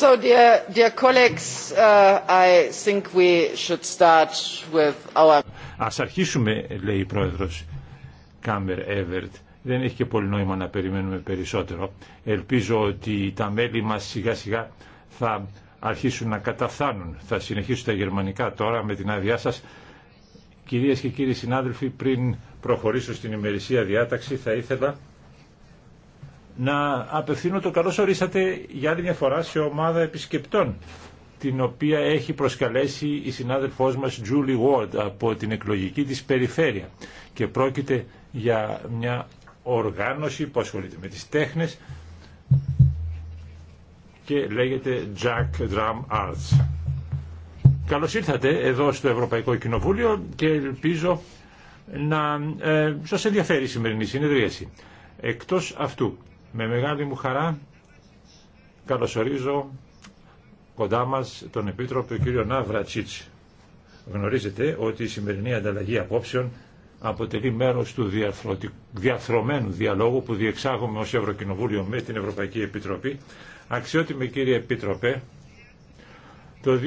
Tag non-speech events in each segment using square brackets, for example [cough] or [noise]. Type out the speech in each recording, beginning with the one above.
So, dear Ας αρχίσουμε, λέει η πρόεδρος Κάμερ Εύερτ. Δεν έχει και πολύ νόημα να περιμένουμε περισσότερο. Ελπίζω ότι τα μέλη μας σιγά σιγά θα αρχίσουν να καταφθάνουν. Θα συνεχίσουν τα γερμανικά τώρα με την άδειά σας. Κυρίες και κύριοι συνάδελφοι, πριν προχωρήσω στην ημερησία διάταξη θα ήθελα να απευθύνω το καλώς ορίσατε για άλλη μια φορά σε ομάδα επισκεπτών την οποία έχει προσκαλέσει η συνάδελφός μας Julie Ward από την εκλογική της περιφέρεια και πρόκειται για μια οργάνωση που ασχολείται με τις τέχνες και λέγεται Jack Drum Arts. Καλώς ήρθατε εδώ στο Ευρωπαϊκό Κοινοβούλιο και ελπίζω να ε, σας ενδιαφέρει η σημερινή συνεδρίαση. Εκτός αυτού, με μεγάλη μου χαρά καλωσορίζω κοντά μας τον Επίτροπο κύριο Νάβρατσιτς. Γνωρίζετε ότι η σημερινή ανταλλαγή απόψεων αποτελεί μέρος του διαθρωμένου διαλόγου που διεξάγουμε ως Ευρωκοινοβούλιο με την Ευρωπαϊκή Επιτροπή. Αξιότιμη κύριε Επίτροπε, το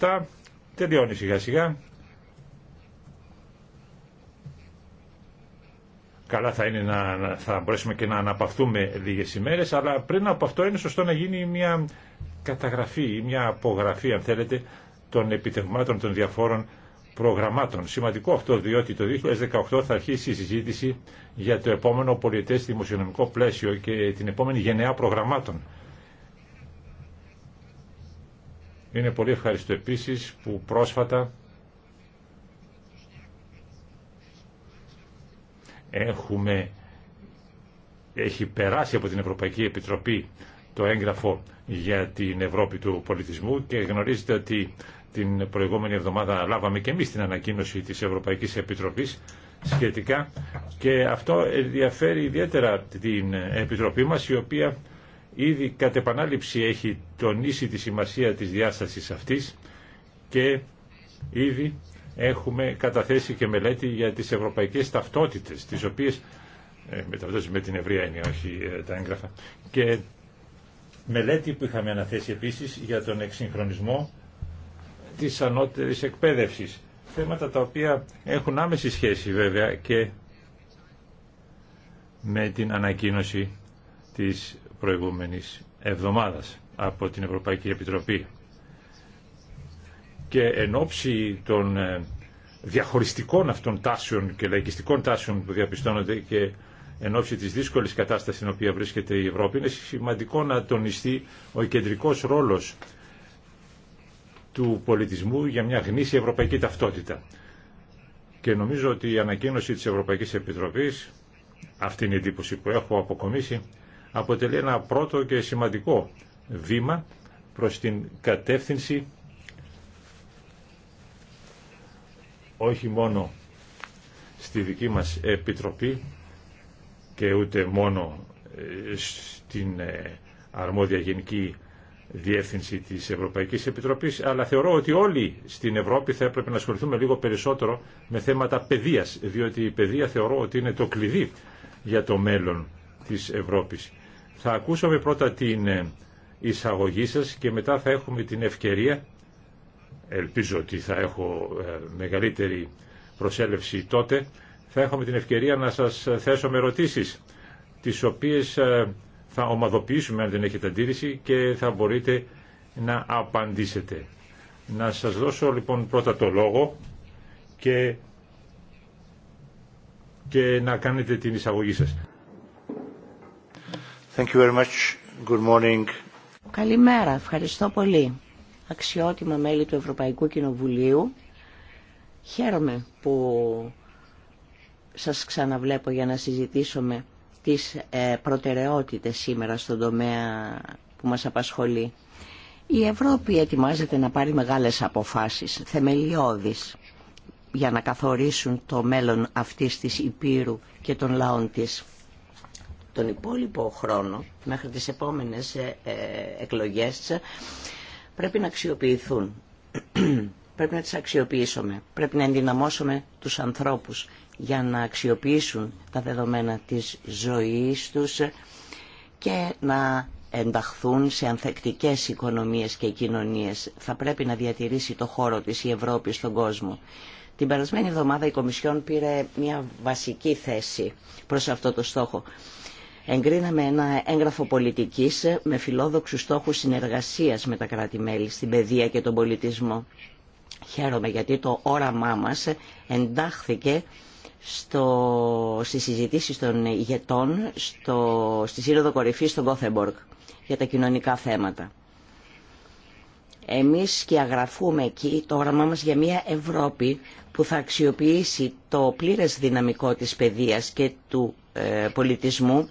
2017 τελειώνει σιγά σιγά καλά θα είναι να θα μπορέσουμε και να αναπαυθούμε λίγες ημέρες, αλλά πριν από αυτό είναι σωστό να γίνει μια καταγραφή ή μια απογραφή, αν θέλετε, των επιτευγμάτων των διαφόρων προγραμμάτων. Σημαντικό αυτό, διότι το 2018 θα αρχίσει η συζήτηση για το επόμενο πολιετές δημοσιονομικό πλαίσιο και την επόμενη γενεά προγραμμάτων. Είναι πολύ ευχαριστώ επίσης που πρόσφατα Έχουμε, έχει περάσει από την Ευρωπαϊκή Επιτροπή το έγγραφο για την Ευρώπη του πολιτισμού και γνωρίζετε ότι την προηγούμενη εβδομάδα λάβαμε και εμείς την ανακοίνωση της Ευρωπαϊκής Επιτροπής σχετικά και αυτό ενδιαφέρει ιδιαίτερα την Επιτροπή μας η οποία ήδη κατ' επανάληψη έχει τονίσει τη σημασία της διάστασης αυτής και ήδη έχουμε καταθέσει και μελέτη για τις ευρωπαϊκές ταυτότητες, τις οποίες ε, με την ευρία είναι όχι ε, τα έγγραφα. Και μελέτη που είχαμε αναθέσει επίσης για τον εξυγχρονισμό της ανώτερης εκπαίδευσης. Θέματα τα οποία έχουν άμεση σχέση βέβαια και με την ανακοίνωση της προηγούμενης εβδομάδας από την Ευρωπαϊκή Επιτροπή και εν ώψη των ε, διαχωριστικών αυτών τάσεων και λαϊκιστικών τάσεων που διαπιστώνονται και εν ώψη της δύσκολης κατάστασης στην οποία βρίσκεται η Ευρώπη, είναι σημαντικό να τονιστεί ο κεντρικός ρόλος του πολιτισμού για μια γνήσια ευρωπαϊκή ταυτότητα. Και νομίζω ότι η ανακοίνωση της Ευρωπαϊκής Επιτροπής, αυτή είναι η εντύπωση που έχω αποκομίσει, αποτελεί ένα πρώτο και σημαντικό βήμα προς την κατεύθυνση όχι μόνο στη δική μας Επιτροπή και ούτε μόνο ε, στην ε, αρμόδια γενική διεύθυνση της Ευρωπαϊκής Επιτροπής, αλλά θεωρώ ότι όλοι στην Ευρώπη θα έπρεπε να ασχοληθούμε λίγο περισσότερο με θέματα παιδείας, διότι η παιδεία θεωρώ ότι είναι το κλειδί για το μέλλον της Ευρώπης. Θα ακούσαμε πρώτα την ε, εισαγωγή σας και μετά θα έχουμε την ευκαιρία ελπίζω ότι θα έχω ε, μεγαλύτερη προσέλευση τότε, θα έχουμε την ευκαιρία να σας θέσω με ερωτήσεις, τις οποίες ε, θα ομαδοποιήσουμε αν δεν έχετε αντίρρηση και θα μπορείτε να απαντήσετε. Να σας δώσω λοιπόν πρώτα το λόγο και, και να κάνετε την εισαγωγή σας. Thank you very much. Good morning. Καλημέρα, ευχαριστώ πολύ αξιότιμα μέλη του Ευρωπαϊκού Κοινοβουλίου. Χαίρομαι που σας ξαναβλέπω για να συζητήσουμε τις ε, προτεραιότητες σήμερα στον τομέα που μας απασχολεί. Η Ευρώπη ετοιμάζεται να πάρει μεγάλες αποφάσεις, θεμελιώδεις, για να καθορίσουν το μέλλον αυτής της Υπήρου και των λαών της. Τον υπόλοιπο χρόνο, μέχρι τις επόμενες ε, ε, εκλογές, πρέπει να αξιοποιηθούν. [clears throat] πρέπει να τις αξιοποιήσουμε. Πρέπει να ενδυναμώσουμε τους ανθρώπους για να αξιοποιήσουν τα δεδομένα της ζωής τους και να ενταχθούν σε ανθεκτικές οικονομίες και κοινωνίες. Θα πρέπει να διατηρήσει το χώρο της η Ευρώπη στον κόσμο. Την περασμένη εβδομάδα η Κομισιόν πήρε μια βασική θέση προς αυτό το στόχο. Εγκρίναμε ένα έγγραφο πολιτικής με φιλόδοξους στόχους συνεργασίας με τα κράτη-μέλη στην παιδεία και τον πολιτισμό. Χαίρομαι γιατί το όραμά μας εντάχθηκε στο, στις συζητήσεις των ηγετών στο, στη Σύνοδο Κορυφή στο Γκόθεμπορκ για τα κοινωνικά θέματα. Εμείς και αγραφούμε εκεί το όραμά μας για μια Ευρώπη που θα αξιοποιήσει το πλήρες δυναμικό της παιδείας και του ε, πολιτισμού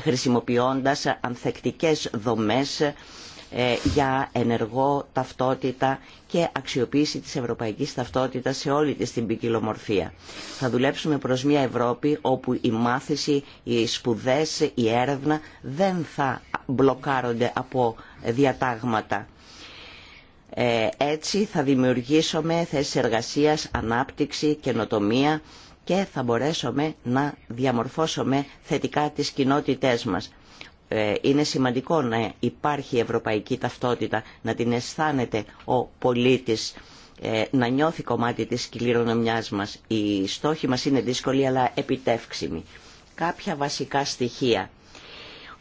χρησιμοποιώντας ανθεκτικές δομές ε, για ενεργό ταυτότητα και αξιοποίηση της ευρωπαϊκής ταυτότητας σε όλη της την ποικιλομορφία. Θα δουλέψουμε προς μια Ευρώπη όπου η μάθηση, οι σπουδές, η έρευνα δεν θα μπλοκάρονται από διατάγματα. Ε, έτσι θα δημιουργήσουμε θέσεις εργασίας, ανάπτυξη, καινοτομία και θα μπορέσουμε να διαμορφώσουμε θετικά τις κοινότητές μας. Ε, είναι σημαντικό να υπάρχει ευρωπαϊκή ταυτότητα, να την αισθάνεται ο πολίτης, ε, να νιώθει κομμάτι της κληρονομιάς μας. Οι στόχοι μας είναι δύσκολοι αλλά επιτεύξιμοι. Κάποια βασικά στοιχεία.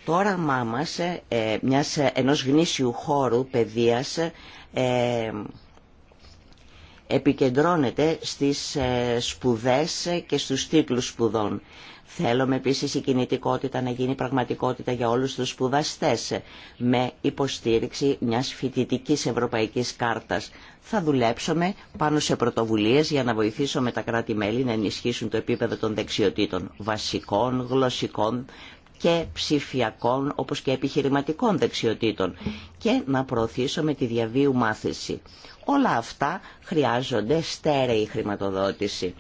Το όραμά μας ε, μιας, ενός γνήσιου χώρου παιδείας επικεντρώνεται στις ε, σπουδές και στους τίτλους σπουδών. Θέλουμε επίσης η κινητικότητα να γίνει πραγματικότητα για όλους τους σπουδαστές με υποστήριξη μιας φοιτητική ευρωπαϊκής κάρτας. Θα δουλέψουμε πάνω σε πρωτοβουλίες για να βοηθήσουμε τα κράτη-μέλη να ενισχύσουν το επίπεδο των δεξιοτήτων βασικών, γλωσσικών, και ψηφιακών όπως και επιχειρηματικών δεξιοτήτων και να προωθήσουμε τη διαβίου μάθηση. Όλα αυτά χρειάζονται στέρεη χρηματοδότηση.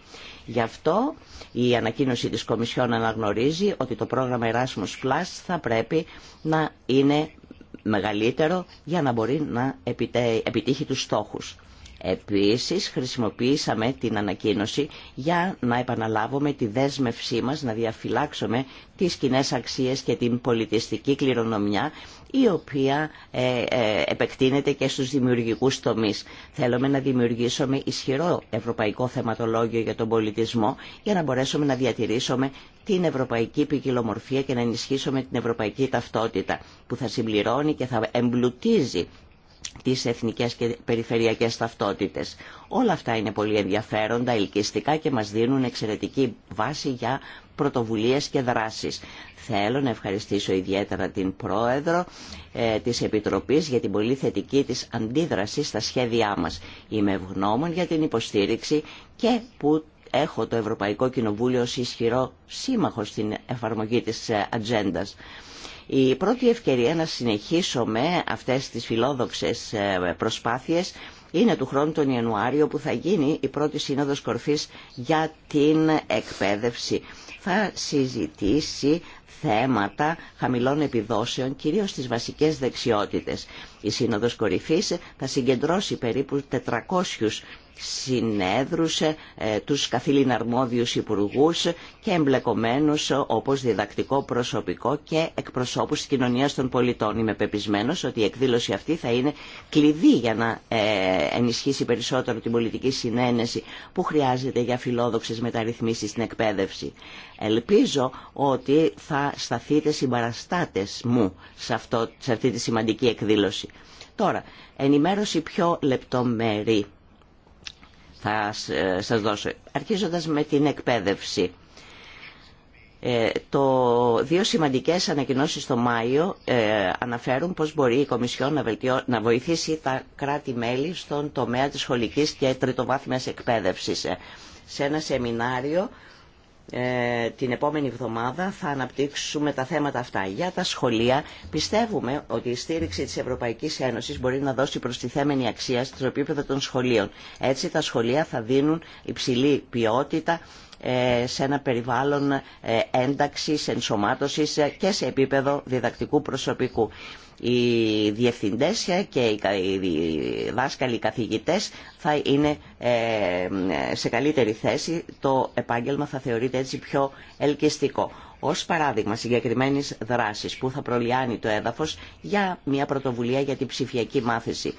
Γι' αυτό η ανακοίνωση της Κομισιόν αναγνωρίζει ότι το πρόγραμμα Erasmus Plus θα πρέπει να είναι μεγαλύτερο για να μπορεί να επιτύχει τους στόχους. Επίσης χρησιμοποίησαμε την ανακοίνωση για να επαναλάβουμε τη δέσμευσή μας να διαφυλάξουμε τις κοινέ αξίες και την πολιτιστική κληρονομιά η οποία ε, ε, επεκτείνεται και στους δημιουργικούς τομείς. Θέλουμε να δημιουργήσουμε ισχυρό ευρωπαϊκό θεματολόγιο για τον πολιτισμό για να μπορέσουμε να διατηρήσουμε την ευρωπαϊκή ποικιλομορφία και να ενισχύσουμε την ευρωπαϊκή ταυτότητα που θα συμπληρώνει και θα εμπλουτίζει τις εθνικές και περιφερειακές ταυτότητες. Όλα αυτά είναι πολύ ενδιαφέροντα, ελκυστικά και μας δίνουν εξαιρετική βάση για πρωτοβουλίες και δράσεις. Θέλω να ευχαριστήσω ιδιαίτερα την Πρόεδρο ε, της Επιτροπής για την πολύ θετική της αντίδραση στα σχέδιά μας. Είμαι ευγνώμων για την υποστήριξη και που έχω το Ευρωπαϊκό Κοινοβούλιο ως ισχυρό σύμμαχο στην εφαρμογή της ε, ατζέντα η πρώτη ευκαιρία να συνεχίσουμε αυτές τις φιλόδοξες ε, προσπάθειες είναι του χρόνου τον Ιανουάριο που θα γίνει η πρώτη σύνοδος κορφής για την εκπαίδευση. Θα συζητήσει θέματα χαμηλών επιδόσεων, κυρίως στις βασικές δεξιότητες. Η Σύνοδος Κορυφής θα συγκεντρώσει περίπου 400 συνέδρους, ε, τους καθήλυνα αρμόδιους υπουργούς και εμπλεκομένους όπως διδακτικό προσωπικό και εκπροσώπους της κοινωνίας των πολιτών. Είμαι πεπισμένος ότι η εκδήλωση αυτή θα είναι κλειδί για να ε, ενισχύσει περισσότερο την πολιτική συνένεση που χρειάζεται για φιλόδοξες μεταρρυθμίσεις στην εκπαίδευση. Ελπίζω ότι θα σταθείτε συμπαραστάτες μου σε, αυτό, σε αυτή τη σημαντική εκδήλωση. Τώρα, ενημέρωση πιο λεπτομερή θα ε, σας δώσω, αρχίζοντας με την εκπαίδευση. Ε, το δύο σημαντικές ανακοινώσεις το Μάιο ε, αναφέρουν πώς μπορεί η Κομισιόν να, βοηθήσει τα κράτη-μέλη στον τομέα της σχολικής και τριτοβάθμιας εκπαίδευσης. Ε, σε ένα σεμινάριο ε, την επόμενη εβδομάδα θα αναπτύξουμε τα θέματα αυτά. Για τα σχολεία πιστεύουμε ότι η στήριξη της Ευρωπαϊκής Ένωσης μπορεί να δώσει προστιθέμενη αξία στο επίπεδο των σχολείων. Έτσι τα σχολεία θα δίνουν υψηλή ποιότητα ε, σε ένα περιβάλλον ε, ένταξης, ενσωμάτωσης ε, και σε επίπεδο διδακτικού προσωπικού. Οι διευθυντές και οι δάσκαλοι, οι καθηγητές θα είναι σε καλύτερη θέση. Το επάγγελμα θα θεωρείται έτσι πιο ελκυστικό. Ως παράδειγμα συγκεκριμένης δράσης που θα προλιάνει το έδαφος για μια πρωτοβουλία για την ψηφιακή μάθηση.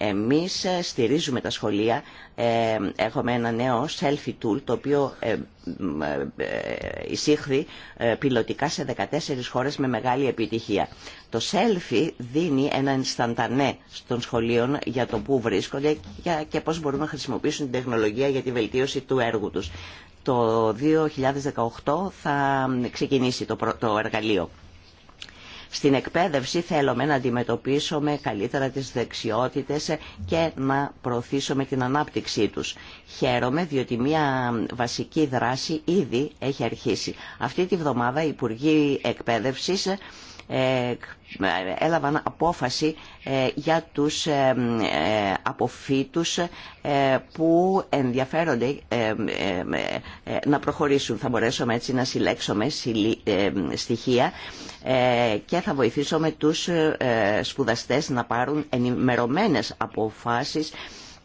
Εμείς ε, στηρίζουμε τα σχολεία, ε, έχουμε ένα νέο selfie tool το οποίο ε, εισήχθη πιλωτικά σε 14 χώρες με μεγάλη επιτυχία. Το selfie δίνει ένα ενσταντανέ των σχολείων για το πού βρίσκονται και πώς μπορούν να χρησιμοποιήσουν την τεχνολογία για τη βελτίωση του έργου τους. Το 2018 θα ξεκινήσει το εργαλείο. Στην εκπαίδευση θέλουμε να αντιμετωπίσουμε καλύτερα τις δεξιότητες και να προωθήσουμε την ανάπτυξή τους. Χαίρομαι διότι μια βασική δράση ήδη έχει αρχίσει. Αυτή τη βδομάδα οι Υπουργοί Εκπαίδευσης ε, έλαβαν απόφαση ε, για τους ε, αποφύτους που ενδιαφέρονται να προχωρήσουν. Θα μπορέσουμε έτσι να συλλέξουμε στοιχεία και θα βοηθήσουμε τους σπουδαστές να πάρουν ενημερωμένες αποφάσεις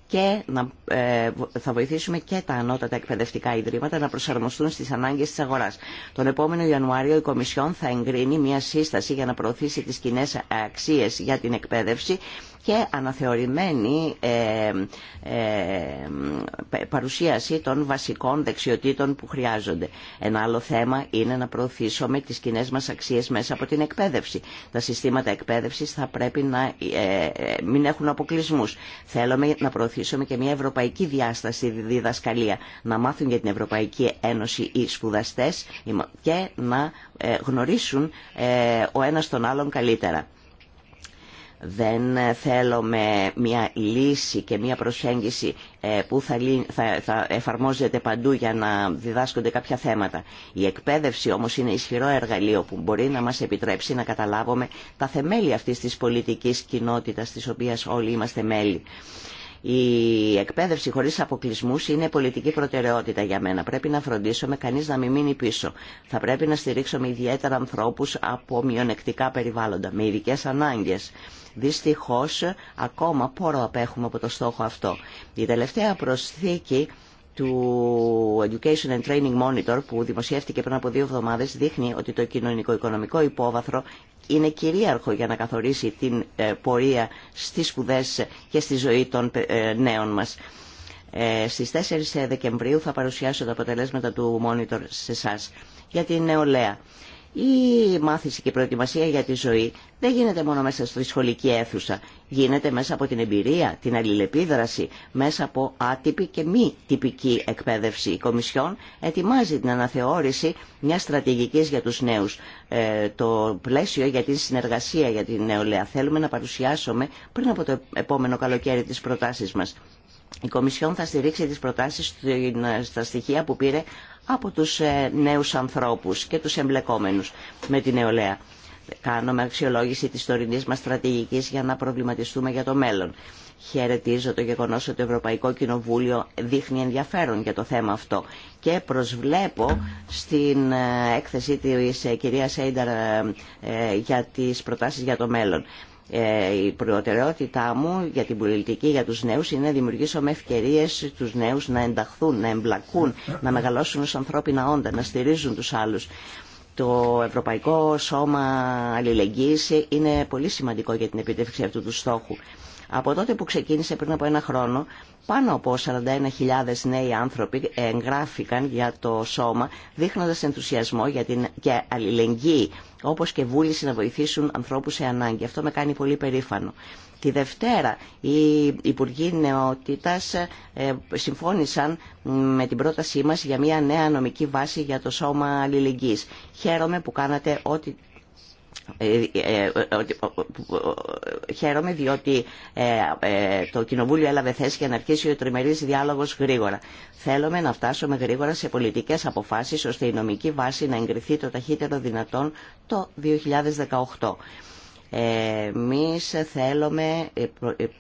και να, ε, θα βοηθήσουμε και τα ανώτατα εκπαιδευτικά ιδρύματα να προσαρμοστούν στις ανάγκες της αγοράς. Τον επόμενο Ιανουάριο η Κομισιόν θα εγκρίνει μια σύσταση για να προωθήσει τις κοινέ αξίες για την εκπαίδευση και αναθεωρημένη ε, ε, παρουσίαση των βασικών δεξιοτήτων που χρειάζονται. Ένα άλλο θέμα είναι να προωθήσουμε τις κοινέ μας αξίες μέσα από την εκπαίδευση. Τα συστήματα εκπαίδευσης θα πρέπει να ε, μην έχουν αποκλεισμού. Θέλουμε να προωθήσουμε και μια ευρωπαϊκή διάσταση διδασκαλία. Να μάθουν για την Ευρωπαϊκή Ένωση οι σπουδαστές και να γνωρίσουν ο ένας τον άλλον καλύτερα. Δεν θέλουμε μια λύση και μια προσέγγιση ε, που θα εφαρμόζεται παντού για να διδάσκονται κάποια θέματα. Η εκπαίδευση όμως είναι ισχυρό εργαλείο που μπορεί να μας επιτρέψει να καταλάβουμε τα θεμέλια αυτής της πολιτικής κοινότητας της οποίας όλοι είμαστε μέλη. Η εκπαίδευση χωρίς αποκλεισμού είναι πολιτική προτεραιότητα για μένα. Πρέπει να φροντίσουμε κανεί να μην μείνει πίσω. Θα πρέπει να στηρίξουμε ιδιαίτερα ανθρώπους από μειονεκτικά περιβάλλοντα, με ειδικέ ανάγκες. Δυστυχώ ακόμα πόρο απέχουμε από το στόχο αυτό. Η τελευταία προσθήκη του Education and Training Monitor που δημοσιεύτηκε πριν από δύο εβδομάδες δείχνει ότι το κοινωνικο-οικονομικό υπόβαθρο είναι κυρίαρχο για να καθορίσει την ε, πορεία στις σπουδέ και στη ζωή των ε, νέων μας. Ε, στις 4 Δεκεμβρίου θα παρουσιάσω τα αποτελέσματα του Monitor σε εσά για την νεολαία. Η μάθηση και η προετοιμασία για τη ζωή δεν γίνεται μόνο μέσα στη σχολική αίθουσα. Γίνεται μέσα από την εμπειρία, την αλληλεπίδραση, μέσα από άτυπη και μη τυπική εκπαίδευση. Η Κομισιόν ετοιμάζει την αναθεώρηση μια στρατηγική για του νέου. Ε, το πλαίσιο για τη συνεργασία για την νεολαία. Θέλουμε να παρουσιάσουμε πριν από το επόμενο καλοκαίρι τι προτάσει μα. Η Κομισιόν θα στηρίξει τις προτάσεις στα στοιχεία που πήρε από τους ε, νέους ανθρώπους και τους εμπλεκόμενους με την νεολαία. Κάνουμε αξιολόγηση της τωρινής μας στρατηγικής για να προβληματιστούμε για το μέλλον. Χαιρετίζω το γεγονός ότι το Ευρωπαϊκό Κοινοβούλιο δείχνει ενδιαφέρον για το θέμα αυτό και προσβλέπω στην ε, έκθεση της ε, κυρία Σέινταρ για τις προτάσεις για το μέλλον. Ε, η προτεραιότητά μου για την πολιτική για τους νέους είναι να δημιουργήσω με ευκαιρίες τους νέους να ενταχθούν, να εμπλακούν, να μεγαλώσουν ως ανθρώπινα όντα, να στηρίζουν τους άλλους. Το Ευρωπαϊκό Σώμα Αλληλεγγύης είναι πολύ σημαντικό για την επίτευξη αυτού του στόχου. Από τότε που ξεκίνησε πριν από ένα χρόνο, πάνω από 41.000 νέοι άνθρωποι εγγράφηκαν για το σώμα, δείχνοντας ενθουσιασμό και αλληλεγγύη όπως και βούληση να βοηθήσουν ανθρώπους σε ανάγκη. Αυτό με κάνει πολύ περήφανο. Τη Δευτέρα οι Υπουργοί Νεότητας ε, συμφώνησαν με την πρότασή μας για μια νέα νομική βάση για το σώμα αλληλεγγύης. Χαίρομαι που κάνατε ό,τι ε, ε, ε, χαίρομαι διότι το Κοινοβούλιο έλαβε θέση για να αρχίσει ο τριμερής διάλογος γρήγορα. Θέλουμε να φτάσουμε γρήγορα σε πολιτικές αποφάσεις ώστε η νομική βάση να εγκριθεί το ταχύτερο δυνατόν το 2018. Εμεί θέλουμε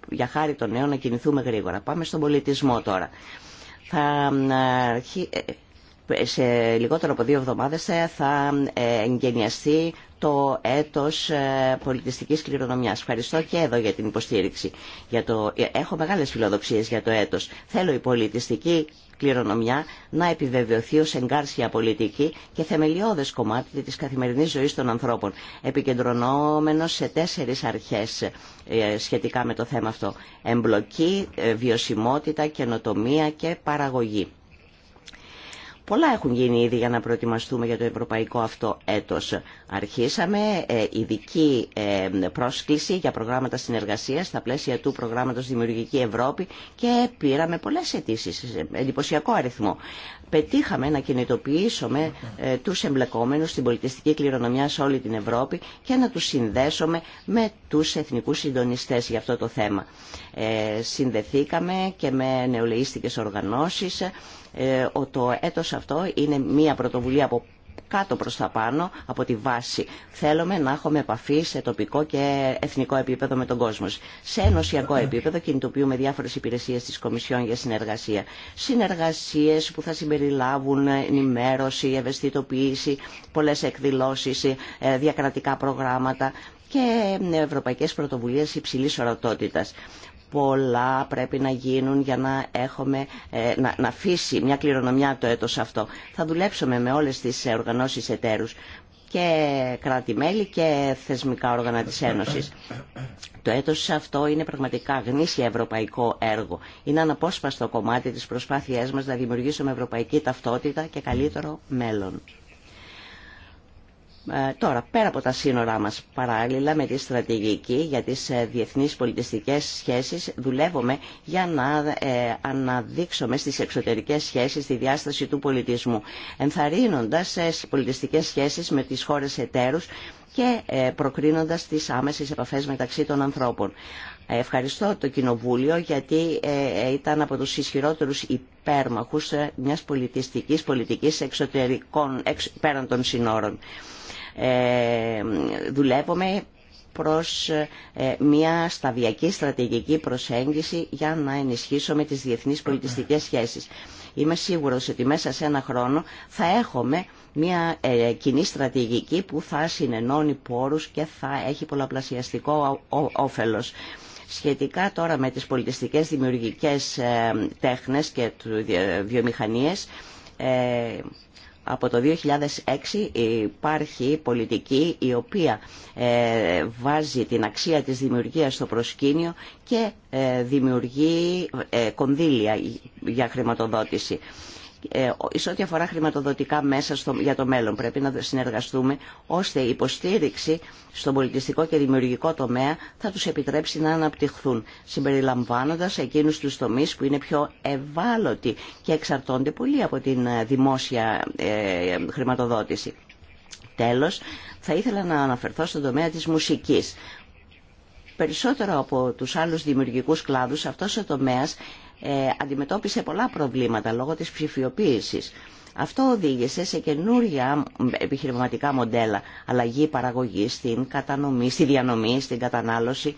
για χάρη των νέων να κινηθούμε γρήγορα. Πάμε στον πολιτισμό τώρα. Θα σε λιγότερο από δύο εβδομάδες θα εγκαινιαστεί το έτος ε, πολιτιστικής κληρονομιάς. Ευχαριστώ και εδώ για την υποστήριξη. Για το... Ε, έχω μεγάλες φιλοδοξίες για το έτος. Θέλω η πολιτιστική κληρονομιά να επιβεβαιωθεί ως εγκάρσια πολιτική και θεμελιώδες κομμάτι της καθημερινής ζωής των ανθρώπων, επικεντρωνόμενος σε τέσσερις αρχές ε, σχετικά με το θέμα αυτό. Εμπλοκή, βιωσιμότητα, καινοτομία και παραγωγή. Πολλά έχουν γίνει ήδη για να προετοιμαστούμε για το ευρωπαϊκό αυτό έτος. Αρχίσαμε ε, ειδική ε, πρόσκληση για προγράμματα συνεργασίας στα πλαίσια του προγράμματος Δημιουργική Ευρώπη και πήραμε πολλές αιτήσει, ε, εντυπωσιακό αριθμό. Πετύχαμε να κινητοποιήσουμε τους εμπλεκόμενους στην πολιτιστική κληρονομιά σε όλη την Ευρώπη και να τους συνδέσουμε με τους εθνικούς συντονιστές για αυτό το θέμα. Συνδεθήκαμε και με νεολαίστικες οργανώσεις ε, το έτος αυτό είναι μια πρωτοβουλία από κάτω προς τα πάνω, από τη βάση. Θέλουμε να έχουμε επαφή σε τοπικό και εθνικό επίπεδο με τον κόσμο. Σε ενωσιακό επίπεδο κινητοποιούμε διάφορες υπηρεσίες της Κομισιόν για συνεργασία. Συνεργασίες που θα συμπεριλάβουν ενημέρωση, ευαισθητοποίηση, πολλές εκδηλώσεις, ε, διακρατικά προγράμματα και ευρωπαϊκές πρωτοβουλίες υψηλής ορατότητας πολλά πρέπει να γίνουν για να, έχουμε, ε, να, να αφήσει μια κληρονομιά το έτος αυτό. Θα δουλέψουμε με όλες τις οργανώσεις εταίρους και κράτη-μέλη και θεσμικά όργανα της Ένωσης. Το έτος αυτό είναι πραγματικά γνήσια ευρωπαϊκό έργο. Είναι αναπόσπαστο κομμάτι της προσπάθειάς μας να δημιουργήσουμε ευρωπαϊκή ταυτότητα και καλύτερο μέλλον. Ε, τώρα, πέρα από τα σύνορά μας, παράλληλα με τη στρατηγική για τις ε, διεθνείς πολιτιστικές σχέσεις, δουλεύουμε για να ε, αναδείξουμε στις εξωτερικές σχέσεις τη διάσταση του πολιτισμού, ενθαρρύνοντας πολιτιστικές σχέσεις με τις χώρες εταίρους και προκρίνοντας τις άμεσες επαφές μεταξύ των ανθρώπων. Ευχαριστώ το Κοινοβούλιο γιατί ήταν από τους ισχυρότερους υπέρμαχους μιας πολιτιστικής πολιτικής εξωτερικών, πέραν των συνόρων. Ε, δουλεύουμε προς ε, μια σταδιακή στρατηγική προσέγγιση για να ενισχύσουμε τις διεθνείς πολιτιστικές σχέσεις. Είμαι σίγουρος ότι μέσα σε ένα χρόνο θα έχουμε μια ε, κοινή στρατηγική που θα συνενώνει πόρους και θα έχει πολλαπλασιαστικό όφελος. Σχετικά τώρα με τις πολιτιστικές δημιουργικές τέχνες και βιομηχανίες, από το 2006 υπάρχει πολιτική η οποία ε, βάζει την αξία της δημιουργίας στο προσκήνιο και ε, δημιουργεί ε, κονδύλια για χρηματοδότηση σε ό,τι αφορά χρηματοδοτικά μέσα στο, για το μέλλον πρέπει να συνεργαστούμε ώστε η υποστήριξη στον πολιτιστικό και δημιουργικό τομέα θα τους επιτρέψει να αναπτυχθούν συμπεριλαμβάνοντας εκείνους τους τομείς που είναι πιο ευάλωτοι και εξαρτώνται πολύ από την ε, δημόσια ε, χρηματοδότηση. Τέλος, θα ήθελα να αναφερθώ στον τομέα της μουσικής. Περισσότερο από τους άλλους δημιουργικούς κλάδους, αυτός ο τομέας ε, αντιμετώπισε πολλά προβλήματα λόγω της ψηφιοποίησης. Αυτό οδήγησε σε καινούρια επιχειρηματικά μοντέλα, αλλαγή παραγωγής στην κατανομή, στη διανομή, στην κατανάλωση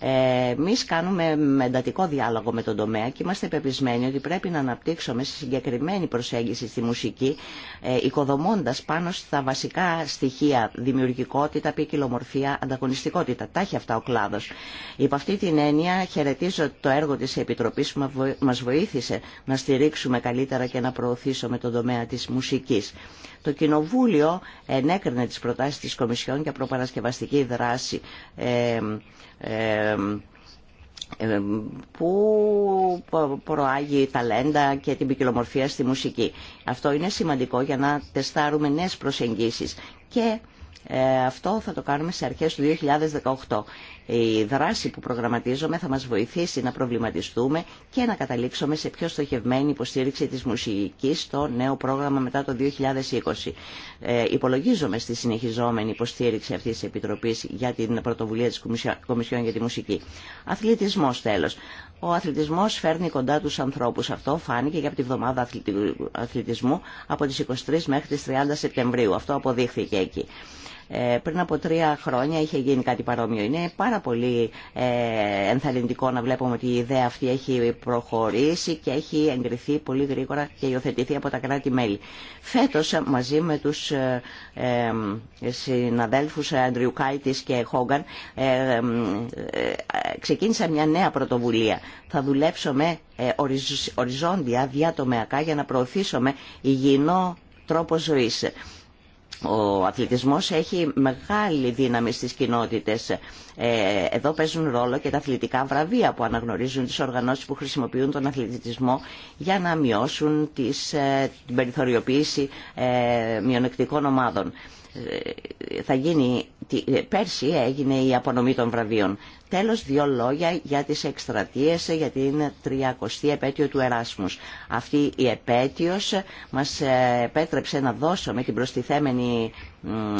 Εμεί κάνουμε εντατικό διάλογο με τον τομέα και είμαστε πεπισμένοι ότι πρέπει να αναπτύξουμε σε συγκεκριμένη προσέγγιση στη μουσική, ε, οικοδομώντα πάνω στα βασικά στοιχεία δημιουργικότητα, ποικιλομορφία, ανταγωνιστικότητα. Τα έχει αυτά ο κλάδο. Υπ' αυτή την έννοια χαιρετίζω το έργο τη Επιτροπή που μα βοήθησε να στηρίξουμε καλύτερα και να προωθήσουμε τον τομέα τη μουσική. Το Κοινοβούλιο ενέκρινε τι προτάσει τη Κομισιόν για προπαρασκευαστική δράση. Ε, ε που προάγει ταλέντα και την ποικιλομορφία στη μουσική. Αυτό είναι σημαντικό για να τεστάρουμε νέες προσεγγίσεις και ε, αυτό θα το κάνουμε σε αρχές του 2018 η δράση που προγραμματίζομαι θα μας βοηθήσει να προβληματιστούμε και να καταλήξουμε σε πιο στοχευμένη υποστήριξη της μουσικής στο νέο πρόγραμμα μετά το 2020. Ε, υπολογίζομαι στη συνεχιζόμενη υποστήριξη αυτής της Επιτροπής για την πρωτοβουλία της Κομισιόν για τη Μουσική. Αθλητισμός τέλος. Ο αθλητισμός φέρνει κοντά τους ανθρώπους. Αυτό φάνηκε και από τη βδομάδα αθλητισμού από τις 23 μέχρι τις 30 Σεπτεμβρίου. Αυτό αποδείχθηκε εκεί. Ε, πριν από τρία χρόνια είχε γίνει κάτι παρόμοιο. Είναι πάρα πολύ ε, ενθαρρυντικό να βλέπουμε ότι η ιδέα αυτή έχει προχωρήσει και έχει εγκριθεί πολύ γρήγορα και υιοθετηθεί από τα κράτη-μέλη. Φέτος μαζί με τους ε, συναδέλφους Αντριουκάητη και Χόγκαν ξεκίνησα μια νέα πρωτοβουλία. Θα δουλέψουμε οριζόντια, διατομεακά για να προωθήσουμε υγιεινό τρόπο ζωής ο αθλητισμός έχει μεγάλη δύναμη στις κοινότητες. Ε, εδώ παίζουν ρόλο και τα αθλητικά βραβεία που αναγνωρίζουν τις οργανώσεις που χρησιμοποιούν τον αθλητισμό για να μειώσουν τις, ε, την περιθωριοποίηση ε, μειονεκτικών ομάδων. Θα γίνει, πέρσι έγινε η απονομή των βραβείων. Τέλος, δύο λόγια για τις εκστρατείες για την 30η επέτειο του Εράσμους. Αυτή η επέτειος μας ε, επέτρεψε να δώσουμε την προστιθέμενη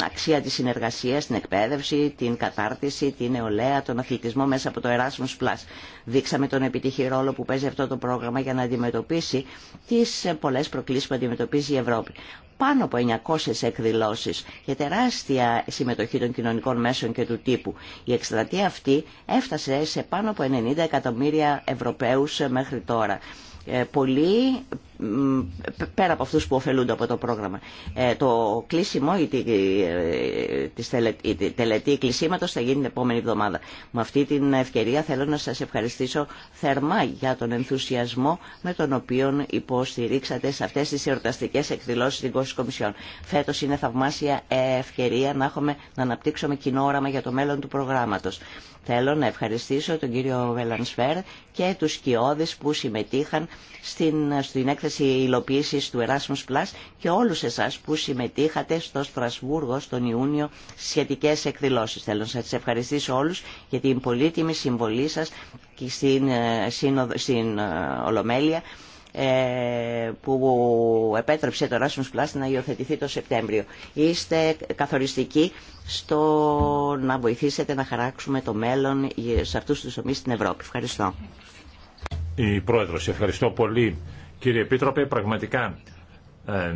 αξία της συνεργασίας, την εκπαίδευση, την κατάρτιση, την νεολαία, τον αθλητισμό μέσα από το Erasmus Plus. Δείξαμε τον επιτυχή ρόλο που παίζει αυτό το πρόγραμμα για να αντιμετωπίσει τις ε, πολλές προκλήσεις που αντιμετωπίζει η Ευρώπη πάνω από 900 εκδηλώσεις και τεράστια συμμετοχή των κοινωνικών μέσων και του τύπου. Η εκστρατεία αυτή έφτασε σε πάνω από 90 εκατομμύρια Ευρωπαίους μέχρι τώρα. Ε, πολλοί πέρα από αυτούς που ωφελούνται από το πρόγραμμα. Ε, το κλείσιμο ή τη, ε, τελετή, η τελετή κλεισίματος θα γίνει την επόμενη εβδομάδα. Με αυτή την ευκαιρία θέλω να σας ευχαριστήσω θερμά για τον ενθουσιασμό με τον οποίο υποστηρίξατε σε αυτές τις εορταστικές εκδηλώσεις της Κόση Κομισιόν. Φέτος είναι θαυμάσια ευκαιρία να, έχουμε, να αναπτύξουμε κοινό όραμα για το μέλλον του προγράμματος. Θέλω να ευχαριστήσω τον κύριο Βελανσφέρ και τους σκιώδες που συμμετείχαν στην, στην έκθεση υλοποίηση του Erasmus Plus και όλους εσάς που συμμετείχατε στο Στρασβούργο στον Ιούνιο σχετικές εκδηλώσεις. Θέλω να σας ευχαριστήσω όλους για την πολύτιμη συμβολή σας και στην, ε, στην, στην ε, Ολομέλεια ε, που επέτρεψε το Erasmus Plus να υιοθετηθεί το Σεπτέμβριο. Είστε καθοριστικοί στο να βοηθήσετε να χαράξουμε το μέλλον σε αυτούς τους τομείς στην Ευρώπη. Ευχαριστώ. Η Πρόεδρος, ευχαριστώ πολύ. Κύριε Επίτροπε, πραγματικά ε,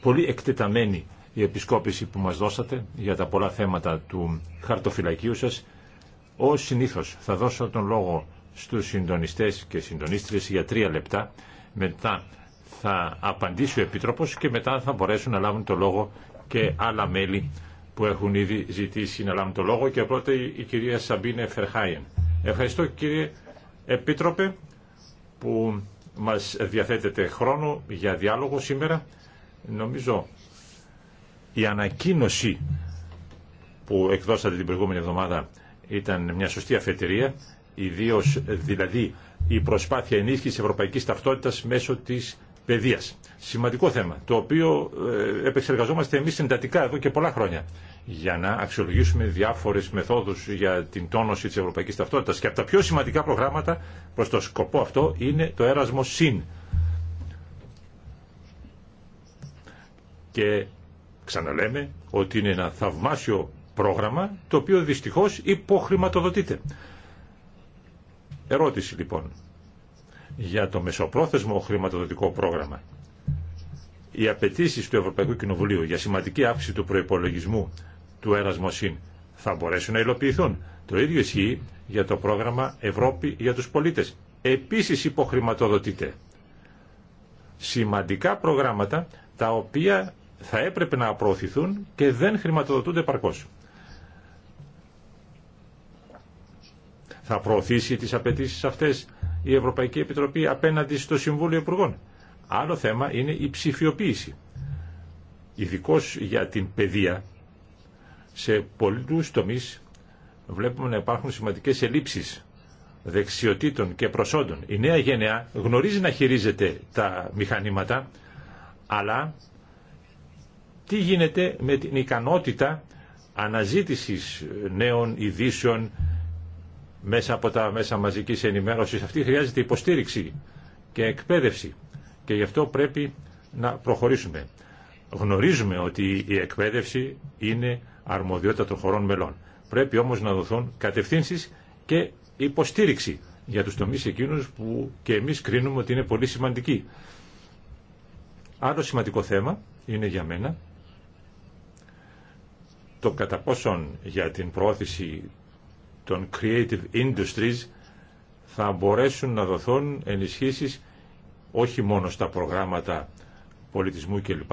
πολύ εκτεταμένη η επισκόπηση που μας δώσατε για τα πολλά θέματα του χαρτοφυλακίου σας. Ως συνήθως θα δώσω τον λόγο στους συντονιστές και συντονίστρες για τρία λεπτά. Μετά θα απαντήσει ο Επίτροπος και μετά θα μπορέσουν να λάβουν το λόγο και άλλα μέλη που έχουν ήδη ζητήσει να λάβουν το λόγο και πρώτα η κυρία Σαμπίνε Φερχάιεν. Ευχαριστώ κύριε Επίτροπε που μας διαθέτεται χρόνο για διάλογο σήμερα. Νομίζω η ανακοίνωση που εκδώσατε την προηγούμενη εβδομάδα ήταν μια σωστή αφετηρία ιδίως δηλαδή η προσπάθεια ενίσχυσης ευρωπαϊκής ταυτότητας μέσω της παιδείας. Σημαντικό θέμα, το οποίο ε, επεξεργαζόμαστε εμείς εντατικά εδώ και πολλά χρόνια για να αξιολογήσουμε διάφορες μεθόδους για την τόνωση της ευρωπαϊκής ταυτότητας. Και από τα πιο σημαντικά προγράμματα προς το σκοπό αυτό είναι το έρασμο ΣΥΝ. Και ξαναλέμε ότι είναι ένα θαυμάσιο πρόγραμμα το οποίο δυστυχώς υποχρηματοδοτείται. Ερώτηση λοιπόν για το μεσοπρόθεσμο χρηματοδοτικό πρόγραμμα. Οι απαιτήσει του Ευρωπαϊκού Κοινοβουλίου για σημαντική αύξηση του προπολογισμού του Ερασμοσύν θα μπορέσουν να υλοποιηθούν. Το ίδιο ισχύει για το πρόγραμμα Ευρώπη για τους πολίτες. Επίσης υποχρηματοδοτείται σημαντικά προγράμματα τα οποία θα έπρεπε να προωθηθούν και δεν χρηματοδοτούνται παρκώς. Θα προωθήσει τις απαιτήσει αυτές η Ευρωπαϊκή Επιτροπή απέναντι στο Συμβούλιο Υπουργών. Άλλο θέμα είναι η ψηφιοποίηση. Ειδικώ για την παιδεία, σε πολλούς τομεί βλέπουμε να υπάρχουν σημαντικές ελλείψεις δεξιοτήτων και προσόντων. Η νέα γενεά γνωρίζει να χειρίζεται τα μηχανήματα, αλλά τι γίνεται με την ικανότητα αναζήτησης νέων ειδήσεων, μέσα από τα μέσα μαζικής ενημέρωσης αυτή χρειάζεται υποστήριξη και εκπαίδευση και γι' αυτό πρέπει να προχωρήσουμε. Γνωρίζουμε ότι η εκπαίδευση είναι αρμοδιότητα των χωρών μελών. Πρέπει όμως να δοθούν κατευθύνσεις και υποστήριξη για τους τομείς εκείνους που και εμείς κρίνουμε ότι είναι πολύ σημαντικοί. Άλλο σημαντικό θέμα είναι για μένα το κατά πόσον για την προώθηση των creative industries θα μπορέσουν να δοθούν ενισχύσεις όχι μόνο στα προγράμματα πολιτισμού κλπ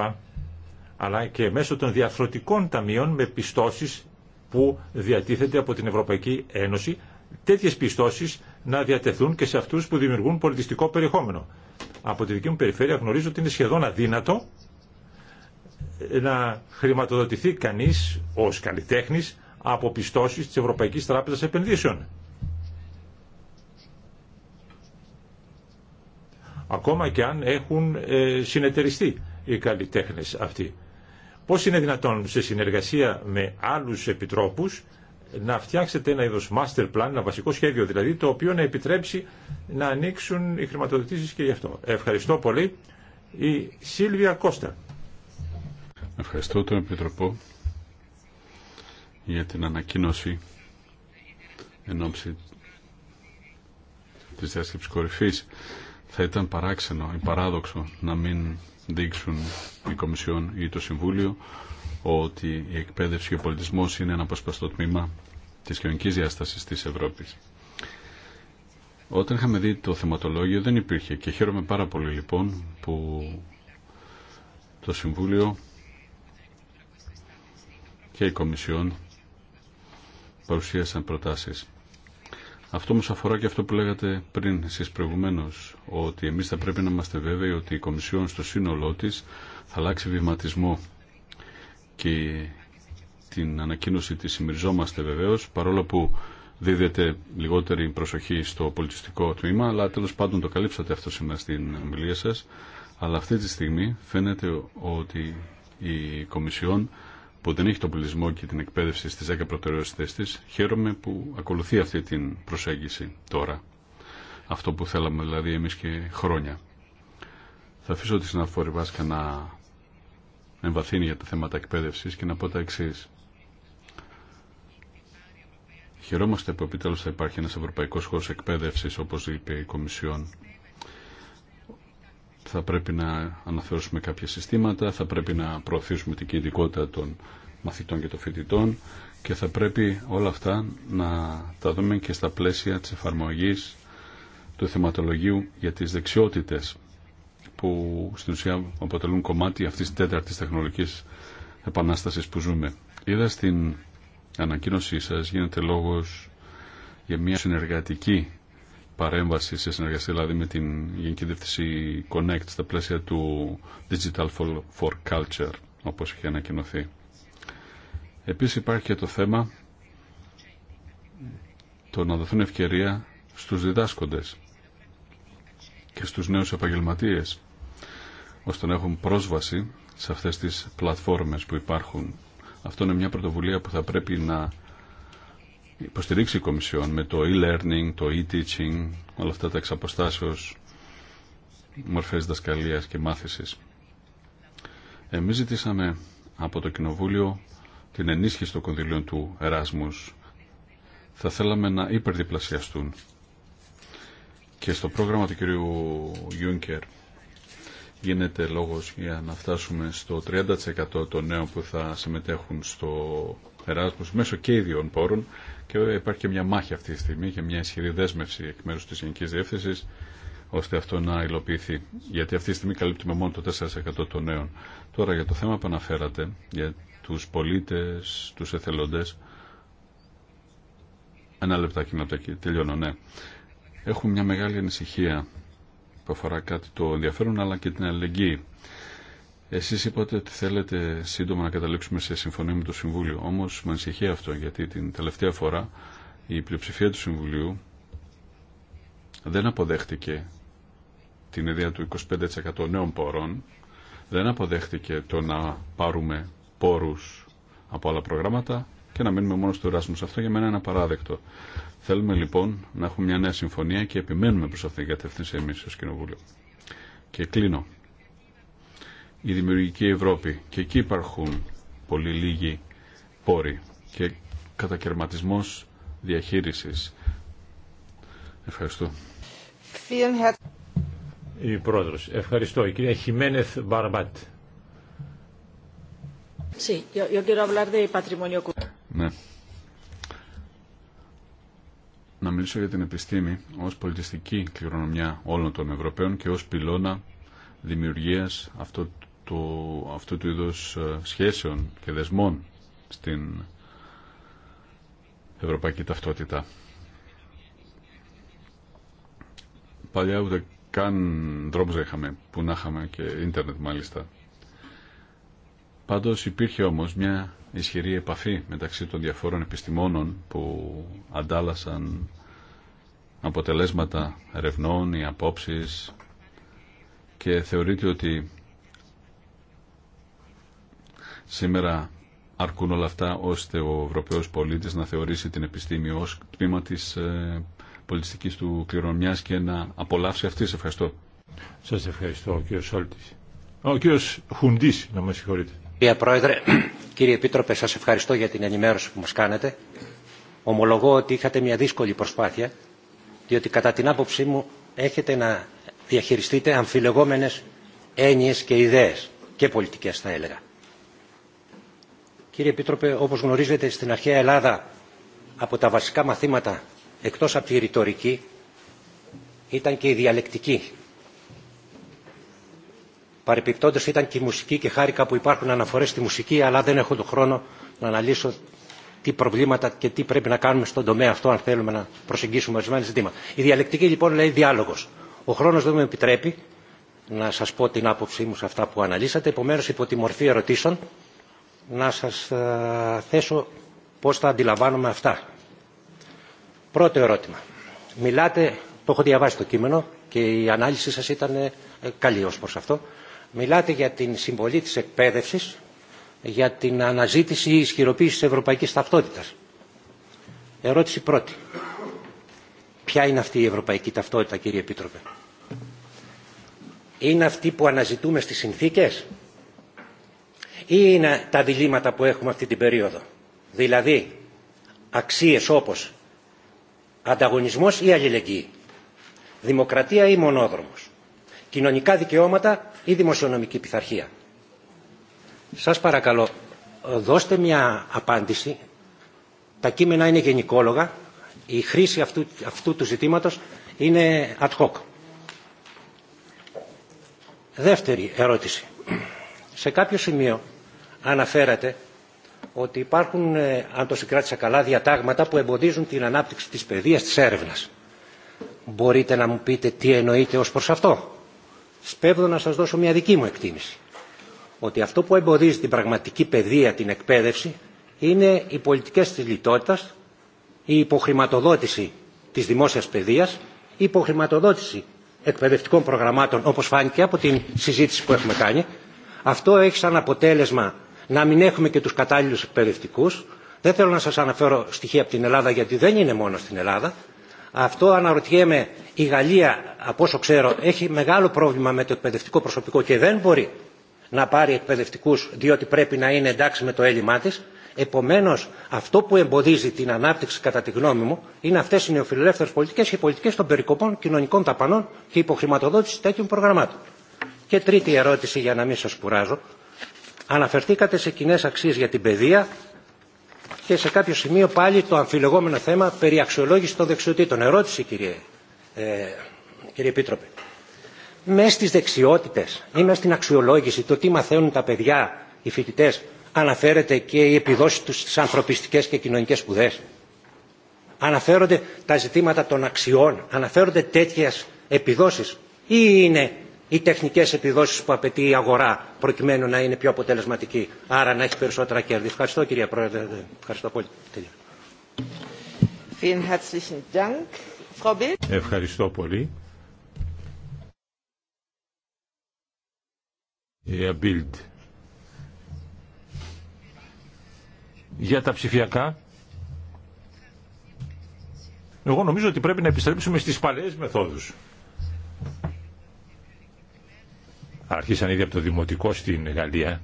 αλλά και μέσω των διαφρωτικών ταμείων με πιστώσεις που διατίθεται από την Ευρωπαϊκή Ένωση τέτοιες πιστώσεις να διατεθούν και σε αυτούς που δημιουργούν πολιτιστικό περιεχόμενο. Από τη δική μου περιφέρεια γνωρίζω ότι είναι σχεδόν αδύνατο να χρηματοδοτηθεί κανείς ως καλλιτέχνης από πιστώσεις της Ευρωπαϊκής Τράπεζας Επενδύσεων. Ακόμα και αν έχουν ε, συνεταιριστεί οι καλλιτέχνες αυτοί. Πώς είναι δυνατόν σε συνεργασία με άλλους επιτρόπους να φτιάξετε ένα είδος master plan, ένα βασικό σχέδιο δηλαδή, το οποίο να επιτρέψει να ανοίξουν οι χρηματοδοτήσεις και γι' αυτό. Ευχαριστώ πολύ. Η Σίλβια Κώστα. Ευχαριστώ τον Επιτροπό για την ανακοίνωση εν ώψη της διάσκεψης κορυφής θα ήταν παράξενο ή παράδοξο να μην δείξουν η Κομισιόν ή το Συμβούλιο ότι η εκπαίδευση και ο πολιτισμός είναι ένα αποσπαστό τμήμα της κοινωνική διάστασης της Ευρώπης. Όταν είχαμε δει το θεματολόγιο δεν υπήρχε και χαίρομαι πάρα πολύ λοιπόν που το Συμβούλιο και η Κομισιόν παρουσίασαν προτάσεις. Αυτό όμως αφορά και αυτό που λέγατε πριν εσείς προηγουμένως, ότι εμείς θα πρέπει να είμαστε βέβαιοι ότι η Κομισιόν στο σύνολό της θα αλλάξει βηματισμό και την ανακοίνωση τη συμμεριζόμαστε βεβαίως, παρόλο που δίδεται λιγότερη προσοχή στο πολιτιστικό τμήμα, αλλά τέλος πάντων το καλύψατε αυτό σήμερα στην ομιλία σας. Αλλά αυτή τη στιγμή φαίνεται ότι η Κομισιόν που δεν έχει τον πολιτισμό και την εκπαίδευση στις 10 προτεραιότητες της, χαίρομαι που ακολουθεί αυτή την προσέγγιση τώρα. Αυτό που θέλαμε δηλαδή εμείς και χρόνια. Θα αφήσω τη συναφόρη Βάσκα να εμβαθύνει για τα θέματα εκπαίδευσης και να πω τα εξή. Χαιρόμαστε που επιτέλου θα υπάρχει ένας ευρωπαϊκός χώρος εκπαίδευσης, όπως είπε η Κομισιόν, θα πρέπει να αναθεώσουμε κάποια συστήματα, θα πρέπει να προωθήσουμε την κινητικότητα των μαθητών και των φοιτητών και θα πρέπει όλα αυτά να τα δούμε και στα πλαίσια της εφαρμογής του θεματολογίου για τις δεξιότητες που στην ουσία αποτελούν κομμάτι αυτής της τέταρτης τεχνολογικής επανάστασης που ζούμε. Είδα στην ανακοίνωσή σας γίνεται λόγος για μια συνεργατική παρέμβαση σε συνεργασία δηλαδή με την Γενική Διεύθυνση Connect στα πλαίσια του Digital for Culture όπως είχε ανακοινωθεί. Επίσης υπάρχει και το θέμα το να δοθούν ευκαιρία στους διδάσκοντες και στους νέους επαγγελματίες ώστε να έχουν πρόσβαση σε αυτές τις πλατφόρμες που υπάρχουν. Αυτό είναι μια πρωτοβουλία που θα πρέπει να υποστηρίξει η Κομισιόν με το e-learning, το e-teaching, όλα αυτά τα εξαποστάσεως μορφές δασκαλίας και μάθησης. Εμείς ζητήσαμε από το Κοινοβούλιο την ενίσχυση των κονδυλίων του Εράσμους. Θα θέλαμε να υπερδιπλασιαστούν. Και στο πρόγραμμα του κυρίου Γιούνκερ γίνεται λόγος για να φτάσουμε στο 30% των νέων που θα συμμετέχουν στο Εράσμους μέσω και ιδιών πόρων και υπάρχει και μια μάχη αυτή τη στιγμή και μια ισχυρή δέσμευση εκ μέρου τη Γενική Διεύθυνση ώστε αυτό να υλοποιηθεί. Γιατί αυτή τη στιγμή καλύπτουμε μόνο το 4% των νέων. Τώρα για το θέμα που αναφέρατε, για του πολίτε, του εθελοντέ. Ένα λεπτάκι να το τελειώνω, ναι. Έχουμε μια μεγάλη ανησυχία που αφορά κάτι το ενδιαφέρον αλλά και την αλληλεγγύη. Εσείς είπατε ότι θέλετε σύντομα να καταλήξουμε σε συμφωνία με το Συμβούλιο. Όμως με ανησυχεί αυτό γιατί την τελευταία φορά η πλειοψηφία του Συμβουλίου δεν αποδέχτηκε την ιδέα του 25% νέων πόρων, δεν αποδέχτηκε το να πάρουμε πόρους από άλλα προγράμματα και να μείνουμε μόνο στο Erasmus. Αυτό για μένα είναι απαράδεκτο. Θέλουμε λοιπόν να έχουμε μια νέα συμφωνία και επιμένουμε προς αυτήν την κατεύθυνση εμείς Κοινοβούλιο. Και κλείνω η δημιουργική Ευρώπη και εκεί υπάρχουν πολύ λίγοι πόροι και κατακαιρματισμός διαχείρισης. Ευχαριστώ. Η Ευχαριστώ. Η κυρία Χιμένεθ ναι. Να μιλήσω για την επιστήμη ως πολιτιστική κληρονομιά όλων των Ευρωπαίων και ως πυλώνα δημιουργίας αυτού του, αυτού του είδους ε, σχέσεων και δεσμών στην ευρωπαϊκή ταυτότητα. Παλιά ούτε καν δρόμους είχαμε, που να είχαμε και ίντερνετ μάλιστα. Πάντως υπήρχε όμως μια ισχυρή επαφή μεταξύ των διαφόρων επιστημόνων που αντάλλασαν αποτελέσματα ερευνών ή απόψεις και θεωρείται ότι Σήμερα αρκούν όλα αυτά ώστε ο Ευρωπαίος πολίτης να θεωρήσει την επιστήμη ως τμήμα της ε, πολιτιστικής του κληρονομιάς και να απολαύσει αυτή. Σε ευχαριστώ. Σας ευχαριστώ, ο κύριος Σόλτης. Ο κύριος Χουντής, να με συγχωρείτε. Κύριε Πρόεδρε, κύριε Επίτροπε, σας ευχαριστώ για την ενημέρωση που μας κάνετε. Ομολογώ ότι είχατε μια δύσκολη προσπάθεια, διότι κατά την άποψή μου έχετε να διαχειριστείτε αμφιλεγόμενες έννοιες και ιδέες και πολιτικές θα έλεγα. Κύριε Επίτροπε, όπως γνωρίζετε στην αρχαία Ελλάδα από τα βασικά μαθήματα εκτός από τη ρητορική ήταν και η διαλεκτική. Παρεπιπτόντως ήταν και η μουσική και χάρηκα που υπάρχουν αναφορές στη μουσική αλλά δεν έχω τον χρόνο να αναλύσω τι προβλήματα και τι πρέπει να κάνουμε στον τομέα αυτό αν θέλουμε να προσεγγίσουμε ορισμένα ζητήματα. Η διαλεκτική λοιπόν λέει διάλογος. Ο χρόνος δεν με επιτρέπει να σας πω την άποψή μου σε αυτά που αναλύσατε. Επομένως υπό τη μορφή ερωτήσεων να σας ε, θέσω πώς θα αντιλαμβάνομαι αυτά. Πρώτο ερώτημα. Μιλάτε, το έχω διαβάσει το κείμενο και η ανάλυση σας ήταν ε, καλή ως προς αυτό. Μιλάτε για την συμβολή της εκπαίδευσης, για την αναζήτηση ή ισχυροποίηση της ευρωπαϊκής ταυτότητας. Ερώτηση πρώτη. Ποια είναι αυτή η ευρωπαϊκή ταυτότητα, κύριε Επίτροπε. Είναι αυτή που αναζητούμε στις συνθήκες ή είναι τα διλήμματα που έχουμε αυτή την περίοδο. Δηλαδή, αξίες όπως ανταγωνισμός ή αλληλεγγύη, δημοκρατία ή μονόδρομος, κοινωνικά δικαιώματα ή δημοσιονομική πειθαρχία. Σας παρακαλώ, δώστε μια απάντηση. Τα κείμενα είναι γενικόλογα. Η χρήση αυτού, δωστε μια απαντηση τα κειμενα ειναι γενικολογα η χρηση αυτου του ζητήματος είναι ad hoc. Δεύτερη ερώτηση. Σε κάποιο σημείο αναφέρατε ότι υπάρχουν, ε, αν το συγκράτησα καλά, διατάγματα που εμποδίζουν την ανάπτυξη της παιδείας, της έρευνας. Μπορείτε να μου πείτε τι εννοείτε ως προς αυτό. Σπέβδω να σας δώσω μια δική μου εκτίμηση. Ότι αυτό που εμποδίζει την πραγματική παιδεία, την εκπαίδευση, είναι οι πολιτικές της λιτότητας, η υποχρηματοδότηση της δημόσιας παιδείας, η υποχρηματοδότηση εκπαιδευτικών προγραμμάτων, όπως φάνηκε από την συζήτηση που έχουμε κάνει. Αυτό έχει σαν αποτέλεσμα να μην έχουμε και τους κατάλληλους εκπαιδευτικούς. Δεν θέλω να σας αναφέρω στοιχεία από την Ελλάδα γιατί δεν είναι μόνο στην Ελλάδα. Αυτό αναρωτιέμαι, η Γαλλία από όσο ξέρω έχει μεγάλο πρόβλημα με το εκπαιδευτικό προσωπικό και δεν μπορεί να πάρει εκπαιδευτικούς διότι πρέπει να είναι εντάξει με το έλλειμμά της. Επομένως αυτό που εμποδίζει την ανάπτυξη κατά τη γνώμη μου είναι αυτές οι νεοφιλελεύθερες πολιτικές και οι πολιτικές των περικοπών κοινωνικών ταπανών και υποχρηματοδότηση τέτοιων προγραμμάτων. Και τρίτη ερώτηση για να μην σα κουράζω. Αναφερθήκατε σε κοινέ αξίες για την παιδεία και σε κάποιο σημείο πάλι το αμφιλεγόμενο θέμα περί αξιολόγηση των δεξιοτήτων. Ερώτηση κύριε, ε, κύριε Επίτροπε. Μέσα στις δεξιότητες ή μέσα στην αξιολόγηση το τι μαθαίνουν τα παιδιά, οι φοιτητέ, αναφέρεται και η επιδόση τους στις ανθρωπιστικές και κοινωνικές σπουδέ. Αναφέρονται τα ζητήματα των αξιών, αναφέρονται τέτοιες επιδόσεις ή είναι οι τεχνικές επιδόσεις που απαιτεί η αγορά προκειμένου να είναι πιο αποτελεσματική, άρα να έχει περισσότερα κέρδη. Ευχαριστώ κυρία Πρόεδρε. Ευχαριστώ πολύ. Ευχαριστώ πολύ. Για, Για τα ψηφιακά. Εγώ νομίζω ότι πρέπει να επιστρέψουμε στις παλαιές μεθόδους. αρχίσαν ήδη από το δημοτικό στην Γαλλία,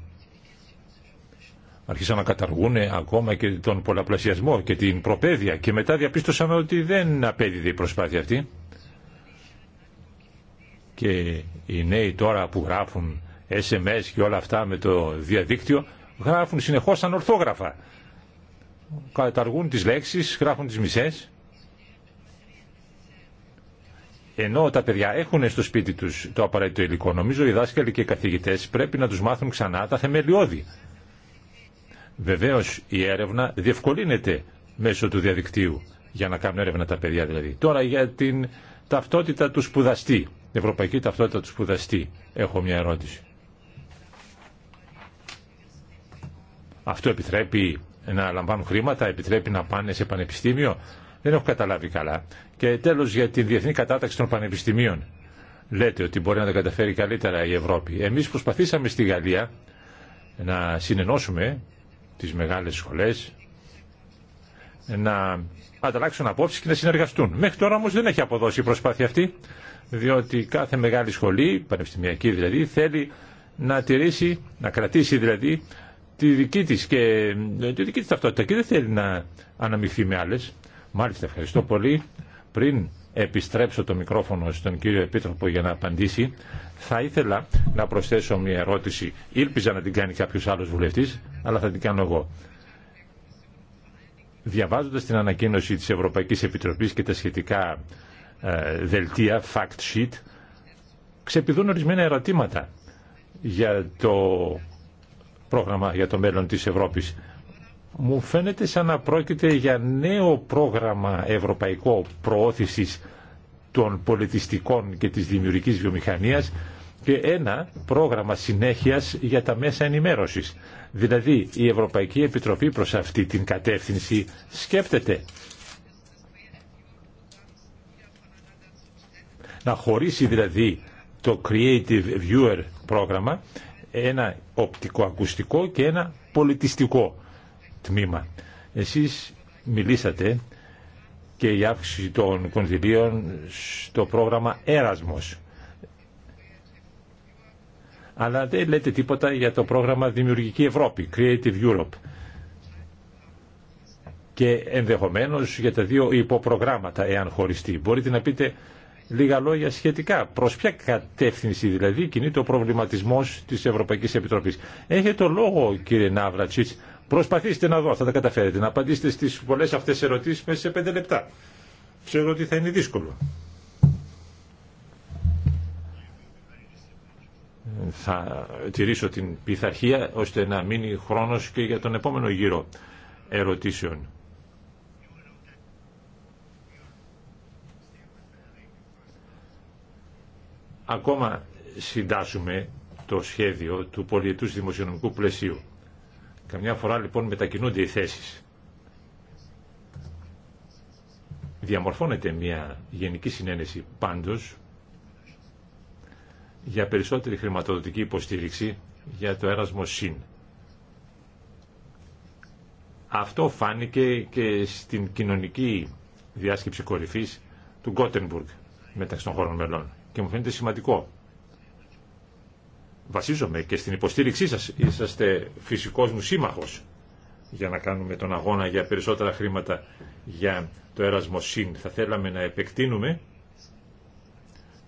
αρχίσαν να καταργούν ακόμα και τον πολλαπλασιασμό και την προπαίδεια και μετά διαπίστωσαμε ότι δεν απέδιδε η προσπάθεια αυτή. Και οι νέοι τώρα που γράφουν SMS και όλα αυτά με το διαδίκτυο γράφουν συνεχώς ανορθόγραφα. Καταργούν τις λέξεις, γράφουν τις μισές ενώ τα παιδιά έχουν στο σπίτι τους το απαραίτητο υλικό, νομίζω οι δάσκαλοι και οι καθηγητές πρέπει να τους μάθουν ξανά τα θεμελιώδη. Βεβαίως η έρευνα διευκολύνεται μέσω του διαδικτύου για να κάνουν έρευνα τα παιδιά δηλαδή. Τώρα για την ταυτότητα του σπουδαστή, την ευρωπαϊκή ταυτότητα του σπουδαστή, έχω μια ερώτηση. Αυτό επιτρέπει να λαμβάνουν χρήματα, επιτρέπει να πάνε σε πανεπιστήμιο. Δεν έχω καταλάβει καλά. Και τέλο για την διεθνή κατάταξη των πανεπιστημίων. Λέτε ότι μπορεί να τα καταφέρει καλύτερα η Ευρώπη. Εμεί προσπαθήσαμε στη Γαλλία να συνενώσουμε τι μεγάλε σχολέ να ανταλλάξουν απόψει και να συνεργαστούν. Μέχρι τώρα όμω δεν έχει αποδώσει η προσπάθεια αυτή, διότι κάθε μεγάλη σχολή, πανεπιστημιακή δηλαδή, θέλει να τηρήσει, να κρατήσει δηλαδή τη δική της και ε, τη δική της ταυτότητα και δεν θέλει να αναμειχθεί με άλλες. Μάλιστα, ευχαριστώ πολύ. Πριν επιστρέψω το μικρόφωνο στον κύριο Επίτροπο για να απαντήσει, θα ήθελα να προσθέσω μια ερώτηση. Ήλπιζα να την κάνει κάποιος άλλος βουλευτής, αλλά θα την κάνω εγώ. Διαβάζοντας την ανακοίνωση της Ευρωπαϊκής Επιτροπής και τα σχετικά ε, δελτία, fact sheet, ξεπηδούν ορισμένα ερωτήματα για το πρόγραμμα για το μέλλον της Ευρώπης μου φαίνεται σαν να πρόκειται για νέο πρόγραμμα ευρωπαϊκό προώθησης των πολιτιστικών και της δημιουργικής βιομηχανίας και ένα πρόγραμμα συνέχειας για τα μέσα ενημέρωσης. Δηλαδή η Ευρωπαϊκή Επιτροπή προς αυτή την κατεύθυνση σκέπτεται να χωρίσει δηλαδή το Creative Viewer πρόγραμμα ένα οπτικοακουστικό και ένα πολιτιστικό τμήμα. Εσείς μιλήσατε και η αύξηση των κονδυλίων στο πρόγραμμα Έρασμος. Αλλά δεν λέτε τίποτα για το πρόγραμμα Δημιουργική Ευρώπη, Creative Europe. Και ενδεχομένως για τα δύο υποπρογράμματα, εάν χωριστεί. Μπορείτε να πείτε λίγα λόγια σχετικά. Προς ποια κατεύθυνση δηλαδή κινείται ο προβληματισμός της Ευρωπαϊκής Επιτροπής. Έχετε το λόγο κύριε Ναύρατσιτς Προσπαθήστε να δω, θα τα καταφέρετε, να απαντήσετε στις πολλές αυτές ερωτήσει ερωτήσεις μέσα σε πέντε λεπτά. Ξέρω ότι θα είναι δύσκολο. Θα τηρήσω την πειθαρχία ώστε να μείνει χρόνος και για τον επόμενο γύρο ερωτήσεων. Ακόμα συντάσσουμε το σχέδιο του πολιετούς δημοσιονομικού πλαισίου. Καμιά φορά λοιπόν μετακινούνται οι θέσεις. Διαμορφώνεται μια γενική συνένεση πάντως για περισσότερη χρηματοδοτική υποστήριξη για το έρασμο ΣΥΝ. Αυτό φάνηκε και στην κοινωνική διάσκεψη κορυφής του Γκότενμπουργκ μεταξύ των χώρων μελών και μου φαίνεται σημαντικό βασίζομαι και στην υποστήριξή σας. Είσαστε φυσικός μου σύμμαχος για να κάνουμε τον αγώνα για περισσότερα χρήματα για το έρασμο Θα θέλαμε να επεκτείνουμε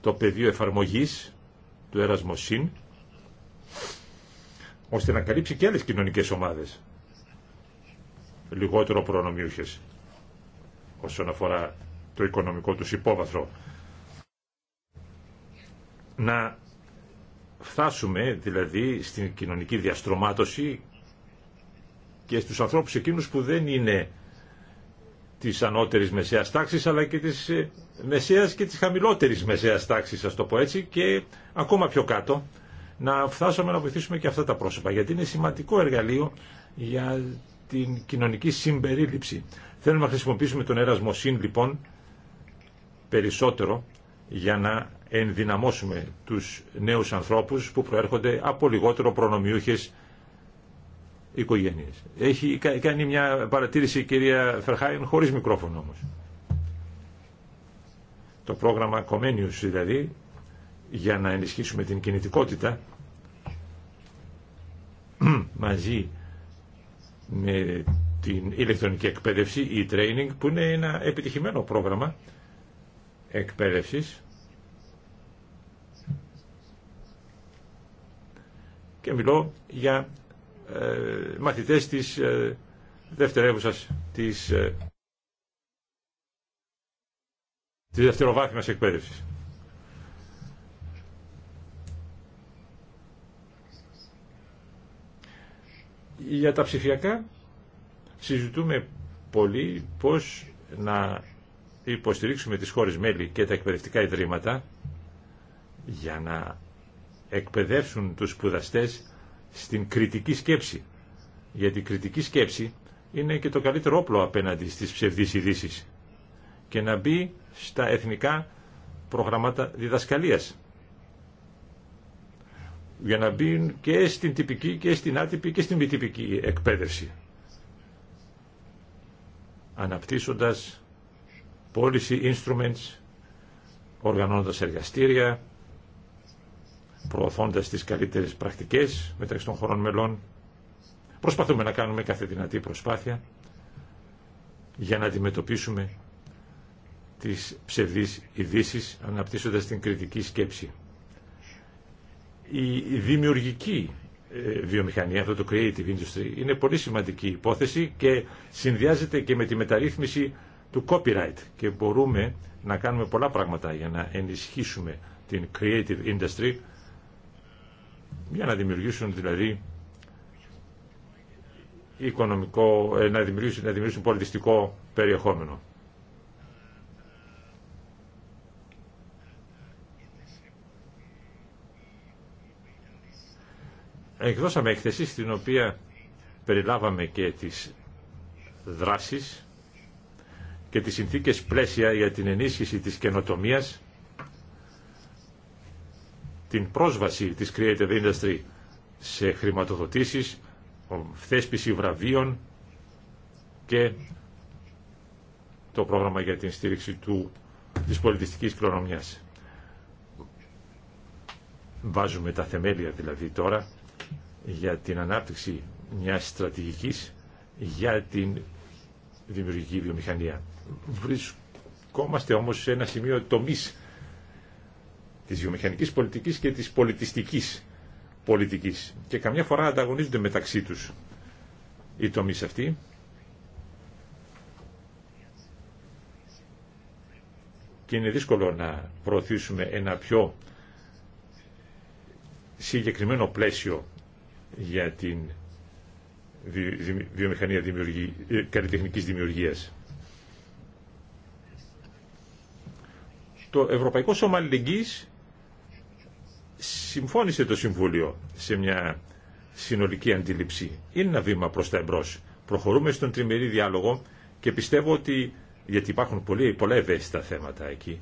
το πεδίο εφαρμογής του έρασμο ΣΥΝ ώστε να καλύψει και άλλες κοινωνικές ομάδες λιγότερο προνομιούχες όσον αφορά το οικονομικό του υπόβαθρο. Να φτάσουμε δηλαδή στην κοινωνική διαστρωμάτωση και στους ανθρώπους εκείνους που δεν είναι της ανώτερης μεσαίας τάξης αλλά και της ε, μεσαίας και της χαμηλότερης μεσαίας τάξης ας το πω έτσι και ακόμα πιο κάτω να φτάσουμε να βοηθήσουμε και αυτά τα πρόσωπα γιατί είναι σημαντικό εργαλείο για την κοινωνική συμπερίληψη. Θέλουμε να χρησιμοποιήσουμε τον συν λοιπόν περισσότερο για να ενδυναμώσουμε τους νέους ανθρώπους που προέρχονται από λιγότερο προνομιούχες οικογένειες. Έχει κάνει μια παρατήρηση η κυρία Φερχάιν χωρίς μικρόφωνο όμως. Το πρόγραμμα Comenius δηλαδή για να ενισχύσουμε την κινητικότητα [clears throat] μαζί με την ηλεκτρονική ή e-training, που είναι ένα επιτυχημένο πρόγραμμα εκπαίδευσης και μιλώ για ε, μαθητές της ε, δευτερεύουσας της, ε, της δευτεροβάθμιας εκπαίδευσης. Για τα ψηφιακά συζητούμε πολύ πώς να υποστηρίξουμε τις χώρες μέλη και τα εκπαιδευτικά ιδρύματα για να εκπαιδεύσουν τους σπουδαστέ στην κριτική σκέψη. Γιατί η κριτική σκέψη είναι και το καλύτερο όπλο απέναντι στις ψευδείς ειδήσει και να μπει στα εθνικά προγραμμάτα διδασκαλίας για να μπει και στην τυπική και στην άτυπη και στην μη τυπική εκπαίδευση αναπτύσσοντας policy instruments, οργανώνοντας εργαστήρια, προωθώντα τι καλύτερε πρακτικέ μεταξύ των χωρών μελών. Προσπαθούμε να κάνουμε κάθε δυνατή προσπάθεια για να αντιμετωπίσουμε τις ψευδείς ειδήσει αναπτύσσοντας την κριτική σκέψη. Η δημιουργική ε, βιομηχανία, αυτό το creative industry, είναι πολύ σημαντική υπόθεση και συνδυάζεται και με τη μεταρρύθμιση του copyright και μπορούμε να κάνουμε πολλά πράγματα για να ενισχύσουμε την creative industry για να δημιουργήσουν δηλαδή οικονομικό, ε, να δημιουργήσουν, να δημιουργήσουν πολιτιστικό περιεχόμενο. Εκδώσαμε εκθεσή στην οποία περιλάβαμε και τις δράσεις και τις συνθήκες πλαίσια για την ενίσχυση της καινοτομίας την πρόσβαση της creative industry σε χρηματοδοτήσεις, θέσπιση βραβείων και το πρόγραμμα για την στήριξη του, της πολιτιστικής κληρονομιάς. Βάζουμε τα θεμέλια δηλαδή τώρα για την ανάπτυξη μιας στρατηγικής για την δημιουργική βιομηχανία. Βρισκόμαστε όμως σε ένα σημείο τομής της βιομηχανικής πολιτικής και της πολιτιστικής πολιτικής. Και καμιά φορά ανταγωνίζονται μεταξύ τους οι τομείς αυτοί. Και είναι δύσκολο να προωθήσουμε ένα πιο συγκεκριμένο πλαίσιο για την βιομηχανία δημιουργή, ε, καλλιτεχνικής δημιουργίας. Το Ευρωπαϊκό Σώμα Αλληλεγγύης συμφώνησε το Συμβούλιο σε μια συνολική αντίληψη. Είναι ένα βήμα προς τα εμπρός. Προχωρούμε στον τριμερή διάλογο και πιστεύω ότι, γιατί υπάρχουν πολλοί, πολλά ευαίσθητα θέματα εκεί,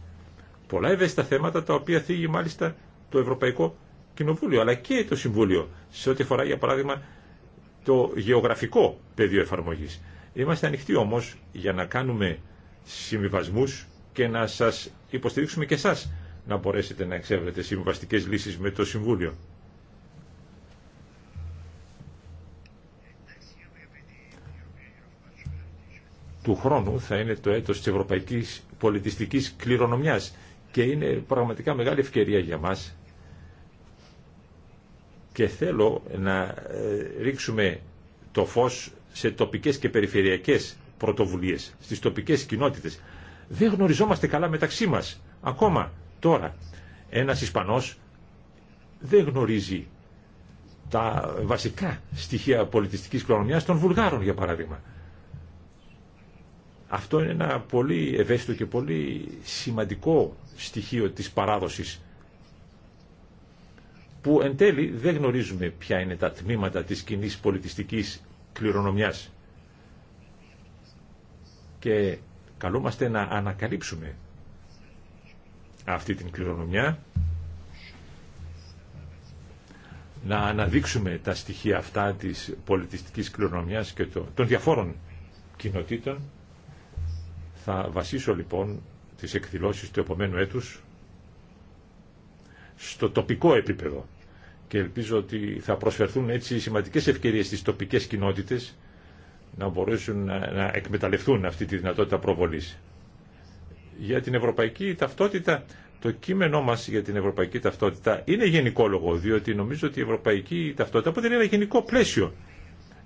πολλά ευαίσθητα θέματα τα οποία θίγει μάλιστα το Ευρωπαϊκό Κοινοβούλιο, αλλά και το Συμβούλιο, σε ό,τι αφορά για παράδειγμα το γεωγραφικό πεδίο εφαρμογής. Είμαστε ανοιχτοί όμως για να κάνουμε συμβιβασμούς και να σας υποστηρίξουμε και εσάς να μπορέσετε να εξεύρετε συμβαστικές λύσεις με το Συμβούλιο. Του χρόνου θα είναι το έτος της Ευρωπαϊκής Πολιτιστικής Κληρονομιάς και είναι πραγματικά μεγάλη ευκαιρία για μας και θέλω να ε, ρίξουμε το φως σε τοπικές και περιφερειακές πρωτοβουλίες, στις τοπικές κοινότητες. Δεν γνωριζόμαστε καλά μεταξύ μας. Ακόμα Τώρα, ένας Ισπανός δεν γνωρίζει τα βασικά στοιχεία πολιτιστικής κληρονομιάς των Βουλγάρων, για παράδειγμα. Αυτό είναι ένα πολύ ευαίσθητο και πολύ σημαντικό στοιχείο της παράδοσης που εν τέλει δεν γνωρίζουμε ποια είναι τα τμήματα της κοινή πολιτιστικής κληρονομιάς. Και καλούμαστε να ανακαλύψουμε αυτή την κληρονομιά, να αναδείξουμε τα στοιχεία αυτά της πολιτιστικής κληρονομιάς και των διαφόρων κοινοτήτων. Θα βασίσω λοιπόν τις εκδηλώσεις του επομένου έτους στο τοπικό επίπεδο και ελπίζω ότι θα προσφερθούν έτσι σημαντικές ευκαιρίες στις τοπικές κοινότητες να μπορέσουν να εκμεταλλευτούν αυτή τη δυνατότητα προβολής για την ευρωπαϊκή ταυτότητα. Το κείμενό μα για την ευρωπαϊκή ταυτότητα είναι λόγο, διότι νομίζω ότι η ευρωπαϊκή ταυτότητα αποτελεί ένα γενικό πλαίσιο.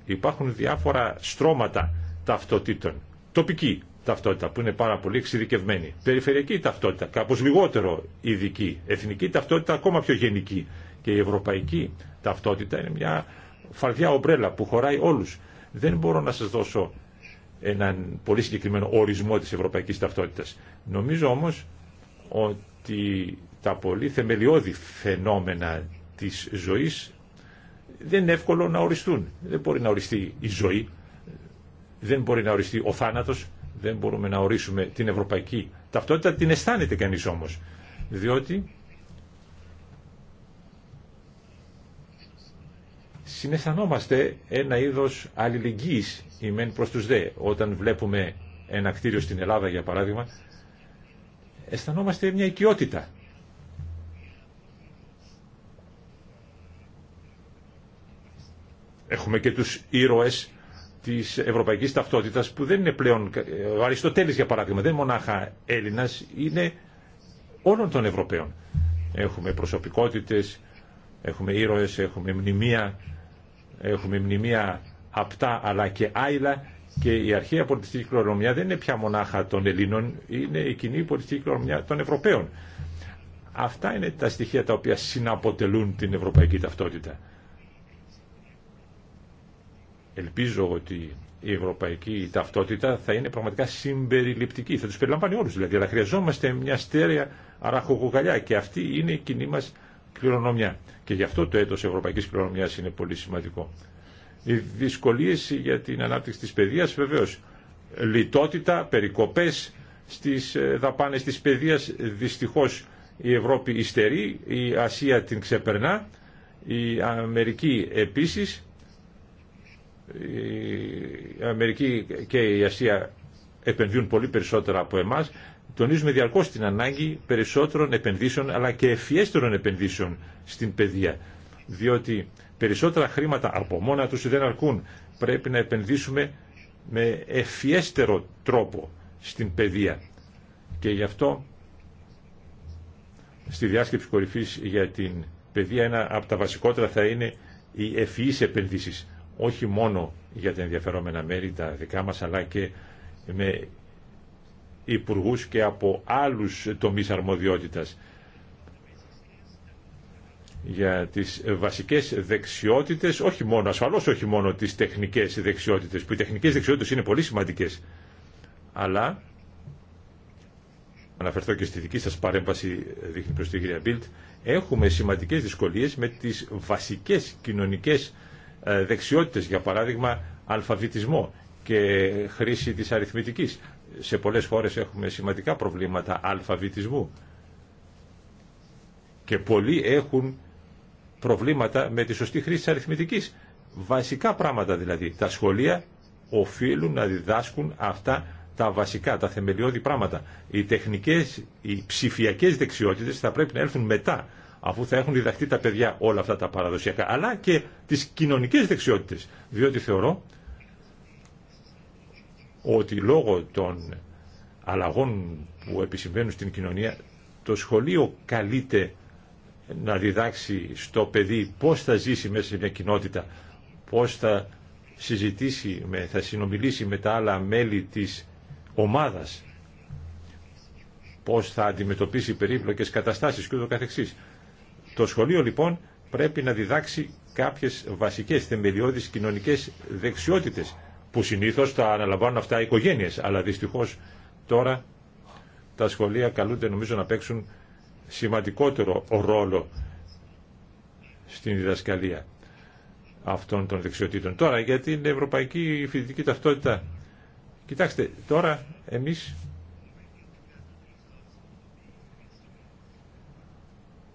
Υπάρχουν διάφορα στρώματα ταυτοτήτων. Τοπική ταυτότητα που είναι πάρα πολύ εξειδικευμένη. Περιφερειακή ταυτότητα, κάπω λιγότερο ειδική. Εθνική ταυτότητα ακόμα πιο γενική. Και η ευρωπαϊκή ταυτότητα είναι μια φαρδιά ομπρέλα που χωράει όλου. Δεν μπορώ να σα δώσω έναν πολύ συγκεκριμένο ορισμό της ευρωπαϊκής ταυτότητας. Νομίζω όμως ότι τα πολύ θεμελιώδη φαινόμενα της ζωής δεν είναι εύκολο να οριστούν. Δεν μπορεί να οριστεί η ζωή, δεν μπορεί να οριστεί ο θάνατος, δεν μπορούμε να ορίσουμε την ευρωπαϊκή ταυτότητα, την αισθάνεται κανείς όμως. Διότι συναισθανόμαστε ένα είδος αλληλεγγύης ημέν προς τους δε. Όταν βλέπουμε ένα κτίριο στην Ελλάδα για παράδειγμα, αισθανόμαστε μια οικειότητα. Έχουμε και τους ήρωες της ευρωπαϊκής ταυτότητας που δεν είναι πλέον, ο Αριστοτέλης για παράδειγμα, δεν μονάχα Έλληνας, είναι όλων των Ευρωπαίων. Έχουμε προσωπικότητες, έχουμε ήρωες, έχουμε μνημεία, Έχουμε μνημεία απτά αλλά και άειλα και η αρχαία πολιτιστική κληρονομιά δεν είναι πια μονάχα των Ελλήνων, είναι η κοινή πολιτιστική κληρονομιά των Ευρωπαίων. Αυτά είναι τα στοιχεία τα οποία συναποτελούν την ευρωπαϊκή ταυτότητα. Ελπίζω ότι η ευρωπαϊκή ταυτότητα θα είναι πραγματικά συμπεριληπτική. Θα του περιλαμβάνει όλου. δηλαδή, αλλά χρειαζόμαστε μια στέρεα αραχοκοκαλιά και αυτή είναι η κοινή μας κληρονομιά. Και γι' αυτό το έτος ευρωπαϊκής κληρονομιάς είναι πολύ σημαντικό. Οι δυσκολίες για την ανάπτυξη της παιδείας βεβαίως. Λιτότητα, περικοπές στις ε, δαπάνες της παιδείας. Δυστυχώς η Ευρώπη υστερεί, η Ασία την ξεπερνά, η Αμερική επίσης. Η Αμερική και η Ασία επενδύουν πολύ περισσότερα από εμάς τονίζουμε διαρκώς την ανάγκη περισσότερων επενδύσεων αλλά και ευφιέστερων επενδύσεων στην παιδεία. Διότι περισσότερα χρήματα από μόνα του δεν αρκούν. Πρέπει να επενδύσουμε με ευφιέστερο τρόπο στην παιδεία. Και γι' αυτό στη διάσκεψη κορυφή για την παιδεία ένα από τα βασικότερα θα είναι οι ευφυεί επενδύσει, Όχι μόνο για τα ενδιαφερόμενα μέρη τα δικά μα, αλλά και με υπουργούς και από άλλους τομείς αρμοδιότητας για τις βασικές δεξιότητες, όχι μόνο, ασφαλώς όχι μόνο τις τεχνικές δεξιότητες, που οι τεχνικές δεξιότητες είναι πολύ σημαντικές, αλλά, αναφερθώ και στη δική σας παρέμβαση, δείχνει προς την κυρία Μπίλτ, έχουμε σημαντικές δυσκολίες με τις βασικές κοινωνικές ε, δεξιότητες, για παράδειγμα αλφαβητισμό και χρήση της αριθμητικής σε πολλές χώρες έχουμε σημαντικά προβλήματα αλφαβητισμού και πολλοί έχουν προβλήματα με τη σωστή χρήση της αριθμητικής. Βασικά πράγματα δηλαδή. Τα σχολεία οφείλουν να διδάσκουν αυτά τα βασικά, τα θεμελιώδη πράγματα. Οι τεχνικές, οι ψηφιακές δεξιότητες θα πρέπει να έρθουν μετά, αφού θα έχουν διδαχτεί τα παιδιά όλα αυτά τα παραδοσιακά, αλλά και τις κοινωνικές δεξιότητες, διότι θεωρώ ότι λόγω των αλλαγών που επισυμβαίνουν στην κοινωνία το σχολείο καλείται να διδάξει στο παιδί πώς θα ζήσει μέσα σε μια κοινότητα, πώς θα συζητήσει, με, θα συνομιλήσει με τα άλλα μέλη της ομάδας, πώς θα αντιμετωπίσει περίπλοκες καταστάσεις και ούτω καθεξής. Το σχολείο λοιπόν πρέπει να διδάξει κάποιες βασικές θεμελιώδεις κοινωνικές δεξιότητες που συνήθως τα αναλαμβάνουν αυτά οι οικογένειες, αλλά δυστυχώς τώρα τα σχολεία καλούνται νομίζω να παίξουν σημαντικότερο ρόλο στην διδασκαλία αυτών των δεξιοτήτων. Τώρα για την ευρωπαϊκή φοιτητική ταυτότητα. Κοιτάξτε, τώρα εμείς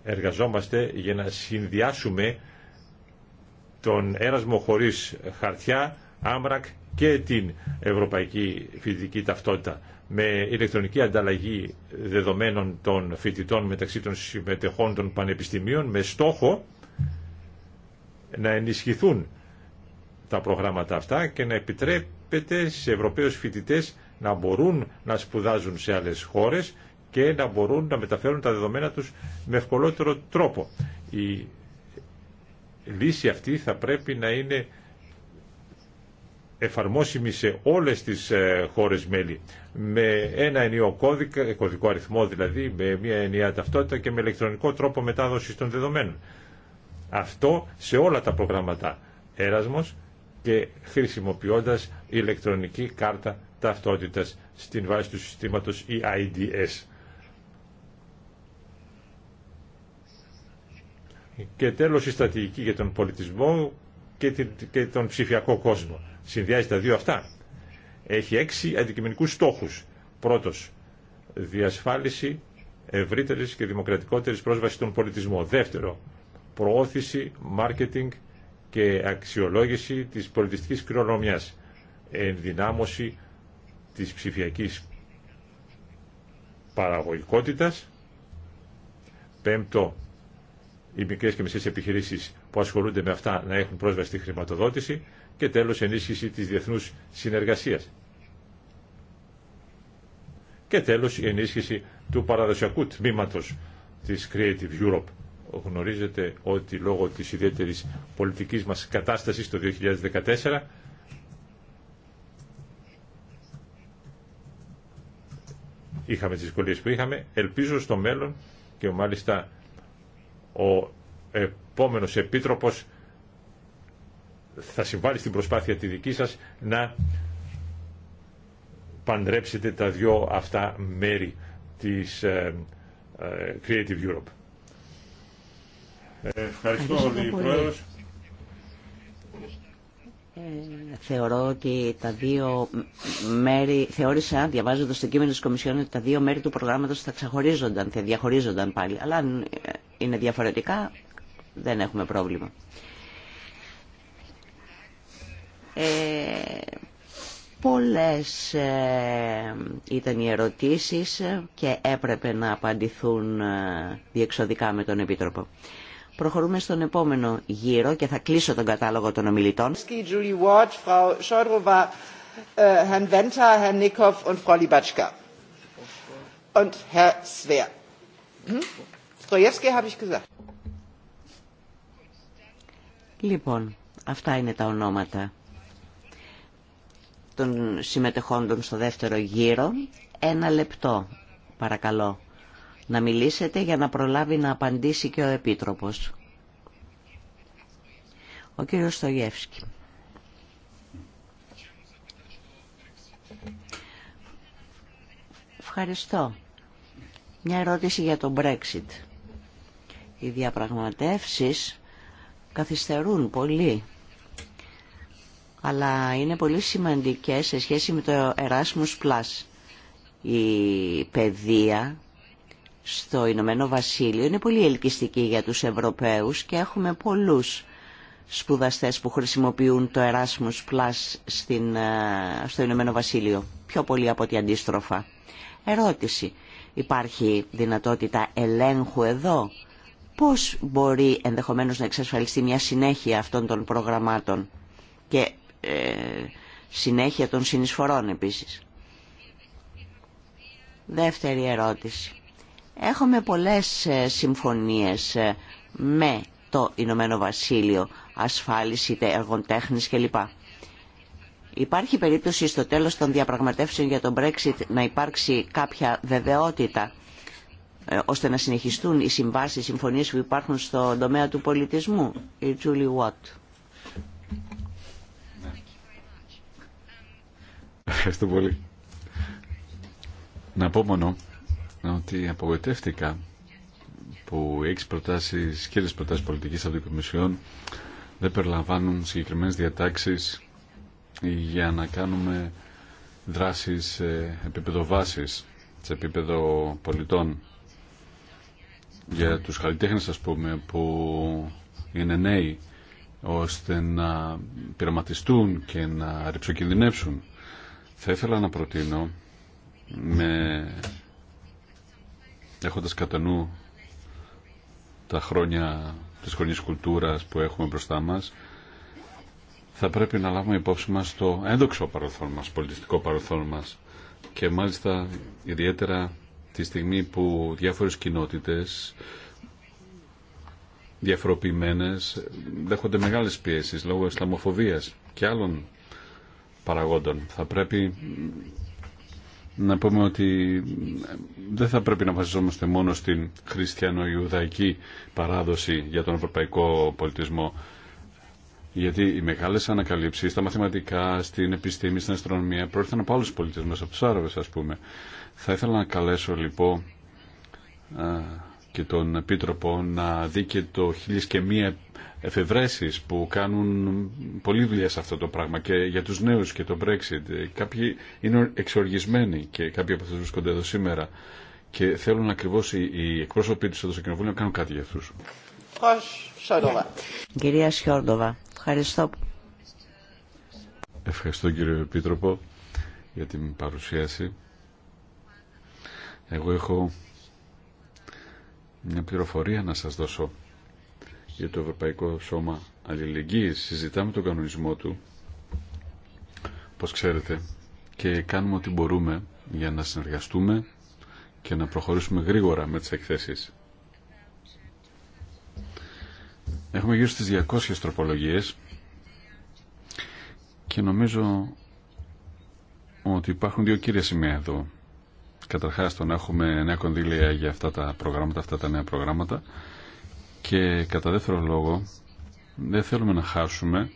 εργαζόμαστε για να συνδυάσουμε τον έρασμο χωρίς χαρτιά, άμρακ και την ευρωπαϊκή φοιτητική ταυτότητα με ηλεκτρονική ανταλλαγή δεδομένων των φοιτητών μεταξύ των συμμετεχών των πανεπιστημίων με στόχο να ενισχυθούν τα προγράμματα αυτά και να επιτρέπεται σε Ευρωπαίους φοιτητές να μπορούν να σπουδάζουν σε άλλες χώρες και να μπορούν να μεταφέρουν τα δεδομένα τους με ευκολότερο τρόπο. Η λύση αυτή θα πρέπει να είναι εφαρμόσιμη σε όλες τις ε, χώρες μέλη με ένα ενιαίο κώδικα, κωδικό αριθμό δηλαδή, με μια ενιαία ταυτότητα και με ηλεκτρονικό τρόπο μετάδοσης των δεδομένων. Αυτό σε όλα τα προγράμματα έρασμος και χρησιμοποιώντας ηλεκτρονική κάρτα ταυτότητας στην βάση του συστήματος EIDS. Και τέλος η στρατηγική για τον πολιτισμό και τον ψηφιακό κόσμο συνδυάζει τα δύο αυτά. Έχει έξι αντικειμενικούς στόχους. Πρώτος, διασφάλιση ευρύτερης και δημοκρατικότερης πρόσβαση στον πολιτισμό. Δεύτερο, προώθηση, μάρκετινγκ και αξιολόγηση της πολιτιστικής κληρονομιάς. Ενδυνάμωση της ψηφιακής παραγωγικότητας. Πέμπτο, οι μικρές και μισές επιχειρήσεις που ασχολούνται με αυτά να έχουν πρόσβαση στη χρηματοδότηση και τέλος ενίσχυση της διεθνούς συνεργασίας. Και τέλος η ενίσχυση του παραδοσιακού τμήματος της Creative Europe. Γνωρίζετε ότι λόγω της ιδιαίτερης πολιτικής μας κατάστασης το 2014 είχαμε τις δυσκολίε που είχαμε. Ελπίζω στο μέλλον και μάλιστα ο επόμενος επίτροπος θα συμβάλλει στην προσπάθεια τη δική σας να παντρέψετε τα δυο αυτά μέρη της ε, ε, Creative Europe. Ε, ευχαριστώ, Ευχαριστώ πολύ. Ε, θεωρώ ότι τα δύο μέρη, θεώρησα διαβάζοντας το κείμενο της Κομισιόν ότι τα δύο μέρη του προγράμματος θα ξεχωρίζονταν, θα διαχωρίζονταν πάλι. Αλλά αν είναι διαφορετικά δεν έχουμε πρόβλημα. Ε, πολλές ε, ήταν οι ερωτήσεις και έπρεπε να απαντηθούν ε, διεξοδικά με τον Επίτροπο. Προχωρούμε στον επόμενο γύρο και θα κλείσω τον κατάλογο των ομιλητών. Λοιπόν, αυτά είναι τα ονόματα των συμμετεχόντων στο δεύτερο γύρο. Ένα λεπτό, παρακαλώ, να μιλήσετε για να προλάβει να απαντήσει και ο Επίτροπος. Ο κύριος Στογεύσκη. Ευχαριστώ. Μια ερώτηση για το Brexit. Οι διαπραγματεύσεις καθυστερούν πολύ αλλά είναι πολύ σημαντικές σε σχέση με το Erasmus Plus. Η παιδεία στο Ηνωμένο Βασίλειο είναι πολύ ελκυστική για τους Ευρωπαίους και έχουμε πολλούς σπουδαστές που χρησιμοποιούν το Erasmus Plus στην, ε, στο Ηνωμένο Βασίλειο. Πιο πολύ από ότι αντίστροφα. Ερώτηση. Υπάρχει δυνατότητα ελέγχου εδώ. Πώς μπορεί ενδεχομένως να εξασφαλιστεί μια συνέχεια αυτών των προγραμμάτων και ε, συνέχεια των συνεισφορών επίσης. Δεύτερη ερώτηση. Έχουμε πολλές ε, συμφωνίες ε, με το Ηνωμένο Βασίλειο, ασφάλιση εργοτέχνης κλπ. Υπάρχει περίπτωση στο τέλος των διαπραγματεύσεων για τον Brexit να υπάρξει κάποια βεβαιότητα ώστε να συνεχιστούν οι συμβάσεις, οι συμφωνίες που υπάρχουν στον τομέα του πολιτισμού. Η Ευχαριστώ πολύ. Να πω μόνο ότι απογοητεύτηκα που οι έξι προτάσει, κύριες προτάσεις πολιτικής από την δεν περιλαμβάνουν συγκεκριμένε διατάξεις για να κάνουμε δράσεις σε επίπεδο βάση σε επίπεδο πολιτών. Για τους καλλιτέχνε α πούμε, που είναι νέοι, ώστε να πειραματιστούν και να ρηψοκινδυνεύσουν. Θα ήθελα να προτείνω με έχοντας κατά νου τα χρόνια της χρονής κουλτούρας που έχουμε μπροστά μας θα πρέπει να λάβουμε υπόψη μας το ένδοξο παρελθόν μας, πολιτιστικό παρελθόν μας και μάλιστα ιδιαίτερα τη στιγμή που διάφορες κοινότητες διαφοροποιημένες δέχονται μεγάλες πιέσεις λόγω ισλαμοφοβίας και άλλων παραγόντων. Θα πρέπει να πούμε ότι δεν θα πρέπει να βασιζόμαστε μόνο στην χριστιανο-ιουδαϊκή παράδοση για τον ευρωπαϊκό πολιτισμό. Γιατί οι μεγάλες ανακαλύψεις στα μαθηματικά, στην επιστήμη, στην αστρονομία προέρχονταν από άλλους πολιτισμούς, από τους Άραβες ας πούμε. Θα ήθελα να καλέσω λοιπόν και τον Επίτροπο να δει και το χίλιες και μία εφευρέσεις που κάνουν πολλή δουλειά σε αυτό το πράγμα και για τους νέους και το Brexit. Κάποιοι είναι εξοργισμένοι και κάποιοι από αυτούς βρίσκονται εδώ σήμερα και θέλουν ακριβώς οι, οι εκπρόσωποι τους εδώ στο Κοινοβούλιο να κάνουν κάτι για αυτούς. Κυρία Σιόρντοβα, ευχαριστώ. Ευχαριστώ κύριο Επίτροπο για την παρουσίαση. Εγώ έχω μια πληροφορία να σας δώσω για το Ευρωπαϊκό Σώμα Αλληλεγγύης. Συζητάμε τον κανονισμό του, όπως ξέρετε, και κάνουμε ό,τι μπορούμε για να συνεργαστούμε και να προχωρήσουμε γρήγορα με τις εκθέσεις. Έχουμε γύρω στις 200 τροπολογίες και νομίζω ότι υπάρχουν δύο κύρια σημεία εδώ. Καταρχάς το να έχουμε νέα κονδύλια για αυτά τα προγράμματα, αυτά τα νέα προγράμματα και κατά δεύτερον λόγο, δεν θέλουμε να χάσουμε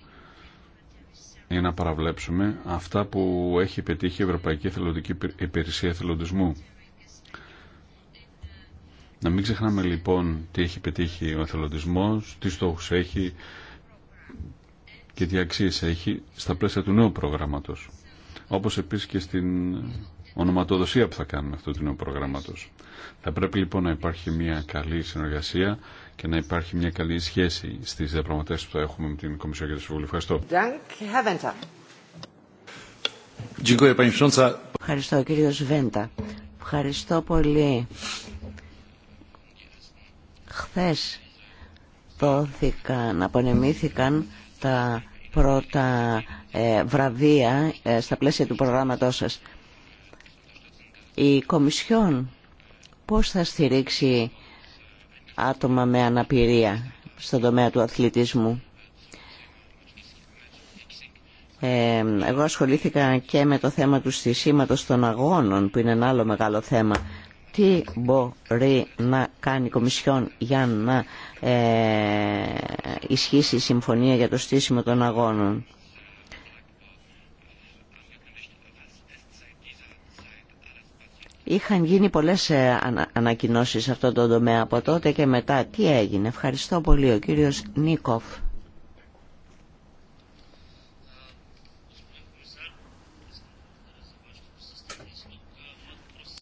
ή να παραβλέψουμε αυτά που έχει πετύχει η Ευρωπαϊκή Εθελοντική Υπηρεσία Εθελοντισμού. Να μην ξεχνάμε λοιπόν τι έχει πετύχει ο εθελοντισμός, τι στόχους έχει και τι αξίες έχει στα πλαίσια του νέου προγράμματος. Όπως επίσης και στην ονοματοδοσία που θα κάνουμε αυτό του νέου προγράμματος. Θα πρέπει λοιπόν να υπάρχει μια καλή συνεργασία και να υπάρχει μια καλή σχέση στις διαπραγματεύσεις που θα έχουμε με την Κομισιόν και τη Συμβουλή. Ευχαριστώ. Ευχαριστώ κύριο Βέντα. Ευχαριστώ πολύ. Χθες δόθηκαν, απονεμήθηκαν τα πρώτα ε, βραβεία ε, στα πλαίσια του προγράμματός σας η Κομισιόν πώς θα στηρίξει άτομα με αναπηρία στον τομέα του αθλητισμού. Ε, εγώ ασχολήθηκα και με το θέμα του στισίματος των αγώνων που είναι ένα άλλο μεγάλο θέμα. Τι μπορεί να κάνει η Κομισιόν για να ε, ισχύσει η συμφωνία για το στήσιμο των αγώνων. Είχαν γίνει πολλές ε, ανακοινώσεις σε αυτόν τον τομέα από τότε και μετά. Τι έγινε. Ευχαριστώ πολύ. Ο κύριος Νίκοφ.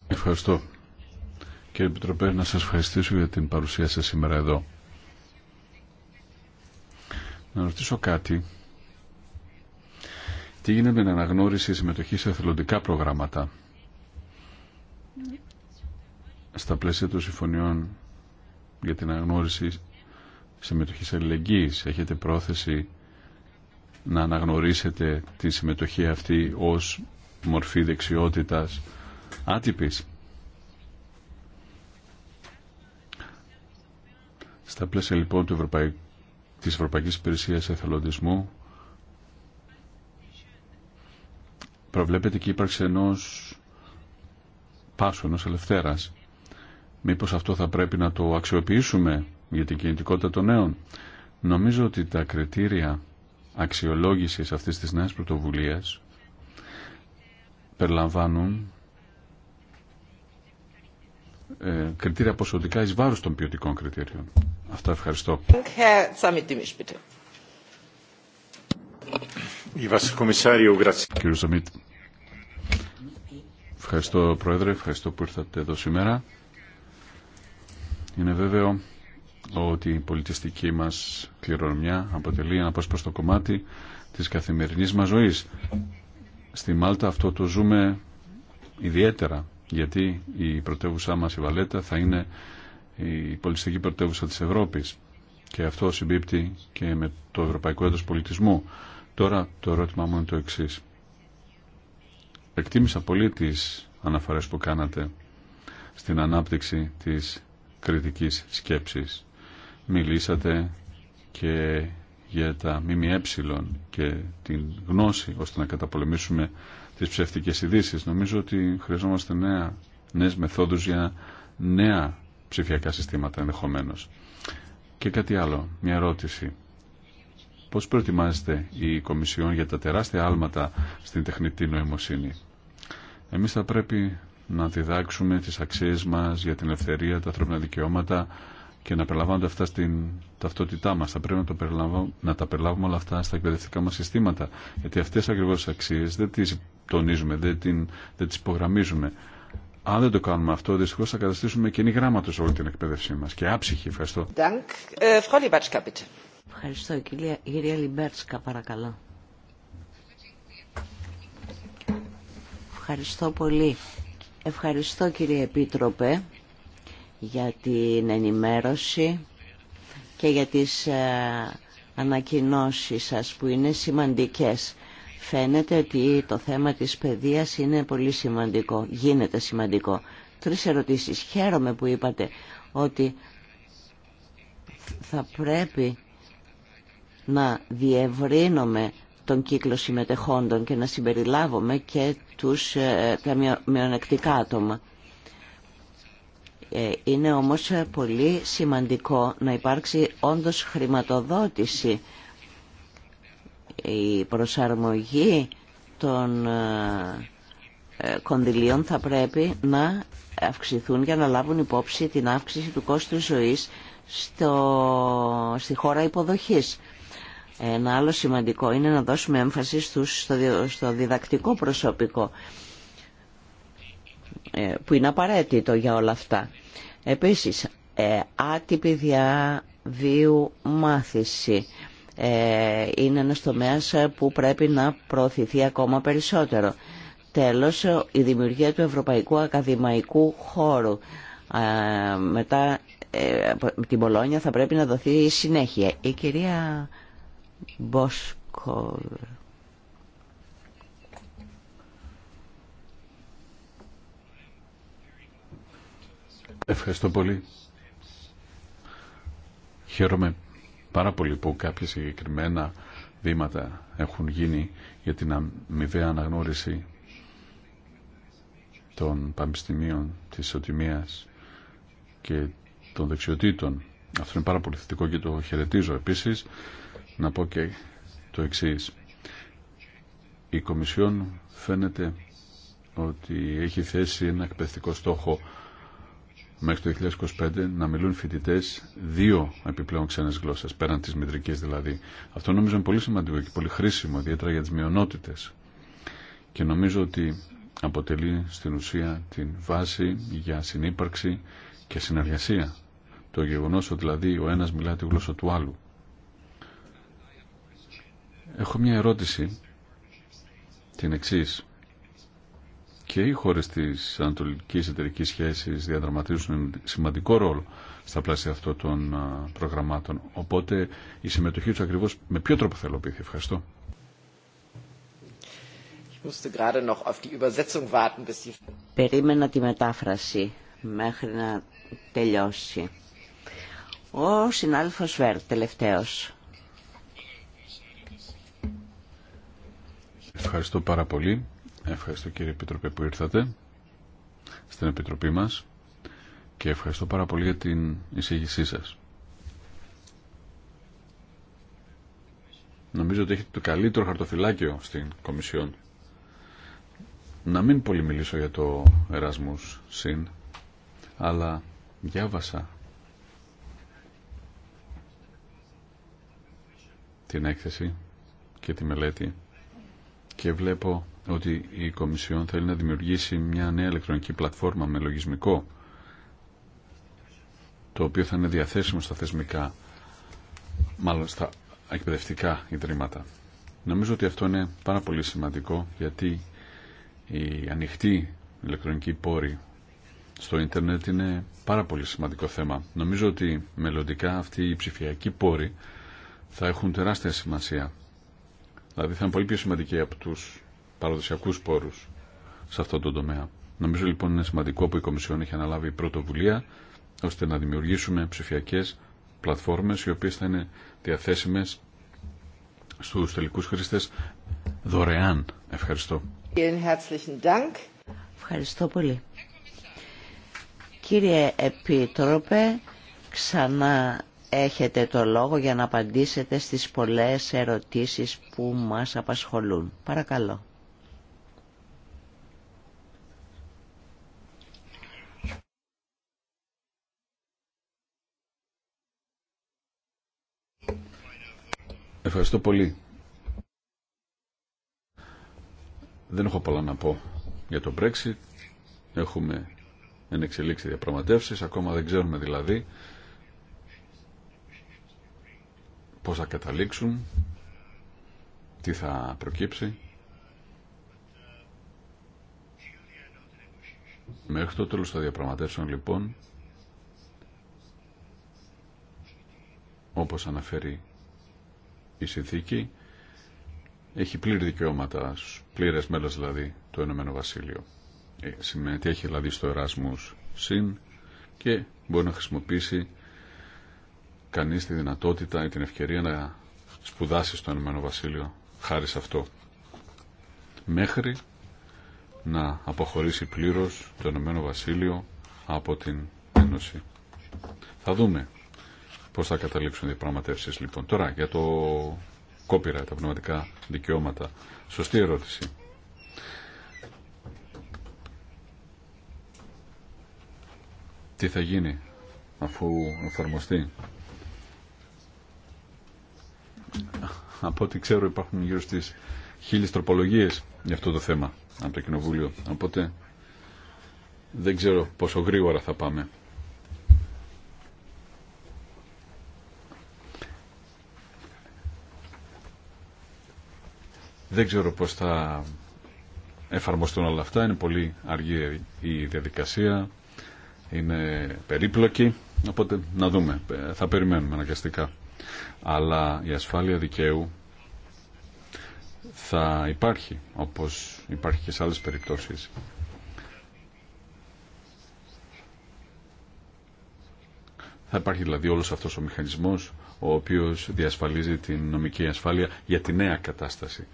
Ευχαριστώ. Κύριε Επιτροπέ, να σας ευχαριστήσω για την παρουσία σας σήμερα εδώ. Να ρωτήσω κάτι. Τι γίνεται με την αναγνώριση συμμετοχή σε εθελοντικά προγράμματα στα πλαίσια των συμφωνιών για την αναγνώριση συμμετοχής αλληλεγγύης έχετε πρόθεση να αναγνωρίσετε τη συμμετοχή αυτή ως μορφή δεξιότητας άτυπης στα πλαίσια λοιπόν του της Ευρωπαϊκής Υπηρεσίας Εθελοντισμού προβλέπεται και ύπαρξη ενός πάσου, ενός ελευθέρας. Μήπως αυτό θα πρέπει να το αξιοποιήσουμε για την κινητικότητα των νέων. Νομίζω ότι τα κριτήρια αξιολόγησης αυτής της νέας πρωτοβουλίας περιλαμβάνουν ε, κριτήρια ποσοτικά εις βάρος των ποιοτικών κριτήριων. Αυτά ευχαριστώ. Κύριε Σαμίτ, Ευχαριστώ Πρόεδρε, ευχαριστώ που ήρθατε εδώ σήμερα. Είναι βέβαιο ότι η πολιτιστική μας κληρονομιά αποτελεί ένα το κομμάτι της καθημερινής μας ζωής. Στη Μάλτα αυτό το ζούμε ιδιαίτερα γιατί η πρωτεύουσά μας η Βαλέτα θα είναι η πολιτιστική πρωτεύουσα της Ευρώπης και αυτό συμπίπτει και με το Ευρωπαϊκό Έτος Πολιτισμού. Τώρα το ερώτημά μου είναι το εξής. Εκτίμησα πολύ τις αναφορές που κάνατε στην ανάπτυξη της κριτικής σκέψης. Μιλήσατε και για τα ΜΜΕ και την γνώση ώστε να καταπολεμήσουμε τις ψευτικές ειδήσει. Νομίζω ότι χρειαζόμαστε νέα, νέες μεθόδους για νέα ψηφιακά συστήματα ενδεχομένως. Και κάτι άλλο, μια ερώτηση. Πώς προετοιμάζεται η Κομισιόν για τα τεράστια άλματα στην τεχνητή νοημοσύνη. Εμείς θα πρέπει να διδάξουμε τις αξίες μας για την ελευθερία, τα ανθρώπινα δικαιώματα και να περιλαμβάνονται αυτά στην ταυτότητά μας. Θα πρέπει να, τα περιλάβουμε όλα αυτά στα εκπαιδευτικά μας συστήματα. Γιατί αυτές ακριβώς τις αξίες δεν τις τονίζουμε, δεν, την, δεν τις υπογραμμίζουμε. Αν δεν το κάνουμε αυτό, δυστυχώ θα καταστήσουμε καινή γράμματο όλη την εκπαίδευσή μα. Και άψυχη, ευχαριστώ. Ε, Ευχαριστώ. Κυρία, κυρία Λιμπέρτσκα, παρακαλώ. Ευχαριστώ πολύ. Ευχαριστώ κύριε Επίτροπε για την ενημέρωση και για τις ε, ανακοινώσεις σας που είναι σημαντικές. Φαίνεται ότι το θέμα της παιδείας είναι πολύ σημαντικό, γίνεται σημαντικό. Τρεις ερωτήσεις. Χαίρομαι που είπατε ότι θα πρέπει να διευρύνουμε τον κύκλο συμμετεχόντων και να συμπεριλάβουμε και τους, ε, τα μειονεκτικά άτομα. Ε, είναι όμως πολύ σημαντικό να υπάρξει όντως χρηματοδότηση η προσαρμογή των ε, κονδυλίων θα πρέπει να αυξηθούν για να λάβουν υπόψη την αύξηση του κόστου ζωής στο, στη χώρα υποδοχής. Ένα άλλο σημαντικό είναι να δώσουμε έμφαση στο διδακτικό προσωπικό ε, που είναι απαραίτητο για όλα αυτά. Επίσης, ε, άτυπη διαβίου μάθηση ε, είναι ένας τομέας που πρέπει να προωθηθεί ακόμα περισσότερο. Τέλος, η δημιουργία του Ευρωπαϊκού Ακαδημαϊκού Χώρου. Μετά την Πολόνια θα πρέπει να δοθεί συνέχεια. Η κυρία Ευχαριστώ πολύ. Χαίρομαι πάρα πολύ που κάποια συγκεκριμένα βήματα έχουν γίνει για την αμοιβαία αναγνώριση των πανεπιστημίων, της ισοτιμίας και των δεξιοτήτων. Αυτό είναι πάρα πολύ θετικό και το χαιρετίζω επίσης να πω και το εξής. Η Κομισιόν φαίνεται ότι έχει θέσει ένα εκπαιδευτικό στόχο μέχρι το 2025 να μιλούν φοιτητέ δύο επιπλέον ξένες γλώσσε, πέραν τη μητρική δηλαδή. Αυτό νομίζω είναι πολύ σημαντικό και πολύ χρήσιμο, ιδιαίτερα για τι μειονότητε. Και νομίζω ότι αποτελεί στην ουσία την βάση για συνύπαρξη και συνεργασία. Το γεγονός ότι δηλαδή ο ένας μιλά τη γλώσσα του άλλου. Έχω μια ερώτηση, την εξή. Και οι χώρε της Ανατολική εταιρική σχέση διαδραματίζουν σημαντικό ρόλο στα πλαίσια αυτών των προγραμμάτων. Οπότε η συμμετοχή του ακριβώ με ποιο τρόπο θα ελοπίθει. Ευχαριστώ. Περίμενα τη μετάφραση μέχρι να τελειώσει. Ο συνάλφος Βέρτ, τελευταίος. Ευχαριστώ πάρα πολύ. Ευχαριστώ κύριε Επίτροπε που ήρθατε στην Επιτροπή μας και ευχαριστώ πάρα πολύ για την εισήγησή σας. Νομίζω ότι έχετε το καλύτερο χαρτοφυλάκιο στην Κομισιόν. Να μην πολύ μιλήσω για το Erasmus Συν, αλλά διάβασα την έκθεση και τη μελέτη και βλέπω ότι η Κομισιόν θέλει να δημιουργήσει μια νέα ηλεκτρονική πλατφόρμα με λογισμικό το οποίο θα είναι διαθέσιμο στα θεσμικά μάλλον στα εκπαιδευτικά ιδρύματα. Νομίζω ότι αυτό είναι πάρα πολύ σημαντικό γιατί η ανοιχτή ηλεκτρονική πόρη στο ίντερνετ είναι πάρα πολύ σημαντικό θέμα. Νομίζω ότι μελλοντικά αυτή οι ψηφιακή πόροι θα έχουν τεράστια σημασία Δηλαδή θα είναι πολύ πιο σημαντική από του παραδοσιακού πόρους σε αυτό τον τομέα. Νομίζω λοιπόν είναι σημαντικό που η Κομισιόν έχει αναλάβει πρωτοβουλία ώστε να δημιουργήσουμε ψηφιακές πλατφόρμες οι οποίες θα είναι διαθέσιμε στους τελικούς χρήστες δωρεάν. Ευχαριστώ. Ευχαριστώ πολύ. Κύριε Επίτροπε, ξανά έχετε το λόγο για να απαντήσετε στις πολλές ερωτήσεις που μας απασχολούν. Παρακαλώ. Ευχαριστώ πολύ. Δεν έχω πολλά να πω για το Brexit. Έχουμε ενεξελίξει διαπραγματεύσεις, ακόμα δεν ξέρουμε δηλαδή πώς θα καταλήξουν, τι θα προκύψει. Μέχρι το τέλος των διαπραγματεύσεων λοιπόν, όπως αναφέρει η συνθήκη, έχει πλήρη δικαιώματα, πλήρες μέλος δηλαδή, το Ενωμένο Βασίλειο. Ε, Συμμετέχει δηλαδή στο Εράσμους ΣΥΝ και μπορεί να χρησιμοποιήσει Κανεί τη δυνατότητα ή την ευκαιρία να σπουδάσει στο Ενωμένο Βασίλειο χάρη σε αυτό. Μέχρι να αποχωρήσει πλήρως το Ενωμένο Βασίλειο από την Ένωση. Θα δούμε πώ θα καταλήξουν οι πραγματεύσεις. λοιπόν. Τώρα για το κόπηρα, τα πνευματικά δικαιώματα. Σωστή ερώτηση. Τι θα γίνει αφού εφαρμοστεί από ό,τι ξέρω υπάρχουν γύρω στις χίλιες τροπολογίες για αυτό το θέμα από το Κοινοβούλιο. Οπότε δεν ξέρω πόσο γρήγορα θα πάμε. Δεν ξέρω πώς θα εφαρμοστούν όλα αυτά. Είναι πολύ αργή η διαδικασία. Είναι περίπλοκη. Οπότε να δούμε. Θα περιμένουμε αναγκαστικά αλλά η ασφάλεια δικαίου θα υπάρχει όπως υπάρχει και σε άλλες περιπτώσεις. Θα υπάρχει δηλαδή όλος αυτός ο μηχανισμός ο οποίος διασφαλίζει την νομική ασφάλεια για τη νέα κατάσταση.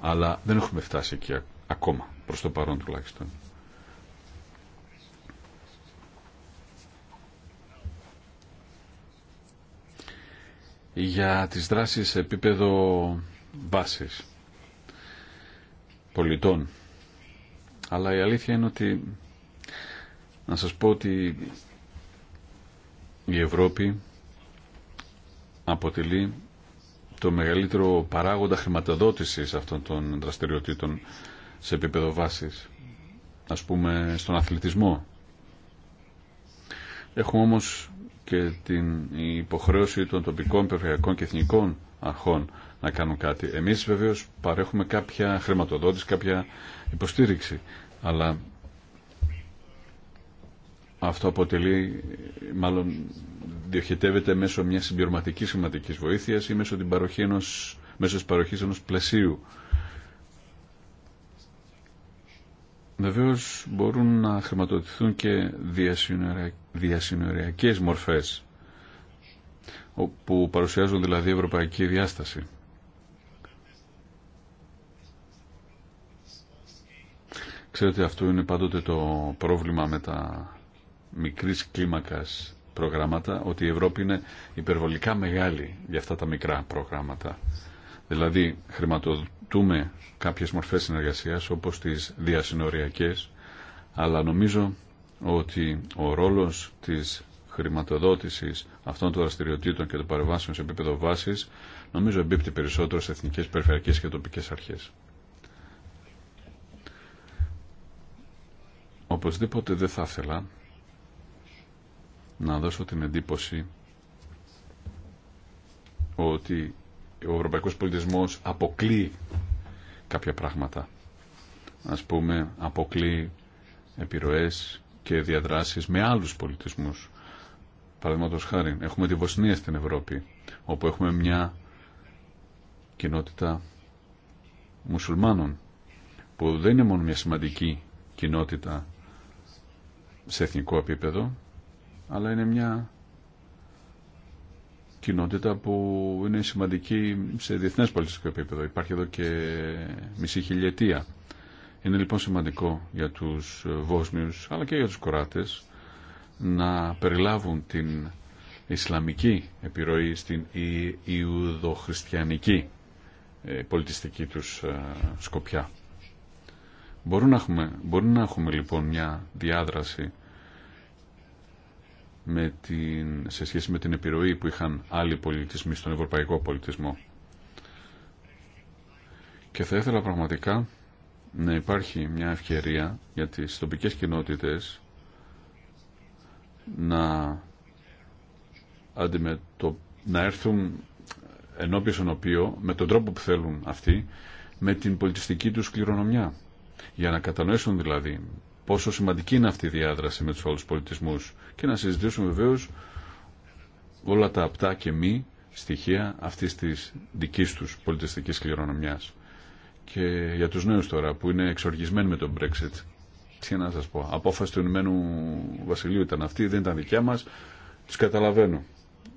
Αλλά δεν έχουμε φτάσει εκεί ακόμα, προς το παρόν τουλάχιστον. για τις δράσεις σε επίπεδο βάσης πολιτών. Αλλά η αλήθεια είναι ότι να σας πω ότι η Ευρώπη αποτελεί το μεγαλύτερο παράγοντα χρηματοδότησης αυτών των δραστηριοτήτων σε επίπεδο βάσης. Ας πούμε στον αθλητισμό. Έχουμε όμως και την υποχρέωση των τοπικών, περιφερειακών και εθνικών αρχών να κάνουν κάτι. Εμείς βεβαίως παρέχουμε κάποια χρηματοδότηση, κάποια υποστήριξη, αλλά αυτό αποτελεί, μάλλον διοχετεύεται μέσω μιας συμπληρωματικής σημαντικής βοήθειας ή μέσω, την παροχή ενός, μέσω της παροχής ενός πλαισίου Βεβαίω μπορούν να χρηματοδοτηθούν και διασυνοριακές μορφές που παρουσιάζουν δηλαδή ευρωπαϊκή διάσταση. Ξέρετε αυτό είναι πάντοτε το πρόβλημα με τα μικρής κλίμακας προγράμματα ότι η Ευρώπη είναι υπερβολικά μεγάλη για αυτά τα μικρά προγράμματα. Δηλαδή χρηματοδοτούν συζητούμε κάποιες μορφές συνεργασίας όπως τις διασυνοριακές αλλά νομίζω ότι ο ρόλος της χρηματοδότησης αυτών των δραστηριοτήτων και των παρεμβάσεων σε επίπεδο βάσης νομίζω εμπίπτει περισσότερο σε εθνικές, περιφερειακές και τοπικές αρχές. Οπωσδήποτε δεν θα ήθελα να δώσω την εντύπωση ότι ο ευρωπαϊκός πολιτισμός αποκλεί κάποια πράγματα. Ας πούμε, αποκλεί επιρροές και διαδράσεις με άλλους πολιτισμούς. Παραδείγματος χάρη, έχουμε τη Βοσνία στην Ευρώπη, όπου έχουμε μια κοινότητα μουσουλμάνων, που δεν είναι μόνο μια σημαντική κοινότητα σε εθνικό επίπεδο, αλλά είναι μια κοινότητα που είναι σημαντική σε διεθνές πολιτιστικό επίπεδο. Υπάρχει εδώ και μισή χιλιετία. Είναι λοιπόν σημαντικό για τους Βόσνιου αλλά και για τους Κοράτες να περιλάβουν την Ισλαμική επιρροή στην Ιουδοχριστιανική ε, πολιτιστική τους ε, σκοπιά. Μπορούμε να, έχουμε, να έχουμε λοιπόν μια διάδραση με την, σε σχέση με την επιρροή που είχαν άλλοι πολιτισμοί στον ευρωπαϊκό πολιτισμό. Και θα ήθελα πραγματικά να υπάρχει μια ευκαιρία για τις τοπικές κοινότητες να, αντιμετω... να έρθουν ενώπιον στον οποίο, με τον τρόπο που θέλουν αυτοί, με την πολιτιστική τους κληρονομιά. Για να κατανοήσουν δηλαδή πόσο σημαντική είναι αυτή η διάδραση με τους όλους πολιτισμούς και να συζητήσουμε βεβαίω όλα τα απτά και μη στοιχεία αυτής της δικής τους πολιτιστικής κληρονομιάς. Και για τους νέους τώρα που είναι εξοργισμένοι με τον Brexit, τι να σας πω, απόφαση του Ηνωμένου Βασιλείου ήταν αυτή, δεν ήταν δικιά μας, τους καταλαβαίνω,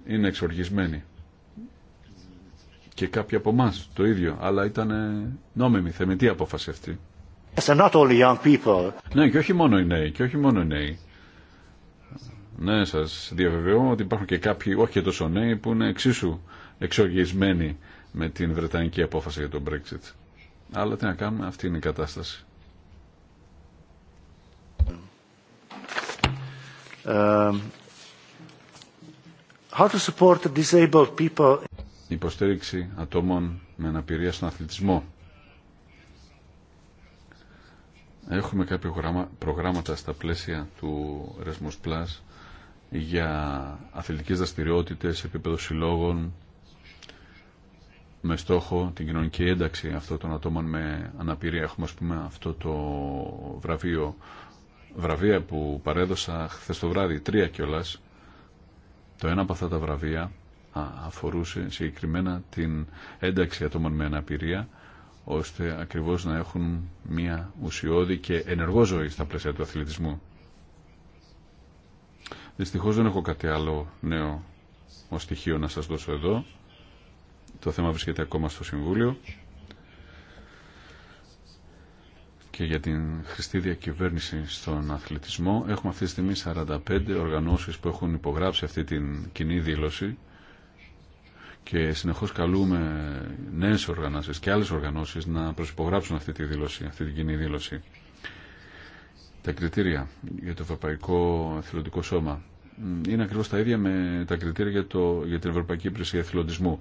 είναι εξοργισμένοι. Και κάποιοι από εμά το ίδιο, αλλά ήταν νόμιμη, θεμητή απόφαση αυτή. Ναι, και όχι μόνο οι νέοι, και όχι μόνο οι νέοι. Ναι, σας διαβεβαιώ ότι υπάρχουν και κάποιοι, όχι και τόσο νέοι, που είναι εξίσου εξοργισμένοι με την Βρετανική απόφαση για τον Brexit. Αλλά τι να κάνουμε, αυτή είναι η κατάσταση. Uh, how to support disabled people. Υποστήριξη ατόμων με αναπηρία στον αθλητισμό. Έχουμε κάποια προγράμματα στα πλαίσια του Erasmus Plus για αθλητικές δραστηριότητες σε επίπεδο συλλόγων με στόχο την κοινωνική ένταξη αυτών των ατόμων με αναπηρία. Έχουμε ας πούμε αυτό το βραβείο βραβεία που παρέδωσα χθε το βράδυ, τρία κιόλα. Το ένα από αυτά τα βραβεία αφορούσε συγκεκριμένα την ένταξη ατόμων με αναπηρία ώστε ακριβώς να έχουν μια ουσιώδη και ενεργό ζωή στα πλαίσια του αθλητισμού. Δυστυχώς δεν έχω κάτι άλλο νέο ω στοιχείο να σας δώσω εδώ. Το θέμα βρίσκεται ακόμα στο Συμβούλιο και για την χρηστή διακυβέρνηση στον αθλητισμό. Έχουμε αυτή τη στιγμή 45 οργανώσεις που έχουν υπογράψει αυτή την κοινή δήλωση και συνεχώς καλούμε νέες οργανώσεις και άλλες οργανώσεις να προσυπογράψουν αυτή τη δήλωση, αυτή την κοινή δήλωση. Τα κριτήρια για το Ευρωπαϊκό Αθλητικό Σώμα είναι ακριβώς τα ίδια με τα κριτήρια για, το, για την Ευρωπαϊκή Υπηρεσία Εθελοντισμού.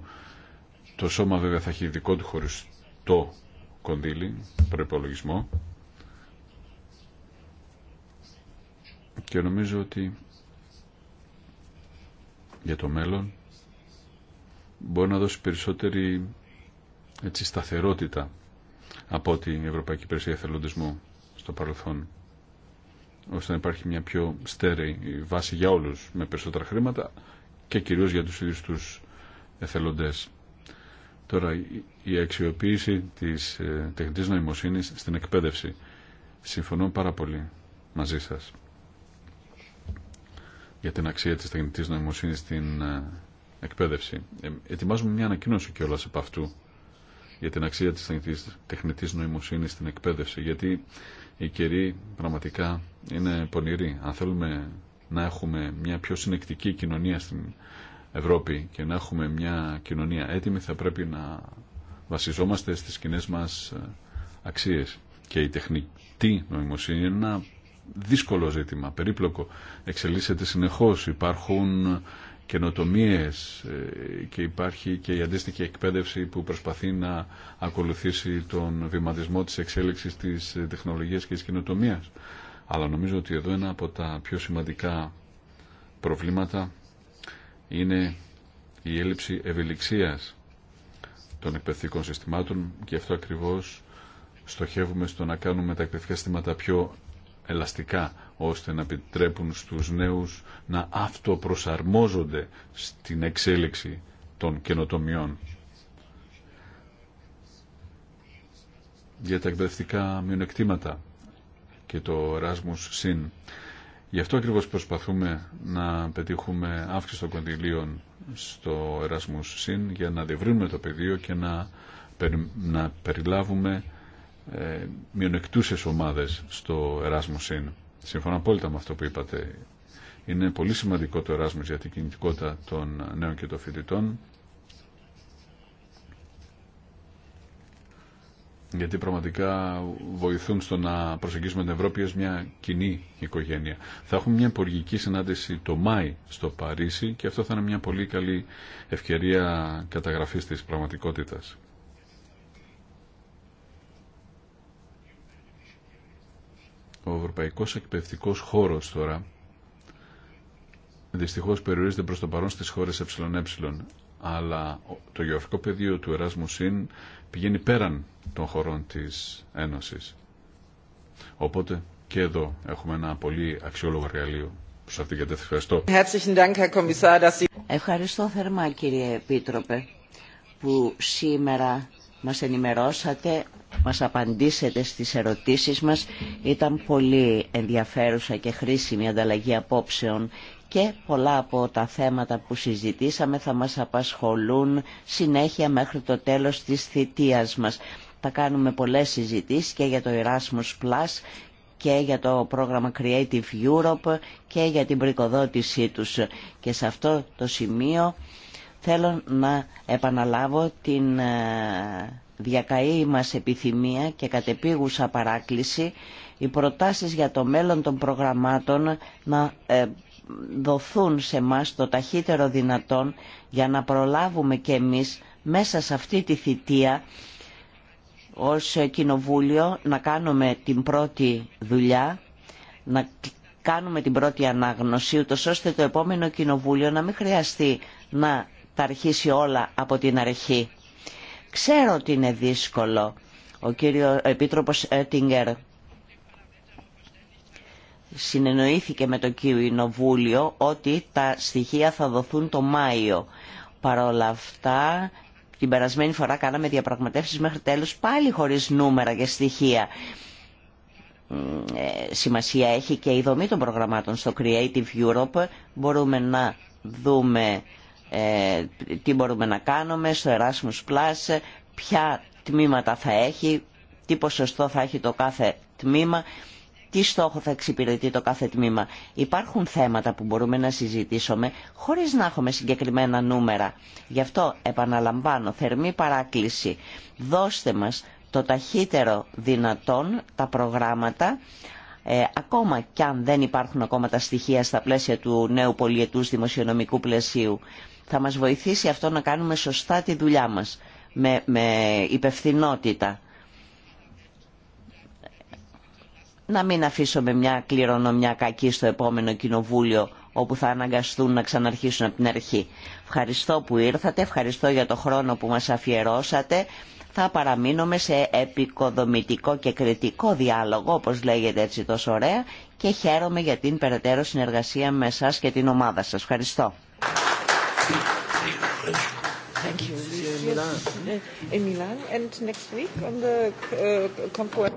Το σώμα βέβαια θα έχει δικό του χωριστό κονδύλι, προπολογισμό. Και νομίζω ότι για το μέλλον μπορεί να δώσει περισσότερη έτσι, σταθερότητα από την Ευρωπαϊκή Υπηρεσία Εθελοντισμού στο παρελθόν ώστε να υπάρχει μια πιο στέρεη βάση για όλους με περισσότερα χρήματα και κυρίως για τους ίδιους τους εθελοντές. Τώρα, η αξιοποίηση της ε, τεχνητής νοημοσύνης στην εκπαίδευση. Συμφωνώ πάρα πολύ μαζί σας για την αξία της τεχνητής νοημοσύνης στην ε, εκπαίδευση. Ε, ετοιμάζουμε μια ανακοίνωση κιόλα από αυτού για την αξία της τεχνητής νοημοσύνης στην εκπαίδευση, γιατί οι καιροί πραγματικά είναι πονηρή. Αν θέλουμε να έχουμε μια πιο συνεκτική κοινωνία στην Ευρώπη και να έχουμε μια κοινωνία έτοιμη θα πρέπει να βασιζόμαστε στις κοινέ μας ε, αξίες. Και η τεχνητή νοημοσύνη είναι ένα δύσκολο ζήτημα, περίπλοκο. Εξελίσσεται συνεχώς, υπάρχουν καινοτομίες ε, και υπάρχει και η αντίστοιχη εκπαίδευση που προσπαθεί να ακολουθήσει τον βηματισμό της εξέλιξης της τεχνολογίας και της καινοτομίας. Αλλά νομίζω ότι εδώ ένα από τα πιο σημαντικά προβλήματα είναι η έλλειψη ευελιξίας των εκπαιδευτικών συστημάτων και αυτό ακριβώς στοχεύουμε στο να κάνουμε τα εκπαιδευτικά συστήματα πιο ελαστικά ώστε να επιτρέπουν στους νέους να αυτοπροσαρμόζονται στην εξέλιξη των καινοτομιών. Για τα εκπαιδευτικά μειονεκτήματα και το Erasmus Sin. Γι' αυτό ακριβώς προσπαθούμε να πετύχουμε αύξηση των κοντιλίων στο Erasmus Sin για να διευρύνουμε το πεδίο και να, να περιλάβουμε ε, μειονεκτούσες ομάδες στο Erasmus Συμφωνώ απόλυτα με αυτό που είπατε. Είναι πολύ σημαντικό το Erasmus για την κινητικότητα των νέων και των φοιτητών. γιατί πραγματικά βοηθούν στο να προσεγγίσουμε την Ευρώπη ως μια κοινή οικογένεια. Θα έχουμε μια υπουργική συνάντηση το Μάη στο Παρίσι και αυτό θα είναι μια πολύ καλή ευκαιρία καταγραφής της πραγματικότητας. Ο ευρωπαϊκός εκπαιδευτικός χώρος τώρα δυστυχώς περιορίζεται προς το παρόν στις χώρες ΕΕ αλλά το γεωργικό πεδίο του Εράσμου πηγαίνει πέραν των χωρών της Ένωσης. Οπότε και εδώ έχουμε ένα πολύ αξιόλογο εργαλείο προς αυτήν Ευχαριστώ. Ευχαριστώ θερμά κύριε Επίτροπε που σήμερα μας ενημερώσατε, μας απαντήσετε στις ερωτήσεις μας. Ήταν πολύ ενδιαφέρουσα και χρήσιμη ανταλλαγή απόψεων και πολλά από τα θέματα που συζητήσαμε θα μας απασχολούν συνέχεια μέχρι το τέλος της θητείας μας. Θα κάνουμε πολλές συζητήσεις και για το Erasmus Plus και για το πρόγραμμα Creative Europe και για την πρικοδότησή τους. Και σε αυτό το σημείο Θέλω να επαναλάβω την ε, διακαή μας επιθυμία και κατεπίγουσα παράκληση οι προτάσεις για το μέλλον των προγραμμάτων να ε, δοθούν σε μας το ταχύτερο δυνατόν για να προλάβουμε και εμείς μέσα σε αυτή τη θητεία ως Κοινοβούλιο να κάνουμε την πρώτη δουλειά, να κάνουμε την πρώτη ανάγνωση, ούτως ώστε το επόμενο Κοινοβούλιο να μην χρειαστεί να θα αρχίσει όλα από την αρχή. Ξέρω ότι είναι δύσκολο. Ο κύριο Επίτροπος Έτιγκερ συνεννοήθηκε με το Κοινοβούλιο ότι τα στοιχεία θα δοθούν το Μάιο. Παρ' όλα αυτά, την περασμένη φορά κάναμε διαπραγματεύσεις μέχρι τέλους πάλι χωρίς νούμερα και στοιχεία. Ε, σημασία έχει και η δομή των προγραμμάτων στο Creative Europe. Μπορούμε να δούμε ε, τι μπορούμε να κάνουμε στο Erasmus Plus, ποια τμήματα θα έχει, τι ποσοστό θα έχει το κάθε τμήμα, τι στόχο θα εξυπηρετεί το κάθε τμήμα. Υπάρχουν θέματα που μπορούμε να συζητήσουμε χωρίς να έχουμε συγκεκριμένα νούμερα. Γι' αυτό επαναλαμβάνω, θερμή παράκληση, δώστε μας το ταχύτερο δυνατόν τα προγράμματα, ε, ακόμα κι αν δεν υπάρχουν ακόμα τα στοιχεία στα πλαίσια του νέου πολιετούς δημοσιονομικού πλαισίου θα μας βοηθήσει αυτό να κάνουμε σωστά τη δουλειά μας, με, υπευθυνότητα. Να μην αφήσουμε μια κληρονομιά κακή στο επόμενο κοινοβούλιο όπου θα αναγκαστούν να ξαναρχίσουν από την αρχή. Ευχαριστώ που ήρθατε, ευχαριστώ για το χρόνο που μας αφιερώσατε. Θα παραμείνουμε σε επικοδομητικό και κριτικό διάλογο, όπως λέγεται έτσι τόσο ωραία, και χαίρομαι για την περαιτέρω συνεργασία με εσάς και την ομάδα σας. Ευχαριστώ. Thank you. See you in Milan. In Milan and next week on the conference.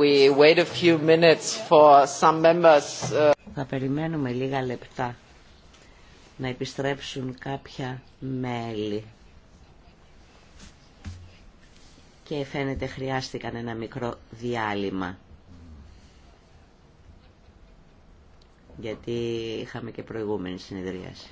Uh, Θα περιμένουμε λίγα λεπτά να επιστρέψουν κάποια μέλη. Και φαίνεται χρειάστηκαν ένα μικρό διάλειμμα. Γιατί είχαμε και προηγούμενη συνεδρίαση.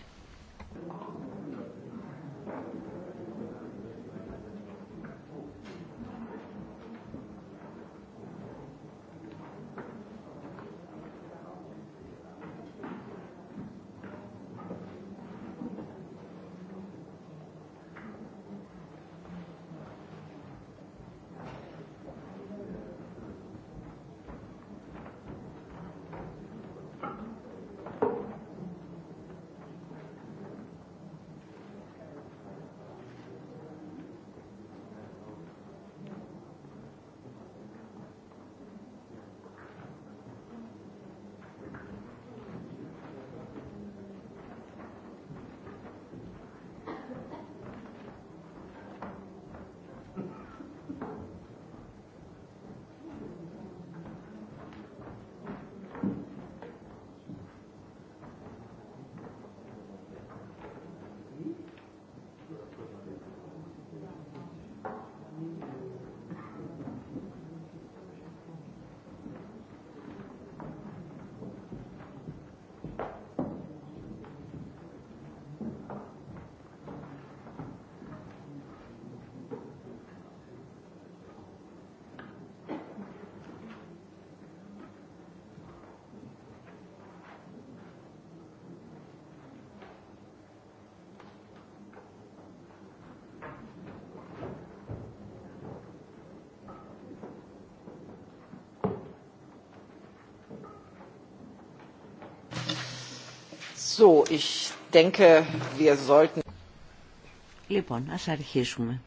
Λοιπόν, ας αρχίσουμε.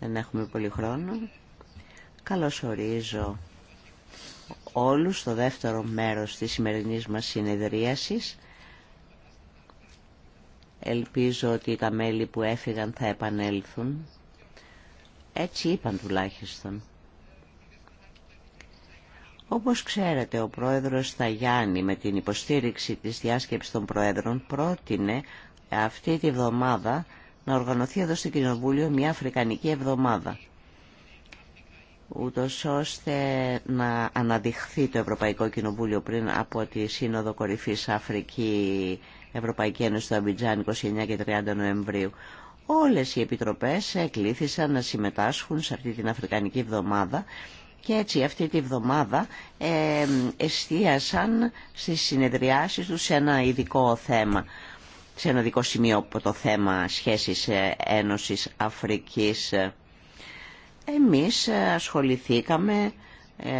Δεν έχουμε πολύ χρόνο. Καλώς ορίζω όλους στο δεύτερο μέρος της σημερινής μας συνεδρίασης. Ελπίζω ότι τα μέλη που έφυγαν θα επανέλθουν. Έτσι είπαν τουλάχιστον. Όπως ξέρετε, ο πρόεδρος Σταγιάννη με την υποστήριξη της διάσκεψης των πρόεδρων πρότεινε αυτή τη βδομάδα να οργανωθεί εδώ στο Κοινοβούλιο μια Αφρικανική εβδομάδα ούτως ώστε να αναδειχθεί το Ευρωπαϊκό Κοινοβούλιο πριν από τη Σύνοδο Κορυφής Αφρική Ευρωπαϊκή Ένωση του Αμπιτζάν 29 και 30 Νοεμβρίου. Όλες οι επιτροπές εκλήθησαν να συμμετάσχουν σε αυτή την Αφρικανική εβδομάδα και έτσι αυτή τη βδομάδα ε, εστίασαν στις συνεδριάσεις τους σε ένα ειδικό θέμα σε ένα ειδικό σημείο από το θέμα σχέσης ε, Ένωσης Αφρικής. Εμείς ε, ασχοληθήκαμε ε,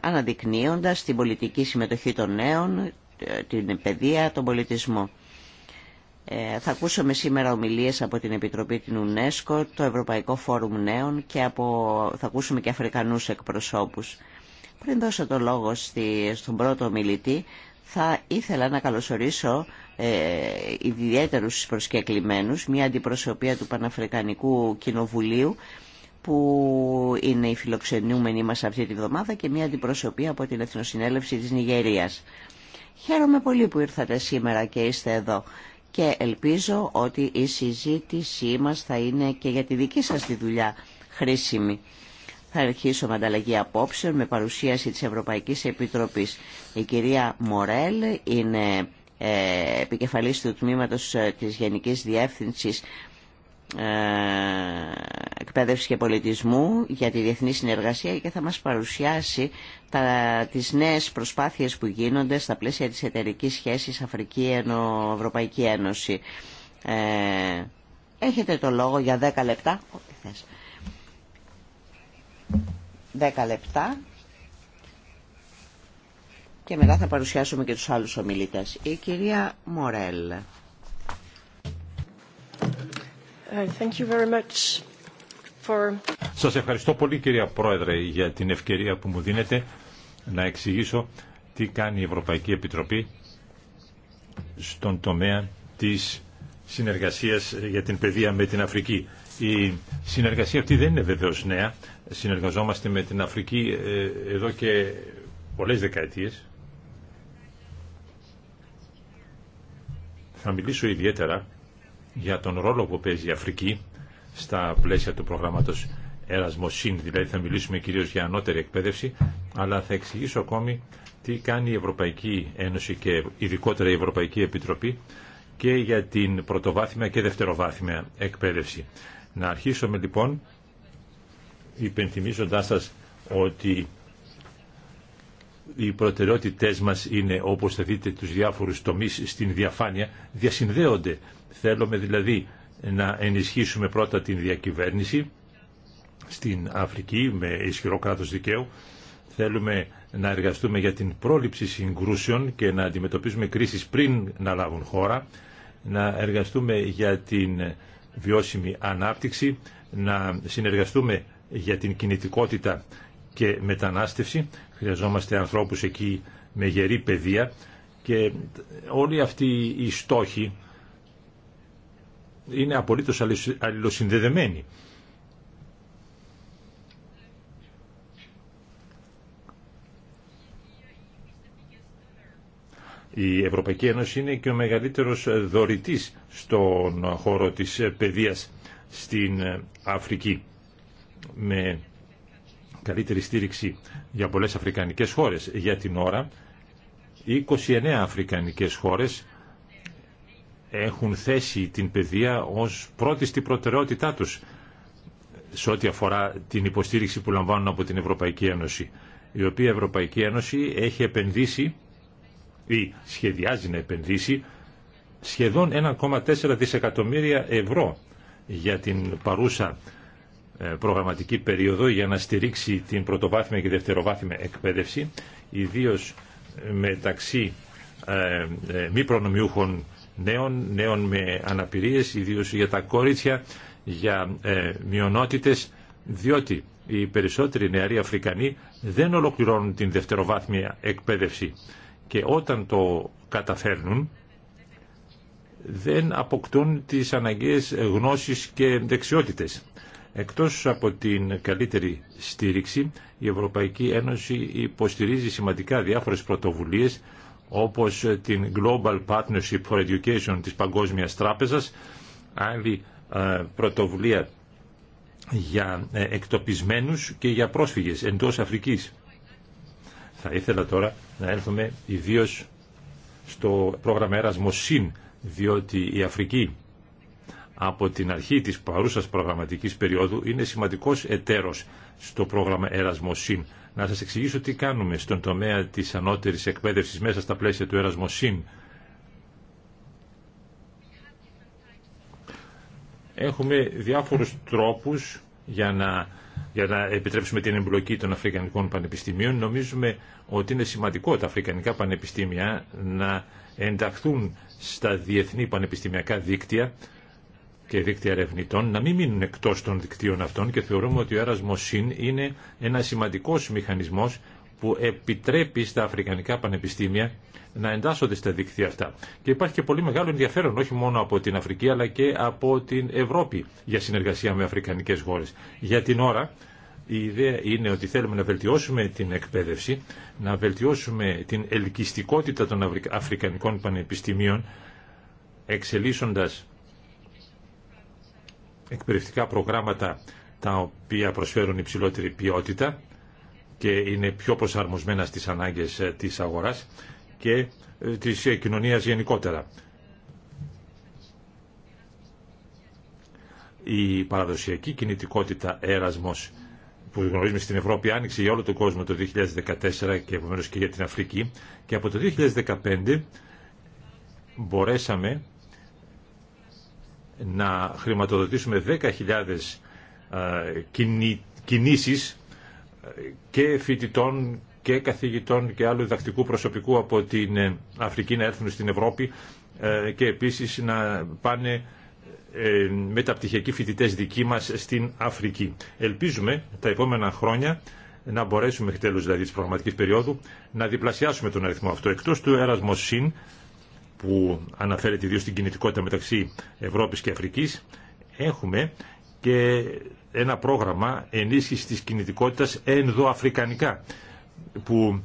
αναδεικνύοντας την πολιτική συμμετοχή των νέων, ε, την παιδεία, τον πολιτισμό. Ε, θα ακούσουμε σήμερα ομιλίες από την Επιτροπή την UNESCO, το Ευρωπαϊκό Φόρουμ Νέων και από, θα ακούσουμε και Αφρικανούς εκπροσώπους. Πριν δώσω το λόγο στη, στον πρώτο ομιλητή, θα ήθελα να καλωσορίσω ε, ιδιαίτερους προσκεκλημένους, μια αντιπροσωπεία του Παναφρικανικού Κοινοβουλίου, που είναι οι φιλοξενούμενοι μας αυτή τη βδομάδα και μια αντιπροσωπεία από την Εθνοσυνέλευση της Νιγερίας. Χαίρομαι πολύ που ήρθατε σήμερα και είστε εδώ και ελπίζω ότι η συζήτησή μας θα είναι και για τη δική σας τη δουλειά χρήσιμη. Θα αρχίσω με ανταλλαγή απόψεων με παρουσίαση της Ευρωπαϊκής Επιτροπής. Η κυρία Μορέλ είναι ε, επικεφαλής του τμήματος ε, της Γενικής Διεύθυνσης ε, εκπαίδευση και Πολιτισμού για τη Διεθνή Συνεργασία και θα μας παρουσιάσει τα, τις νέες προσπάθειες που γίνονται στα πλαίσια της εταιρικής σχέσης Αφρική-Ευρωπαϊκή Ένωση. Ε, έχετε το λόγο για 10 λεπτά. Ό,τι 10 λεπτά και μετά θα παρουσιάσουμε και τους άλλους ομιλητές. Η κυρία Μορέλ. Uh, Σας ευχαριστώ πολύ κυρία Πρόεδρε για την ευκαιρία που μου δίνετε να εξηγήσω τι κάνει η Ευρωπαϊκή Επιτροπή στον τομέα της συνεργασίας για την παιδεία με την Αφρική. Η συνεργασία αυτή δεν είναι βεβαίως νέα. Συνεργαζόμαστε με την Αφρική ε, εδώ και πολλές δεκαετίες. Θα μιλήσω ιδιαίτερα για τον ρόλο που παίζει η Αφρική στα πλαίσια του προγράμματος Erasmus δηλαδή θα μιλήσουμε κυρίως για ανώτερη εκπαίδευση, αλλά θα εξηγήσω ακόμη τι κάνει η Ευρωπαϊκή Ένωση και ειδικότερα η Ευρωπαϊκή Επιτροπή και για την πρωτοβάθμια και δευτεροβάθμια εκπαίδευση. Να αρχίσουμε λοιπόν υπενθυμίζοντάς σας ότι οι προτεραιότητές μας είναι, όπως θα δείτε, τους διάφορους τομείς στην διαφάνεια, διασυνδέονται Θέλουμε δηλαδή να ενισχύσουμε πρώτα την διακυβέρνηση στην Αφρική με ισχυρό κράτος δικαίου. Θέλουμε να εργαστούμε για την πρόληψη συγκρούσεων και να αντιμετωπίζουμε κρίσεις πριν να λάβουν χώρα. Να εργαστούμε για την βιώσιμη ανάπτυξη. Να συνεργαστούμε για την κινητικότητα και μετανάστευση. Χρειαζόμαστε ανθρώπους εκεί με γερή παιδεία και όλοι αυτοί οι στόχοι είναι απολύτως αλληλοσυνδεδεμένοι. Η Ευρωπαϊκή Ένωση είναι και ο μεγαλύτερος δωρητής στον χώρο της παιδείας στην Αφρική με καλύτερη στήριξη για πολλές αφρικανικές χώρες. Για την ώρα 29 αφρικανικές χώρες έχουν θέσει την παιδεία ως πρώτη στην προτεραιότητά τους σε ό,τι αφορά την υποστήριξη που λαμβάνουν από την Ευρωπαϊκή Ένωση η οποία Ευρωπαϊκή Ένωση έχει επενδύσει ή σχεδιάζει να επενδύσει σχεδόν 1,4 δισεκατομμύρια ευρώ για την παρούσα ε, προγραμματική περίοδο για να στηρίξει την πρωτοβάθμια και δευτεροβάθμια εκπαίδευση ιδίως μεταξύ ε, ε, μη προνομιούχων νέων, νέων με αναπηρίες, ιδίως για τα κόριτσια, για ε, μειονότητες, διότι οι περισσότεροι νεαροί Αφρικανοί δεν ολοκληρώνουν την δευτεροβάθμια εκπαίδευση και όταν το καταφέρνουν δεν αποκτούν τις αναγκαίες γνώσεις και δεξιότητες. Εκτός από την καλύτερη στήριξη, η Ευρωπαϊκή Ένωση υποστηρίζει σημαντικά διάφορες πρωτοβουλίες όπως ε, την Global Partnership for Education της Παγκόσμιας Τράπεζας, άλλη ε, πρωτοβουλία για ε, εκτοπισμένους και για πρόσφυγες εντός Αφρικής. Θα ήθελα τώρα να έλθουμε ιδίως στο πρόγραμμα Erasmus διότι η Αφρική από την αρχή της παρούσας προγραμματικής περίοδου είναι σημαντικός εταίρος στο πρόγραμμα Erasmus Να σας εξηγήσω τι κάνουμε στον τομέα της ανώτερης εκπαίδευσης μέσα στα πλαίσια του Erasmus Έχουμε διάφορους τρόπους για να, για να επιτρέψουμε την εμπλοκή των Αφρικανικών Πανεπιστημίων. Νομίζουμε ότι είναι σημαντικό τα Αφρικανικά Πανεπιστήμια να ενταχθούν στα διεθνή πανεπιστημιακά δίκτυα και δίκτυα ερευνητών να μην μείνουν εκτός των δικτύων αυτών και θεωρούμε ότι ο Erasmus είναι ένα σημαντικός μηχανισμός που επιτρέπει στα Αφρικανικά πανεπιστήμια να εντάσσονται στα δίκτυα αυτά. Και υπάρχει και πολύ μεγάλο ενδιαφέρον όχι μόνο από την Αφρική αλλά και από την Ευρώπη για συνεργασία με Αφρικανικές χώρε. Για την ώρα η ιδέα είναι ότι θέλουμε να βελτιώσουμε την εκπαίδευση, να βελτιώσουμε την ελκυστικότητα των Αφρικανικών πανεπιστήμιων εξελίσσοντας εκπαιδευτικά προγράμματα τα οποία προσφέρουν υψηλότερη ποιότητα και είναι πιο προσαρμοσμένα στις ανάγκες ε, της αγοράς και ε, της ε, κοινωνίας γενικότερα. Η παραδοσιακή κινητικότητα έρασμος που γνωρίζουμε στην Ευρώπη άνοιξε για όλο τον κόσμο το 2014 και επομένως και για την Αφρική και από το 2015 μπορέσαμε να χρηματοδοτήσουμε 10.000 ε, κινήσεις ε, και φοιτητών και καθηγητών και άλλου διδακτικού προσωπικού από την ε, Αφρική να έρθουν στην Ευρώπη και επίσης να πάνε μεταπτυχιακοί φοιτητές δικοί μας στην Αφρική. Ελπίζουμε τα επόμενα χρόνια να μπορέσουμε μέχρι δηλαδή της προγραμματικής περίοδου να διπλασιάσουμε τον αριθμό αυτό. Εκτός του Erasmus που αναφέρεται ιδίως στην κινητικότητα μεταξύ Ευρώπης και Αφρικής, έχουμε και ένα πρόγραμμα ενίσχυσης της κινητικότητας ενδοαφρικανικά, που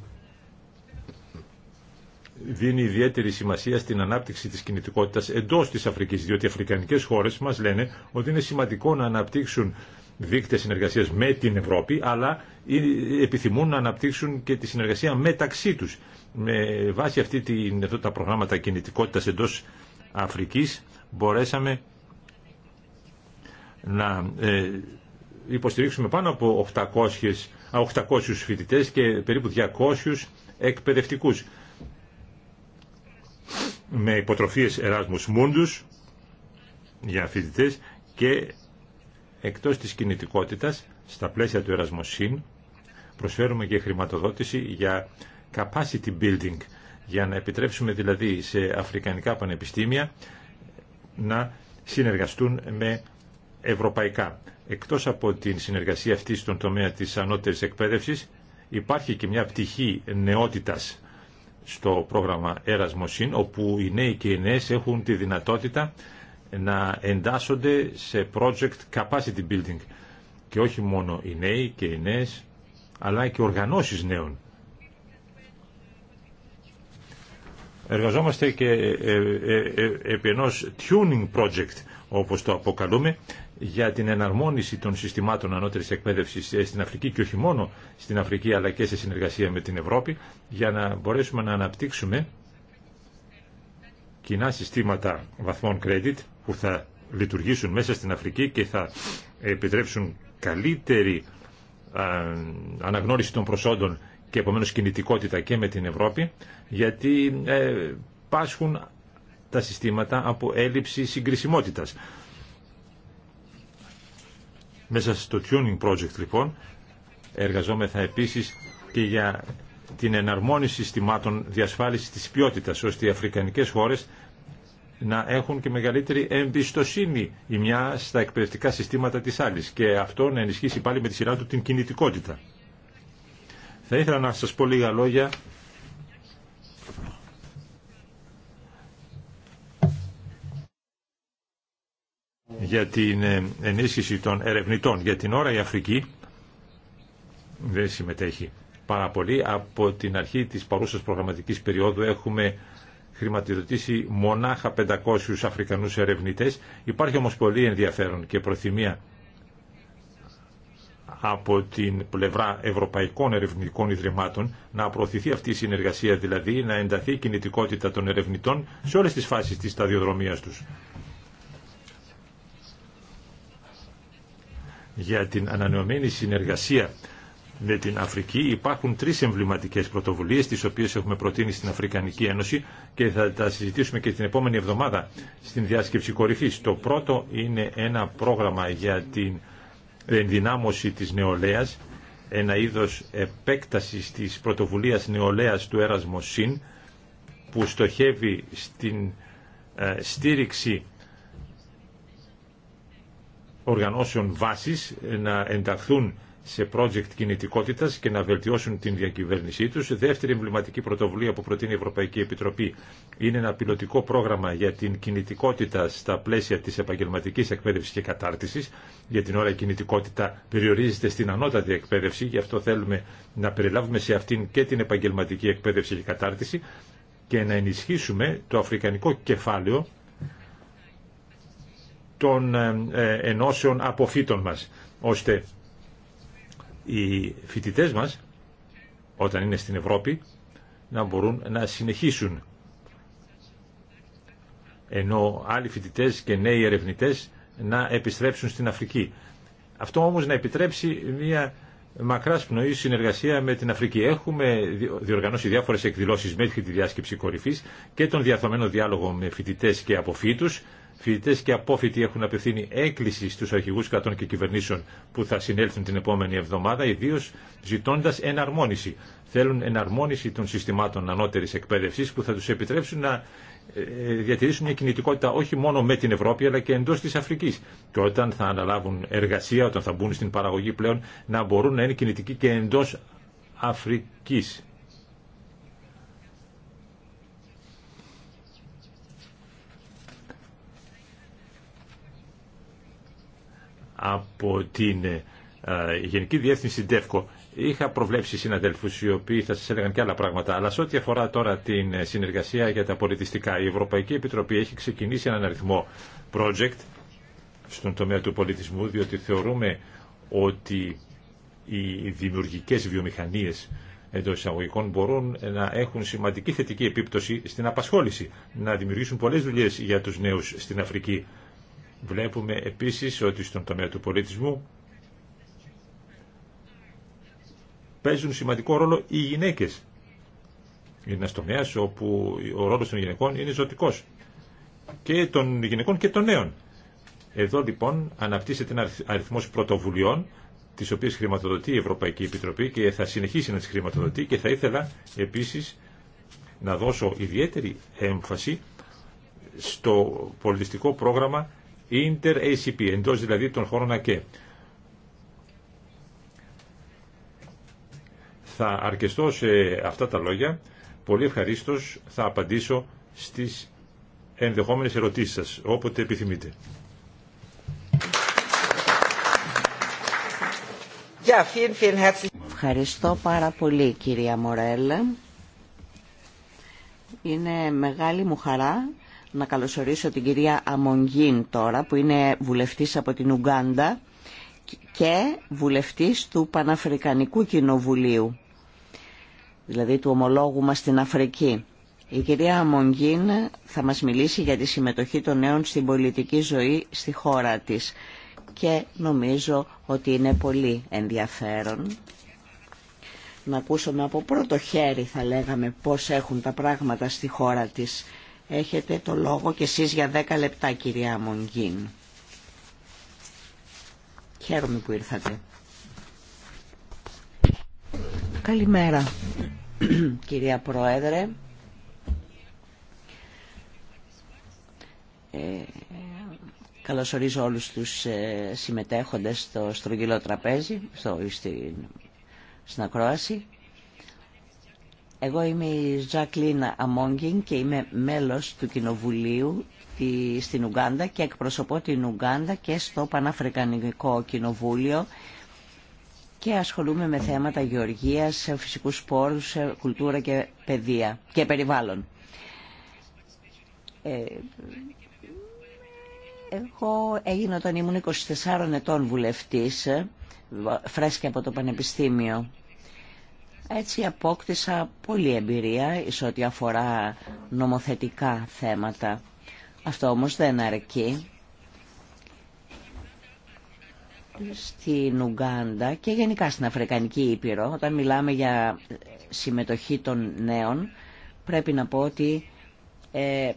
δίνει ιδιαίτερη σημασία στην ανάπτυξη της κινητικότητας εντός της Αφρικής, διότι οι αφρικανικές χώρες μας λένε ότι είναι σημαντικό να αναπτύξουν δείκτε συνεργασία με την Ευρώπη, αλλά ε, επιθυμούν να αναπτύξουν και τη συνεργασία μεταξύ τους. Με βάση αυτή την, αυτά τα προγράμματα κινητικότητα εντό Αφρικής μπορέσαμε να ε, υποστηρίξουμε πάνω από 800, 800 φοιτητές και περίπου 200 εκπαιδευτικούς με υποτροφίες Εράσμους Μούντους για φοιτητές και Εκτός της κινητικότητας, στα πλαίσια του Ερασμοσύν, προσφέρουμε και χρηματοδότηση για capacity building, για να επιτρέψουμε δηλαδή σε αφρικανικά πανεπιστήμια να συνεργαστούν με ευρωπαϊκά. Εκτός από την συνεργασία αυτή στον τομέα της ανώτερης εκπαίδευσης, υπάρχει και μια πτυχή νεότητας στο πρόγραμμα Erasmus, όπου οι νέοι και οι νέες έχουν τη δυνατότητα να εντάσσονται σε project capacity building και όχι μόνο οι νέοι και οι νέες αλλά και οργανώσεις νέων. Εργαζόμαστε και ε, ε, ε, επί ενός tuning project όπως το αποκαλούμε για την εναρμόνιση των συστημάτων ανώτερης εκπαίδευσης στην Αφρική και όχι μόνο στην Αφρική αλλά και σε συνεργασία με την Ευρώπη για να μπορέσουμε να αναπτύξουμε κοινά συστήματα βαθμών credit που θα λειτουργήσουν μέσα στην Αφρική και θα επιτρέψουν καλύτερη ε, αναγνώριση των προσόντων και επομένως κινητικότητα και με την Ευρώπη γιατί ε, πάσχουν τα συστήματα από έλλειψη συγκρισιμότητας. Μέσα στο Tuning Project λοιπόν εργαζόμεθα επίσης και για την εναρμόνιση συστημάτων διασφάλισης της ποιότητας, ώστε οι αφρικανικές χώρες να έχουν και μεγαλύτερη εμπιστοσύνη η μια στα εκπαιδευτικά συστήματα της άλλης και αυτό να ενισχύσει πάλι με τη σειρά του την κινητικότητα. Θα ήθελα να σας πω λίγα λόγια για την ε, ενίσχυση των ερευνητών. Για την ώρα η Αφρική δεν συμμετέχει πάρα πολύ. Από την αρχή της παρούσας προγραμματικής περίοδου έχουμε χρηματοδοτήσει μονάχα 500 Αφρικανούς ερευνητές. Υπάρχει όμως πολύ ενδιαφέρον και προθυμία από την πλευρά Ευρωπαϊκών Ερευνητικών Ιδρυμάτων να προωθηθεί αυτή η συνεργασία, δηλαδή να ενταθεί η κινητικότητα των ερευνητών σε όλες τις φάσεις της σταδιοδρομίας τους. Για την ανανεωμένη συνεργασία με την Αφρική υπάρχουν τρεις εμβληματικέ πρωτοβουλίες τις οποίες έχουμε προτείνει στην Αφρικανική Ένωση και θα τα συζητήσουμε και την επόμενη εβδομάδα στην διάσκεψη κορυφή. Το πρώτο είναι ένα πρόγραμμα για την ενδυνάμωση της νεολαία, ένα είδος επέκτασης της πρωτοβουλίας νεολαία του Έρασμο ΣΥΝ που στοχεύει στην ε, στήριξη οργανώσεων βάσης να ενταχθούν σε project κινητικότητα και να βελτιώσουν την διακυβέρνησή τους. Δεύτερη εμβληματική πρωτοβουλία που προτείνει η Ευρωπαϊκή Επιτροπή είναι ένα πιλωτικό πρόγραμμα για την κινητικότητα στα πλαίσια τη επαγγελματική εκπαίδευση και κατάρτιση. Για την ώρα η κινητικότητα περιορίζεται στην ανώτατη εκπαίδευση, γι' αυτό θέλουμε να περιλάβουμε σε αυτήν και την επαγγελματική εκπαίδευση και κατάρτιση και να ενισχύσουμε το αφρικανικό κεφάλαιο των ε, ε, ενώσεων αποφύτων μας, ώστε οι φοιτητέ μας όταν είναι στην Ευρώπη να μπορούν να συνεχίσουν ενώ άλλοι φοιτητέ και νέοι ερευνητέ να επιστρέψουν στην Αφρική. Αυτό όμως να επιτρέψει μια μακρά πνοή συνεργασία με την Αφρική. Έχουμε διοργανώσει διάφορες εκδηλώσεις μέχρι τη διάσκεψη κορυφής και τον διαρθωμένο διάλογο με φοιτητέ και αποφύτους Φοιτητέ και απόφοιτοι έχουν απευθύνει έκκληση στου αρχηγού κρατών και κυβερνήσεων που θα συνέλθουν την επόμενη εβδομάδα, ιδίω ζητώντα εναρμόνιση. Θέλουν εναρμόνιση των συστημάτων ανώτερη εκπαίδευση που θα του επιτρέψουν να ε, ε, διατηρήσουν μια κινητικότητα όχι μόνο με την Ευρώπη αλλά και εντό τη Αφρική. Και όταν θα αναλάβουν εργασία, όταν θα μπουν στην παραγωγή πλέον, να μπορούν να είναι κινητικοί και εντό Αφρική. από την ε, Γενική Διεύθυνση ΔΕΦΚΟ είχα προβλέψει συναδέλφους οι οποίοι θα σας έλεγαν και άλλα πράγματα αλλά σε ό,τι αφορά τώρα την ε, συνεργασία για τα πολιτιστικά η Ευρωπαϊκή Επιτροπή έχει ξεκινήσει έναν αριθμό project στον τομέα του πολιτισμού διότι θεωρούμε ότι οι δημιουργικές βιομηχανίες εντό εισαγωγικών μπορούν να έχουν σημαντική θετική επίπτωση στην απασχόληση, να δημιουργήσουν πολλές δουλειέ για τους νέους στην Αφρική Βλέπουμε επίσης ότι στον τομέα του πολιτισμού παίζουν σημαντικό ρόλο οι γυναίκες. Είναι ένας τομέας όπου ο ρόλος των γυναικών είναι ζωτικός. Και των γυναικών και των νέων. Εδώ λοιπόν αναπτύσσεται ένα αριθμός πρωτοβουλειών τις οποίες χρηματοδοτεί η Ευρωπαϊκή Επιτροπή και θα συνεχίσει να τις χρηματοδοτεί και θα ήθελα επίσης να δώσω ιδιαίτερη έμφαση στο πολιτιστικό πρόγραμμα Inter-ACP, εντός δηλαδή των χώρων ΑΚΕ. Θα αρκεστώ σε αυτά τα λόγια. Πολύ ευχαριστώ θα απαντήσω στις ενδεχόμενες ερωτήσεις σας, όποτε επιθυμείτε. Ευχαριστώ πάρα πολύ κυρία Μορέλ. Είναι μεγάλη μου χαρά να καλωσορίσω την κυρία Αμονγκίν τώρα που είναι βουλευτής από την Ουγκάντα και βουλευτής του Παναφρικανικού Κοινοβουλίου, δηλαδή του ομολόγου μας στην Αφρική. Η κυρία Αμονγκίν θα μας μιλήσει για τη συμμετοχή των νέων στην πολιτική ζωή στη χώρα της και νομίζω ότι είναι πολύ ενδιαφέρον να ακούσουμε από πρώτο χέρι θα λέγαμε πώς έχουν τα πράγματα στη χώρα της Έχετε το λόγο και εσείς για 10 λεπτά κυρία Μονγκίν. Χαίρομαι που ήρθατε. Καλημέρα κυρία Πρόεδρε. Ε, καλωσορίζω όλους τους ε, συμμετέχοντες στο στρογγυλό τραπέζι, στο, στην, στην ακρόαση. Εγώ είμαι η Ζακλίνα Αμόγγιν και είμαι μέλος του Κοινοβουλίου στην Ουγγάντα και εκπροσωπώ την Ουγγάντα και στο Παναφρικανικό Κοινοβούλιο και ασχολούμαι με θέματα γεωργίας, φυσικούς πόρους, κουλτούρα και παιδεία και περιβάλλον. Ε, εγώ έγινα όταν ήμουν 24 ετών βουλευτής, ε, φρέσκια από το Πανεπιστήμιο έτσι απόκτησα πολλή εμπειρία σε ό,τι αφορά νομοθετικά θέματα. Αυτό όμως δεν αρκεί. Στην Ουγκάντα και γενικά στην Αφρικανική Ήπειρο, όταν μιλάμε για συμμετοχή των νέων, πρέπει να πω ότι ε,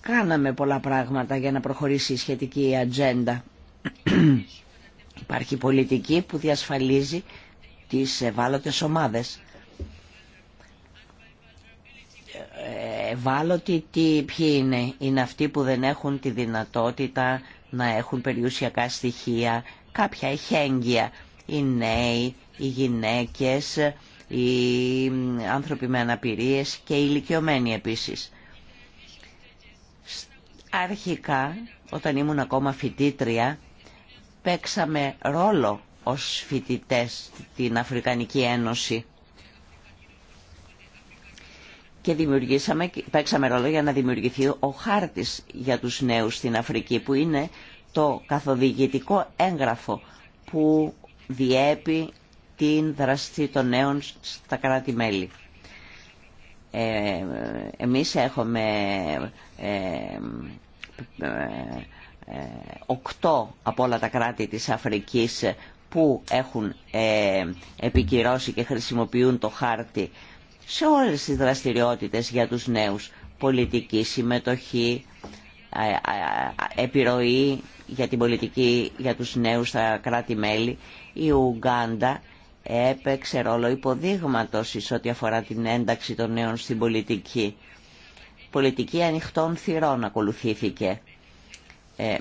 κάναμε πολλά πράγματα για να προχωρήσει η σχετική ατζέντα. Υπάρχει πολιτική που διασφαλίζει τις ευάλωτες ομάδες. Ευάλωτοι τι, ποιοι είναι. Είναι αυτοί που δεν έχουν τη δυνατότητα να έχουν περιουσιακά στοιχεία, κάποια εχέγγυα. Οι νέοι, οι γυναίκες, οι άνθρωποι με αναπηρίες και οι ηλικιωμένοι επίσης. Αρχικά, όταν ήμουν ακόμα φοιτήτρια, παίξαμε ρόλο ως φοιτητές στην Αφρικανική Ένωση. Και δημιουργήσαμε, παίξαμε ρόλο για να δημιουργηθεί ο χάρτης για τους νέους στην Αφρική, που είναι το καθοδηγητικό έγγραφο που διέπει την δραστή των νέων στα κράτη-μέλη. Ε, εμείς έχουμε ε, ε, ε, οκτώ από όλα τα κράτη της Αφρικής που έχουν ε, επικυρώσει και χρησιμοποιούν το χάρτη σε όλες τις δραστηριότητες για τους νέους. Πολιτική συμμετοχή, ε, ε, επιρροή για την πολιτική για τους νέους στα κράτη-μέλη. Η Ουγγάντα έπαιξε ρόλο υποδείγματος εις ό,τι αφορά την ένταξη των νέων στην πολιτική. Πολιτική ανοιχτών θυρών ακολουθήθηκε.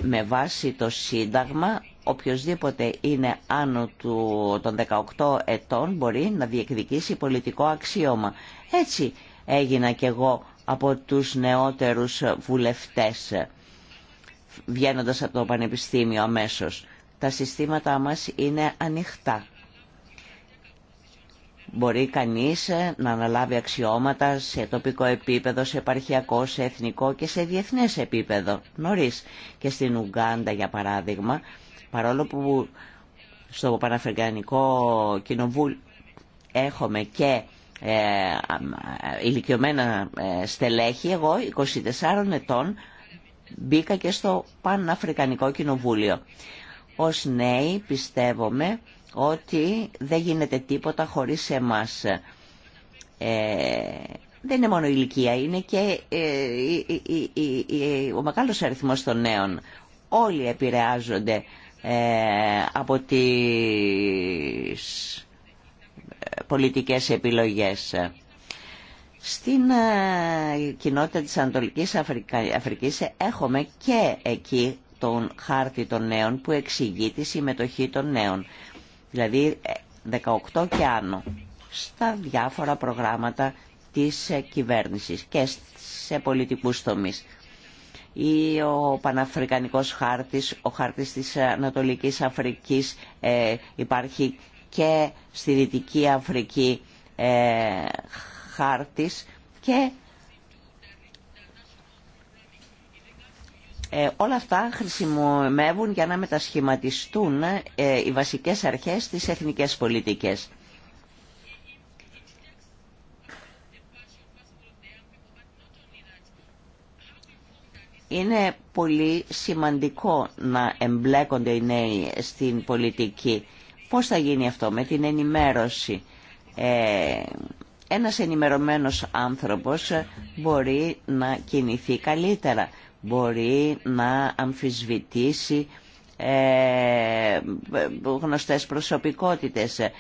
με βάση το Σύνταγμα οποιοδήποτε είναι άνω του, των 18 ετών μπορεί να διεκδικήσει πολιτικό αξίωμα. Έτσι έγινα κι εγώ από τους νεότερους βουλευτές, βγαίνοντα από το Πανεπιστήμιο αμέσως. Τα συστήματα μας είναι ανοιχτά. Μπορεί κανείς ε, να αναλάβει αξιώματα σε τοπικό επίπεδο, σε επαρχιακό, σε εθνικό και σε διεθνές επίπεδο, νωρίς. Και στην Ουγγάντα, για παράδειγμα, Παρόλο που στο Παναφρικανικό Κοινοβούλιο έχουμε και ε, ε ηλικιωμένα ε, στελέχη, εγώ 24 ετών μπήκα και στο Παναφρικανικό Κοινοβούλιο. Ως νέοι πιστεύουμε ότι δεν γίνεται τίποτα χωρίς εμάς. Ε, δεν είναι μόνο ηλικία, είναι και ε, ο μεγάλος αριθμός των νέων. Όλοι επηρεάζονται ε, από τις πολιτικές επιλογές. Στην ε, κοινότητα της Ανατολικής Αφρικής έχουμε και εκεί τον χάρτη των νέων που εξηγεί τη συμμετοχή των νέων. Δηλαδή 18 ε, και άνω στα διάφορα προγράμματα της κυβέρνησης και σε πολιτικούς τομείς ή ο Παναφρικανικός χάρτης, ο χάρτης της Ανατολικής Αφρικής ε, υπάρχει και στη Δυτική Αφρική ε, χάρτης και ε, όλα αυτά χρησιμοποιούν για να μετασχηματιστούν ε, οι βασικές αρχές της εθνικές πολιτικές. Είναι πολύ σημαντικό να εμπλέκονται οι νέοι στην πολιτική. Πώς θα γίνει αυτό με την ενημέρωση. Ε, ένας ενημερωμένος άνθρωπος μπορεί να κινηθεί καλύτερα, μπορεί να αμφισβητήσει ε, γνωστές προσωπικότητες, ε,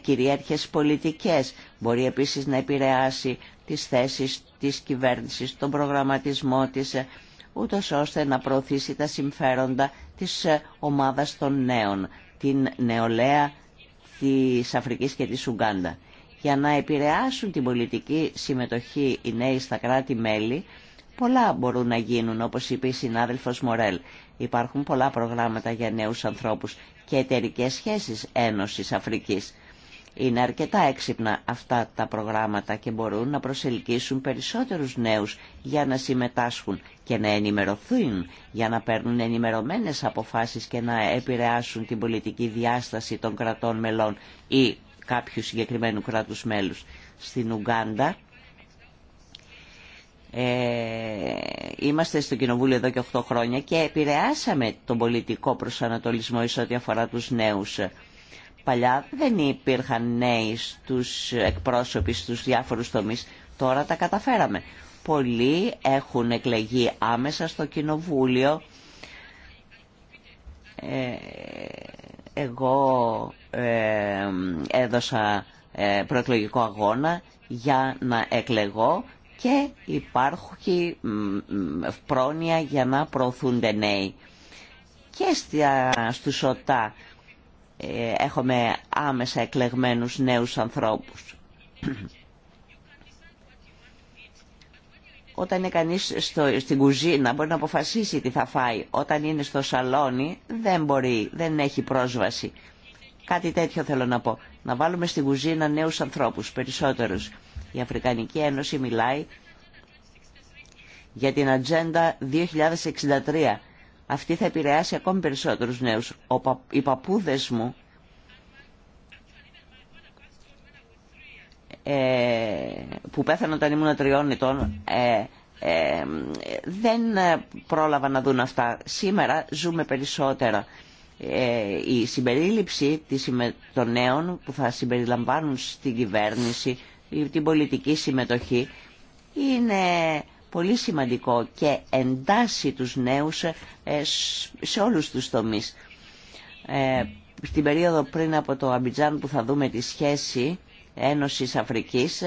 κυριάρχες πολιτικές. Μπορεί επίσης να επηρεάσει τις θέσεις της κυβέρνησης, τον προγραμματισμό της, ε, ούτως ώστε να προωθήσει τα συμφέροντα της ε, ομάδας των νέων, την νεολαία της Αφρικής και της Ουγκάντα. Για να επηρεάσουν την πολιτική συμμετοχή οι νέοι στα κράτη-μέλη, πολλά μπορούν να γίνουν, όπως είπε η συνάδελφος Μορέλ. Υπάρχουν πολλά προγράμματα για νέους ανθρώπους και εταιρικέ σχέσεις Ένωσης Αφρικής. Είναι αρκετά έξυπνα αυτά τα προγράμματα και μπορούν να προσελκύσουν περισσότερους νέους για να συμμετάσχουν και να ενημερωθούν, για να παίρνουν ενημερωμένες αποφάσεις και να επηρεάσουν την πολιτική διάσταση των κρατών μελών ή κάποιου συγκεκριμένου κράτους μέλους. Στην Ουγκάντα ε, είμαστε στο Κοινοβούλιο εδώ και 8 χρόνια και επηρεάσαμε τον πολιτικό προσανατολισμό εις ό,τι αφορά τους νέους Παλιά δεν υπήρχαν νέοι στους εκπρόσωποι στους διάφορους τομείς. Τώρα τα καταφέραμε. Πολλοί έχουν εκλεγεί άμεσα στο κοινοβούλιο. Ε, εγώ ε, έδωσα ε, προεκλογικό αγώνα για να εκλεγώ και υπάρχει πρόνοια για να προωθούνται νέοι. Και στα, στους ΟΤΑ ε, έχουμε άμεσα εκλεγμένους νέους ανθρώπους. Όταν είναι κανείς στο, στην κουζίνα μπορεί να αποφασίσει τι θα φάει. Όταν είναι στο σαλόνι δεν μπορεί, δεν έχει πρόσβαση. Κάτι τέτοιο θέλω να πω. Να βάλουμε στην κουζίνα νέους ανθρώπους, περισσότερους. Η Αφρικανική Ένωση μιλάει για την Ατζέντα 2063 αυτή θα επηρεάσει ακόμη περισσότερους νέους. Ο οι παππούδες μου ε, που πέθαναν όταν ήμουν τριών ετών ε, ε, δεν πρόλαβα να δουν αυτά. Σήμερα ζούμε περισσότερα. η συμπερίληψη των νέων που θα συμπεριλαμβάνουν στην κυβέρνηση, την πολιτική συμμετοχή είναι πολύ σημαντικό και εντάσσει τους νέους ε, σε όλους τους τομείς. Ε, στην περίοδο πριν από το Αμπιτζάν που θα δούμε τη σχέση Ένωσης Αφρικής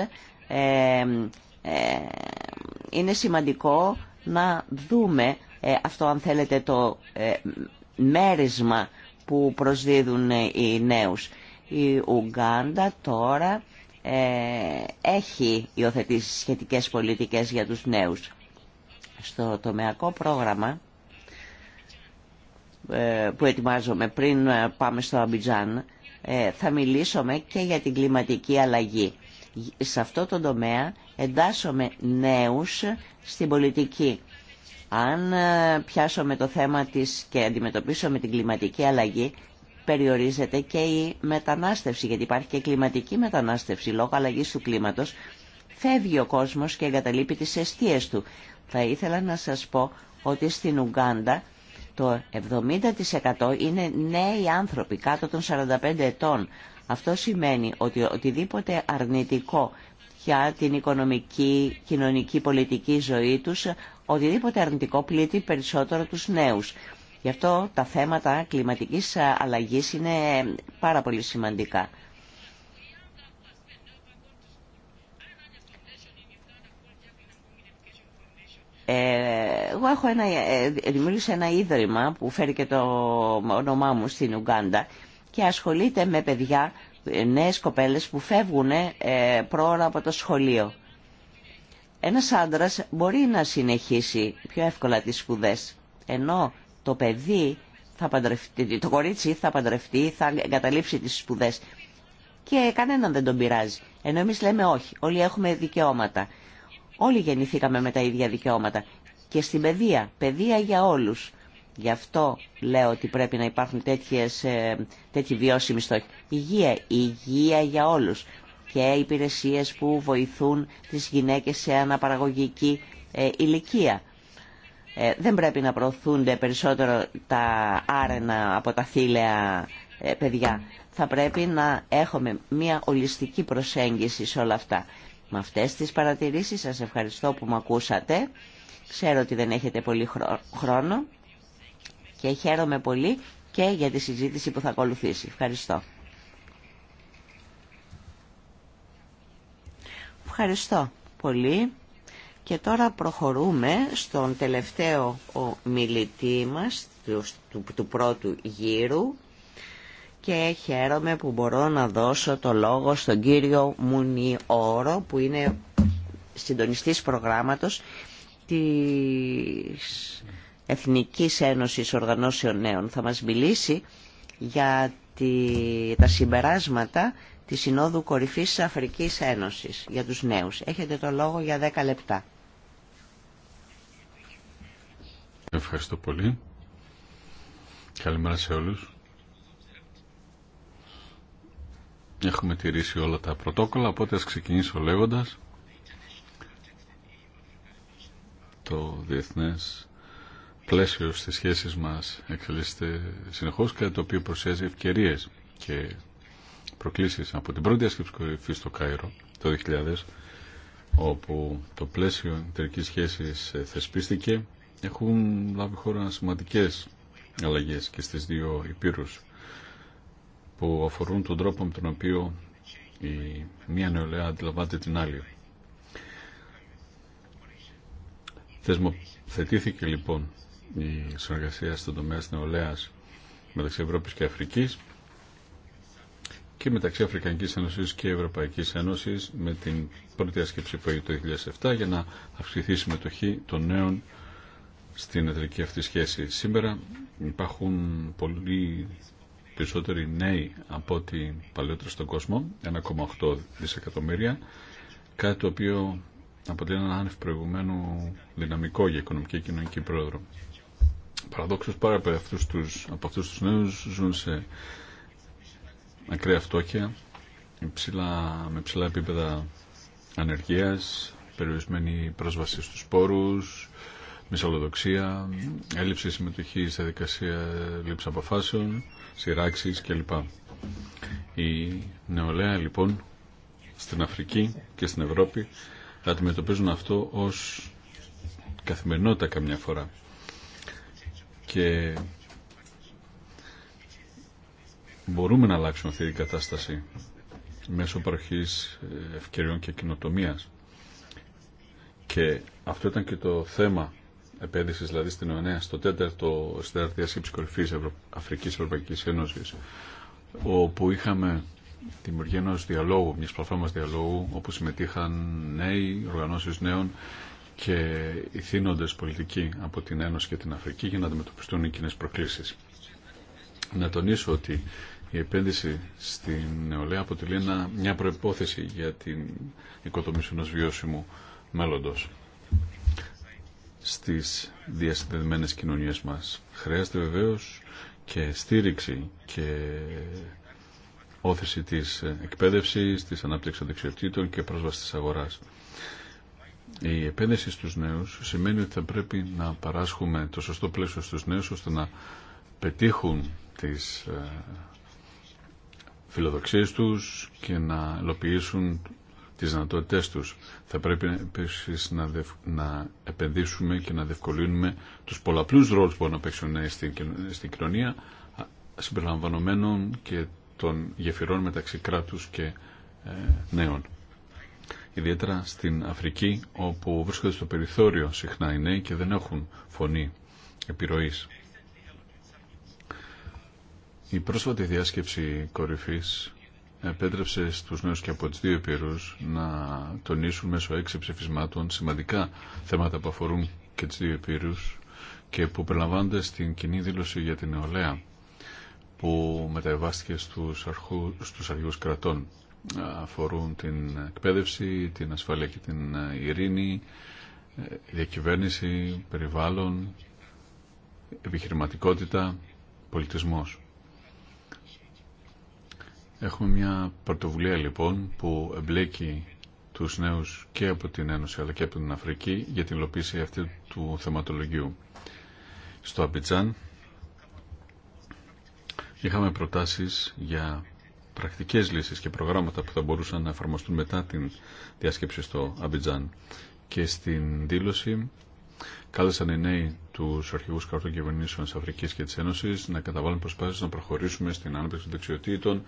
ε, είναι σημαντικό να δούμε αυτό αν θέλετε το μέρισμα που προσδίδουν οι νέους. Η Ουγγάντα τώρα ε, έχει υιοθετήσει σχετικές πολιτικές για τους νέους. Στο τομεακό πρόγραμμα ε, που ετοιμάζομαι πριν ε, πάμε στο Αμπιτζάν θα μιλήσουμε και για την κλιματική αλλαγή. Σε αυτό το τομέα εντάσσομαι νέους στην πολιτική. Αν πιάσουμε το θέμα της και αντιμετωπίσουμε την κλιματική αλλαγή περιορίζεται και η μετανάστευση, γιατί υπάρχει και κλιματική μετανάστευση λόγω αλλαγή του κλίματο, Φεύγει ο κόσμο και εγκαταλείπει τι αιστείε του. Θα ήθελα να σα πω ότι στην Ουγγάντα το 70% είναι νέοι άνθρωποι κάτω των 45 ετών. Αυτό σημαίνει ότι οτιδήποτε αρνητικό για την οικονομική, κοινωνική, πολιτική ζωή τους, οτιδήποτε αρνητικό πλήττει περισσότερο τους νέους. Γι' αυτό τα θέματα κλιματικής ε, αλλαγής είναι πάρα πολύ σημαντικά. Ε, εγώ έχω ένα, ε, δημιούργησα ένα ίδρυμα που φέρει και το όνομά μου στην Ουγκάντα και ασχολείται με παιδιά, νέες κοπέλες που φεύγουν πρόωρα από το σχολείο. Ένας άντρας μπορεί να συνεχίσει πιο εύκολα τις σπουδές, ενώ το παιδί θα παντρευτεί, το κορίτσι θα παντρευτεί, θα εγκαταλείψει τις σπουδές και κανέναν δεν τον πειράζει. Ενώ εμείς λέμε όχι, όλοι έχουμε δικαιώματα. Όλοι γεννηθήκαμε με τα ίδια δικαιώματα. Και στην παιδεία, παιδεία για όλους. Γι' αυτό λέω ότι πρέπει να υπάρχουν τέτοιες, ε, τέτοιοι βιώσιμοι στόχοι. Υγεία, υγεία για όλους. Και υπηρεσίες που βοηθούν τις γυναίκες σε αναπαραγωγική ε, ηλικία. Ε, δεν πρέπει να προωθούνται περισσότερο τα άρενα από τα θύλαια ε, παιδιά. Θα πρέπει να έχουμε μια ολιστική προσέγγιση σε όλα αυτά. Με αυτές τις παρατηρήσεις σας ευχαριστώ που με ακούσατε. Ξέρω ότι δεν έχετε πολύ χρόνο και χαίρομαι πολύ και για τη συζήτηση που θα ακολουθήσει. Ευχαριστώ. Ευχαριστώ πολύ. Και τώρα προχωρούμε στον τελευταίο μιλητή μας του, του, πρώτου γύρου και χαίρομαι που μπορώ να δώσω το λόγο στον κύριο Μουνί Όρο που είναι συντονιστής προγράμματος της Εθνικής Ένωσης Οργανώσεων Νέων. Θα μας μιλήσει για τη, τα συμπεράσματα της Συνόδου Κορυφής Αφρικής Ένωσης για τους νέους. Έχετε το λόγο για 10 λεπτά. Ευχαριστώ πολύ. Καλημέρα σε όλους. Έχουμε τηρήσει όλα τα πρωτόκολλα, οπότε ας ξεκινήσω λέγοντας το διεθνές πλαίσιο στις σχέσεις μας εξελίσσεται συνεχώς και το οποίο προσέζει ευκαιρίες και προκλήσεις από την πρώτη ασκήψη κορυφή στο Κάιρο το 2000 όπου το πλαίσιο εταιρικής σχέσης θεσπίστηκε έχουν λάβει χώρα σημαντικές αλλαγές και στις δύο υπήρους που αφορούν τον τρόπο με τον οποίο η μία νεολαία αντιλαμβάνεται την άλλη. Θεσμοθετήθηκε λοιπόν η συνεργασία στον τομέα της νεολαίας μεταξύ Ευρώπης και Αφρικής και μεταξύ Αφρικανικής Ένωσης και Ευρωπαϊκής Ένωσης με την πρώτη ασκήψη που έγινε το 2007 για να αυξηθεί η συμμετοχή των νέων στην εταιρική αυτή σχέση. Σήμερα υπάρχουν πολύ περισσότεροι νέοι από ό,τι παλαιότερα στον κόσμο, 1,8 δισεκατομμύρια, κάτι το οποίο αποτελεί ένα άνευ προηγουμένου δυναμικό για οικονομική και κοινωνική πρόοδο. Παραδόξως πάρα από τους, από αυτούς τους νέους ζουν σε ακραία φτώχεια, υψηλά, με ψηλά επίπεδα ανεργίας, περιορισμένη πρόσβαση στους πόρους, μισολοδοξία, έλλειψη συμμετοχή στη δικασία λήψη αποφάσεων, σειράξει κλπ. Η νεολαία λοιπόν στην Αφρική και στην Ευρώπη θα αντιμετωπίζουν αυτό ως καθημερινότητα καμιά φορά. Και μπορούμε να αλλάξουμε αυτή την κατάσταση μέσω παροχής ευκαιριών και κοινοτομίας. Και αυτό ήταν και το θέμα επένδυση δηλαδή στην ΟΕΝΕΑ, στο τέταρτο στην τέταρτη σκέψη κορυφής Ευρω... Αφρικής Ευρωπαϊκής Ένωσης όπου είχαμε δημιουργία ενό διαλόγου, μιας πλατφόρμα διαλόγου όπου συμμετείχαν νέοι, οργανώσει νέων και οι πολιτικοί από την Ένωση και την Αφρική για να αντιμετωπιστούν οι κοινέ προκλήσεις. Να τονίσω ότι η επένδυση στην νεολαία αποτελεί μια προπόθεση για την οικοδομήση ενό βιώσιμου μέλλοντο στις διασυνδεδεμένες κοινωνίες μας. Χρειάζεται βεβαίως και στήριξη και όθηση της εκπαίδευσης, της ανάπτυξης των δεξιοτήτων και πρόσβαση της αγοράς. Η επένδυση στους νέους σημαίνει ότι θα πρέπει να παράσχουμε το σωστό πλαίσιο στους νέους ώστε να πετύχουν τις ε, φιλοδοξίες τους και να ελοποιήσουν τις δυνατότητε τους. Θα πρέπει επίσης να, επενδύσουμε και να διευκολύνουμε τους πολλαπλούς ρόλους που μπορούν να παίξουν στην, στην κοινωνία συμπεριλαμβανομένων και των γεφυρών μεταξύ κράτους και ε, νέων. Ιδιαίτερα στην Αφρική όπου βρίσκονται στο περιθώριο συχνά οι νέοι και δεν έχουν φωνή επιρροής. Η πρόσφατη διάσκεψη κορυφής επέτρεψε στους νέους και από τις δύο υπηρούς να τονίσουν μέσω έξι ψηφισμάτων σημαντικά θέματα που αφορούν και τις δύο υπηρούς και που περιλαμβάνονται στην κοινή δήλωση για την νεολαία που μεταβάστηκε στους, αρχού, στους αρχούς κρατών. Αφορούν την εκπαίδευση, την ασφάλεια και την ε, ειρήνη, ε, διακυβέρνηση, περιβάλλον, επιχειρηματικότητα, πολιτισμός. Έχουμε μια πρωτοβουλία λοιπόν που εμπλέκει τους νέους και από την Ένωση αλλά και από την Αφρική για την υλοποίηση αυτή του θεματολογίου. Στο Αμπιτζάν είχαμε προτάσεις για πρακτικές λύσεις και προγράμματα που θα μπορούσαν να εφαρμοστούν μετά την διάσκεψη στο Αμπιτζάν. Και στην δήλωση Κάλεσαν οι νέοι του αρχηγού καρτών κυβερνήσεων τη Αφρική και τη Ένωση να καταβάλουν προσπάθειε να προχωρήσουμε στην ανάπτυξη των δεξιοτήτων,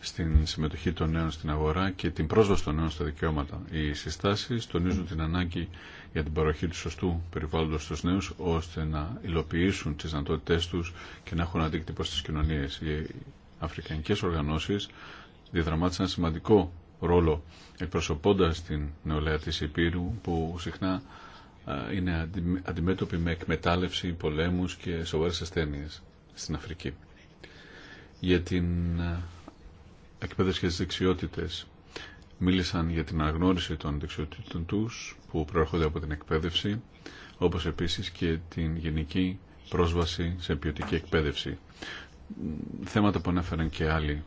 στην συμμετοχή των νέων στην αγορά και την πρόσβαση των νέων στα δικαιώματα. Οι συστάσει τονίζουν την ανάγκη για την παροχή του σωστού περιβάλλοντο στου νέου, ώστε να υλοποιήσουν τι δυνατότητέ του και να έχουν αντίκτυπο στι κοινωνίε. Οι αφρικανικέ οργανώσει διαδραμάτισαν σημαντικό ρόλο εκπροσωπώντα την νεολαία τη που συχνά ε, είναι αντιμέτωποι με εκμετάλλευση, πολέμους και σοβαρές ασθένειες στην Αφρική. Για την ε, εκπαίδευση και τις δεξιότητες μίλησαν για την αναγνώριση των δεξιότητων τους που προέρχονται από την εκπαίδευση όπως επίσης και την γενική πρόσβαση σε ποιοτική εκπαίδευση. Θέματα που ανέφεραν και άλλοι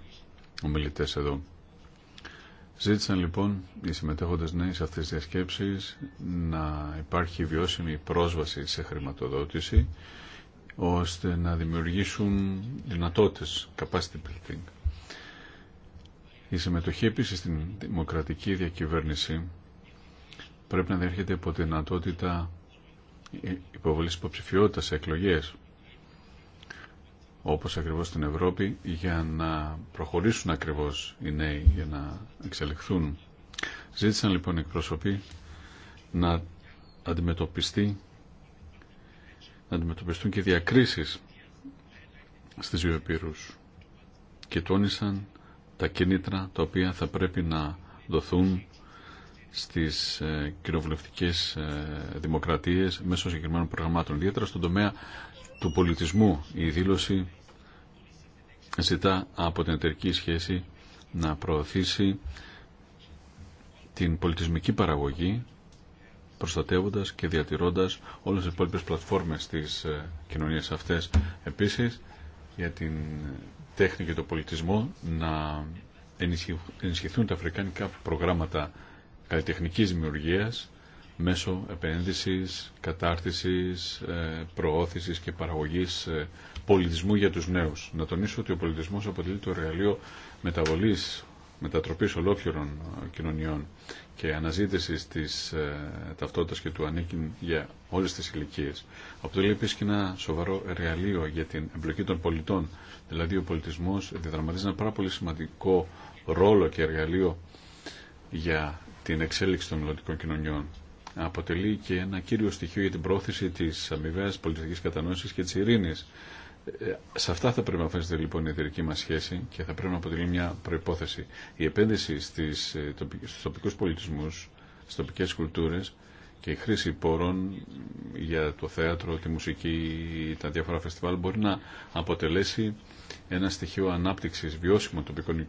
ομιλητές εδώ. Ζήτησαν λοιπόν οι συμμετέχοντες νέοι σε αυτές τις διασκέψεις να υπάρχει βιώσιμη πρόσβαση σε χρηματοδότηση ώστε να δημιουργήσουν δυνατότητες capacity building. Η συμμετοχή επίση στην δημοκρατική διακυβέρνηση πρέπει να διέρχεται από τη δυνατότητα υποβολής υποψηφιότητα σε εκλογές όπως ακριβώς στην Ευρώπη για να προχωρήσουν ακριβώς οι νέοι για να εξελιχθούν. Ζήτησαν λοιπόν οι εκπρόσωποι να αντιμετωπιστεί να αντιμετωπιστούν και διακρίσεις στις δύο και τόνισαν τα κίνητρα τα οποία θα πρέπει να δοθούν στις ε, κοινοβουλευτικές ε, δημοκρατίες μέσω συγκεκριμένων προγραμμάτων ιδιαίτερα στον τομέα του πολιτισμού η δήλωση ζητά από την εταιρική σχέση να προωθήσει την πολιτισμική παραγωγή προστατεύοντας και διατηρώντας όλες τις υπόλοιπες πλατφόρμες της ε, κοινωνίας αυτές. Επίσης, για την τέχνη και τον πολιτισμό να ενισχυθούν τα αφρικάνικα προγράμματα καλλιτεχνικής δημιουργίας μέσω επένδυσης, κατάρτισης, ε, προώθησης και παραγωγής ε, πολιτισμού για τους νέους. Να τονίσω ότι ο πολιτισμός αποτελεί το εργαλείο μεταβολής, μετατροπής ολόκληρων ε, κοινωνιών και αναζήτησης της ταυτότητας και του ανήκειν για όλες τις ηλικίε. Αποτελεί επίσης και ένα σοβαρό εργαλείο για την εμπλοκή των πολιτών. Δηλαδή ο πολιτισμός διδραματίζει ένα πάρα πολύ σημαντικό ρόλο και εργαλείο για την εξέλιξη των μελλοντικών κοινωνιών αποτελεί και ένα κύριο στοιχείο για την πρόθεση τη αμοιβαία πολιτικής κατανόηση και τη ειρήνης. Ε, σε αυτά θα πρέπει να φαίνεται λοιπόν η εταιρική μα σχέση και θα πρέπει να αποτελεί μια προπόθεση. Η επένδυση στου ε, τοπικού τοπικούς πολιτισμούς, τοπικέ τοπικές κουλτούρες και η χρήση πόρων για το θέατρο, τη μουσική, τα διάφορα φεστιβάλ μπορεί να αποτελέσει ένα στοιχείο ανάπτυξη βιώσιμων τοπικών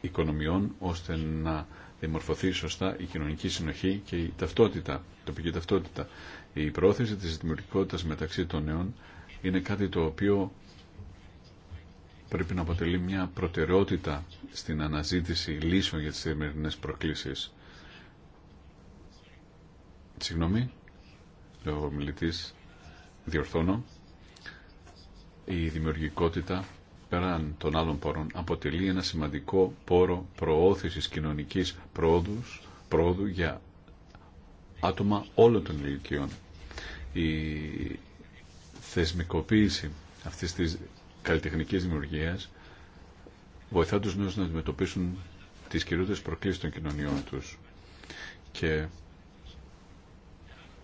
οικονομιών ώστε να δημορφωθεί σωστά η κοινωνική συνοχή και η ταυτότητα, τοπική ταυτότητα. Η πρόθεση της δημιουργικότητας μεταξύ των νέων είναι κάτι το οποίο πρέπει να αποτελεί μια προτεραιότητα στην αναζήτηση λύσεων για τις σημερινές προκλήσεις. Συγγνώμη, ο μιλητής διορθώνω. Η δημιουργικότητα πέραν των άλλων πόρων αποτελεί ένα σημαντικό πόρο προώθησης κοινωνικής πρόοδους, πρόοδου για άτομα όλων των ηλικιών. Η θεσμικοποίηση αυτής της καλλιτεχνικής δημιουργίας βοηθά τους νέους να αντιμετωπίσουν τις κυριότερες προκλήσεις των κοινωνιών τους και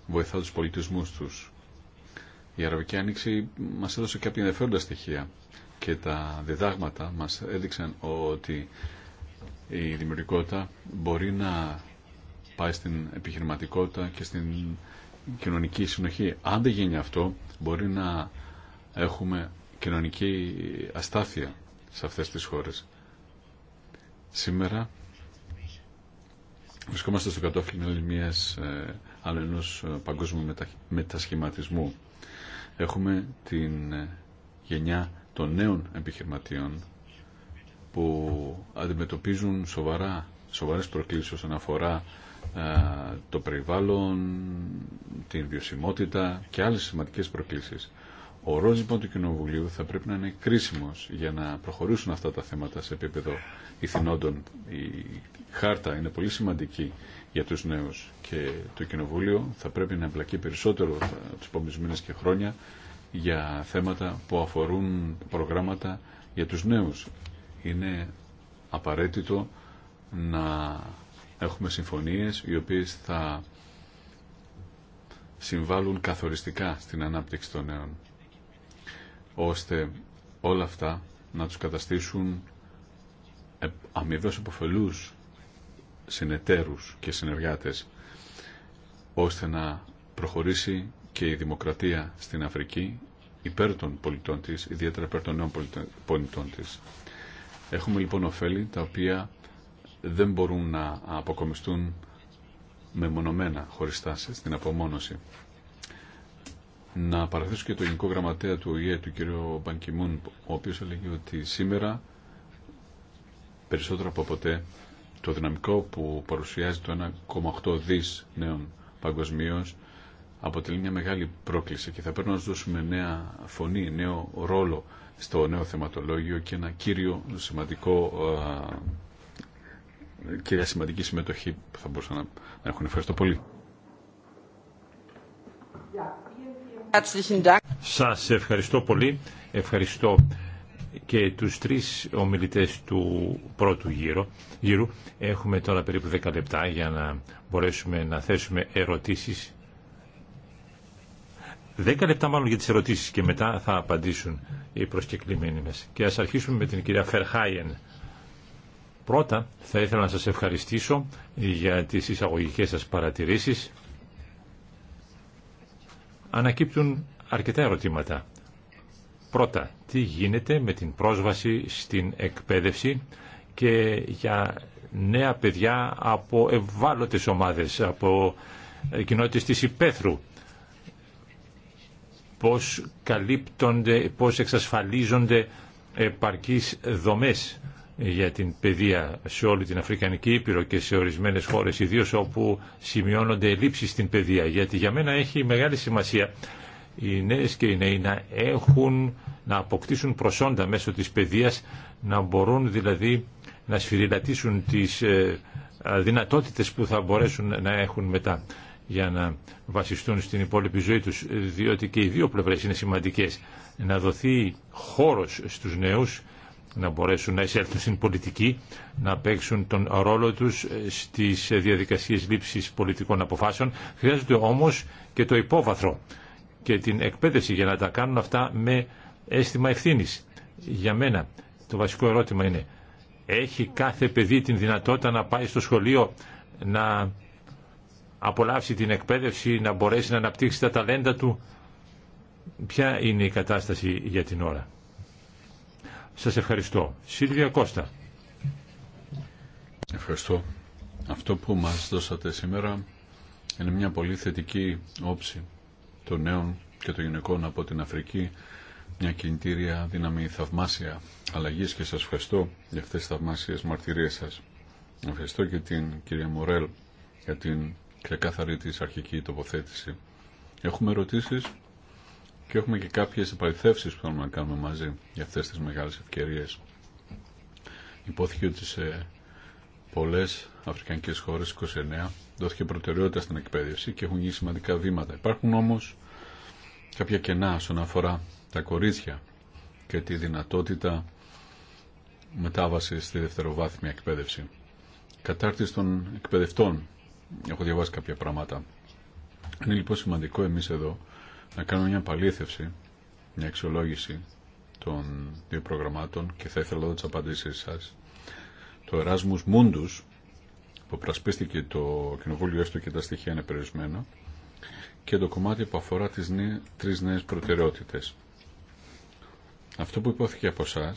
βοηθά τους πολιτισμούς τους. Η Αραβική Άνοιξη μας έδωσε κάποια ενδιαφέροντα στοιχεία και τα διδάγματα μας έδειξαν ότι η δημιουργικότητα μπορεί να πάει στην επιχειρηματικότητα και στην κοινωνική συνοχή. Αν δεν γίνει αυτό, μπορεί να έχουμε κοινωνική αστάθεια σε αυτές τις χώρες. Σήμερα βρισκόμαστε στο κατόφλι μιας ε, άλλου ενός ε, παγκόσμιου μετασχηματισμού. Έχουμε την ε, γενιά των νέων επιχειρηματιών που αντιμετωπίζουν σοβαρά, σοβαρές προκλήσεις όσον αφορά ε, το περιβάλλον, την βιωσιμότητα και άλλες σημαντικές προκλήσεις. Ο ρόλος λοιπόν του Κοινοβουλίου θα πρέπει να είναι κρίσιμος για να προχωρήσουν αυτά τα θέματα σε επίπεδο ηθινόντων. Η χάρτα είναι πολύ σημαντική για τους νέους και το Κοινοβούλιο θα πρέπει να εμπλακεί περισσότερο τους επόμενους μήνες και χρόνια για θέματα που αφορούν προγράμματα για τους νέους. Είναι απαραίτητο να έχουμε συμφωνίες οι οποίες θα συμβάλλουν καθοριστικά στην ανάπτυξη των νέων ώστε όλα αυτά να τους καταστήσουν αμοιβώς υποφελούς συνεταίρους και συνεργάτες ώστε να προχωρήσει και η δημοκρατία στην Αφρική υπέρ των πολιτών της, ιδιαίτερα υπέρ των νέων πολιτών της. Έχουμε λοιπόν ωφέλη τα οποία δεν μπορούν να αποκομιστούν μεμονωμένα χωριστά στην απομόνωση. Να παραθέσω και το Γενικό Γραμματέα του ΟΗΕ, του κ. Μπανκιμούν, ο οποίος έλεγε ότι σήμερα περισσότερο από ποτέ το δυναμικό που παρουσιάζει το 1,8 δις νέων παγκοσμίως αποτελεί μια μεγάλη πρόκληση και θα πρέπει να δώσουμε νέα φωνή, νέο ρόλο στο νέο θεματολόγιο και ένα κύριο σημαντικό ε, κυρία σημαντική συμμετοχή που θα μπορούσαν να έχουν. Ευχαριστώ πολύ. Σας ευχαριστώ πολύ. Ευχαριστώ και τους τρεις ομιλητές του πρώτου γύρου. Έχουμε τώρα περίπου 10 λεπτά για να μπορέσουμε να θέσουμε ερωτήσεις Δέκα λεπτά μάλλον για τις ερωτήσεις και μετά θα απαντήσουν οι προσκεκλημένοι μας. Και ας αρχίσουμε με την κυρία Φερχάιεν. Πρώτα θα ήθελα να σας ευχαριστήσω για τις εισαγωγικές σας παρατηρήσεις. Ανακύπτουν αρκετά ερωτήματα. Πρώτα, τι γίνεται με την πρόσβαση στην εκπαίδευση και για νέα παιδιά από ευάλωτες ομάδες, από κοινότητες της υπαίθρου πώς καλύπτονται, πώς εξασφαλίζονται επαρκείς δομές για την παιδεία σε όλη την Αφρικανική Ήπειρο και σε ορισμένες χώρες, ιδίως όπου σημειώνονται ελλείψεις στην παιδεία. Γιατί για μένα έχει μεγάλη σημασία οι νέες και οι νέοι να έχουν, να αποκτήσουν προσόντα μέσω της παιδείας, να μπορούν δηλαδή να σφυριλατήσουν τις ε, δυνατότητες που θα μπορέσουν να έχουν μετά για να βασιστούν στην υπόλοιπη ζωή τους, διότι και οι δύο πλευρές είναι σημαντικές. Να δοθεί χώρος στους νέους, να μπορέσουν να εισέλθουν στην πολιτική, να παίξουν τον ρόλο τους ε, στις διαδικασίες λήψης πολιτικών αποφάσεων. Χρειάζεται όμως και το υπόβαθρο και την εκπαίδευση για να τα κάνουν αυτά με αίσθημα ευθύνη. Για μένα το βασικό ερώτημα είναι, έχει κάθε παιδί την δυνατότητα να πάει στο σχολείο να απολαύσει την εκπαίδευση, να μπορέσει να αναπτύξει τα ταλέντα του. Ποια είναι η κατάσταση για την ώρα. Σας ευχαριστώ. Σίλβια Κώστα. Ευχαριστώ. Αυτό που μας δώσατε σήμερα είναι μια πολύ θετική όψη των νέων και των γυναικών από την Αφρική μια κινητήρια δύναμη θαυμάσια αλλαγή και σας ευχαριστώ για αυτές τις θαυμάσιες μαρτυρίες σας. Ευχαριστώ και την κυρία Μορέλ για την ξεκάθαρη της αρχική τοποθέτηση. Έχουμε ερωτήσει και έχουμε και κάποιες επαληθεύσει που θέλουμε να κάνουμε μαζί για αυτές τις μεγάλες ευκαιρίε. Υπόθηκε ότι σε πολλέ αφρικανικές χώρες, 29, δόθηκε προτεραιότητα στην εκπαίδευση και έχουν γίνει σημαντικά βήματα. Υπάρχουν όμως κάποια κενά όσον αφορά τα κορίτσια και τη δυνατότητα μετάβαση στη δευτεροβάθμια εκπαίδευση. Κατάρτιση των εκπαιδευτών έχω διαβάσει κάποια πράγματα. Είναι λοιπόν σημαντικό εμείς εδώ να κάνουμε μια παλήθευση, μια αξιολόγηση των δύο προγραμμάτων και θα ήθελα εδώ τις απαντήσεις σας. Το Erasmus Mundus που πρασπίστηκε το κοινοβούλιο έστω και τα στοιχεία είναι περιορισμένα και το κομμάτι που αφορά τις νέ, τρεις νέες προτεραιότητες. Αυτό που υπόθηκε από εσά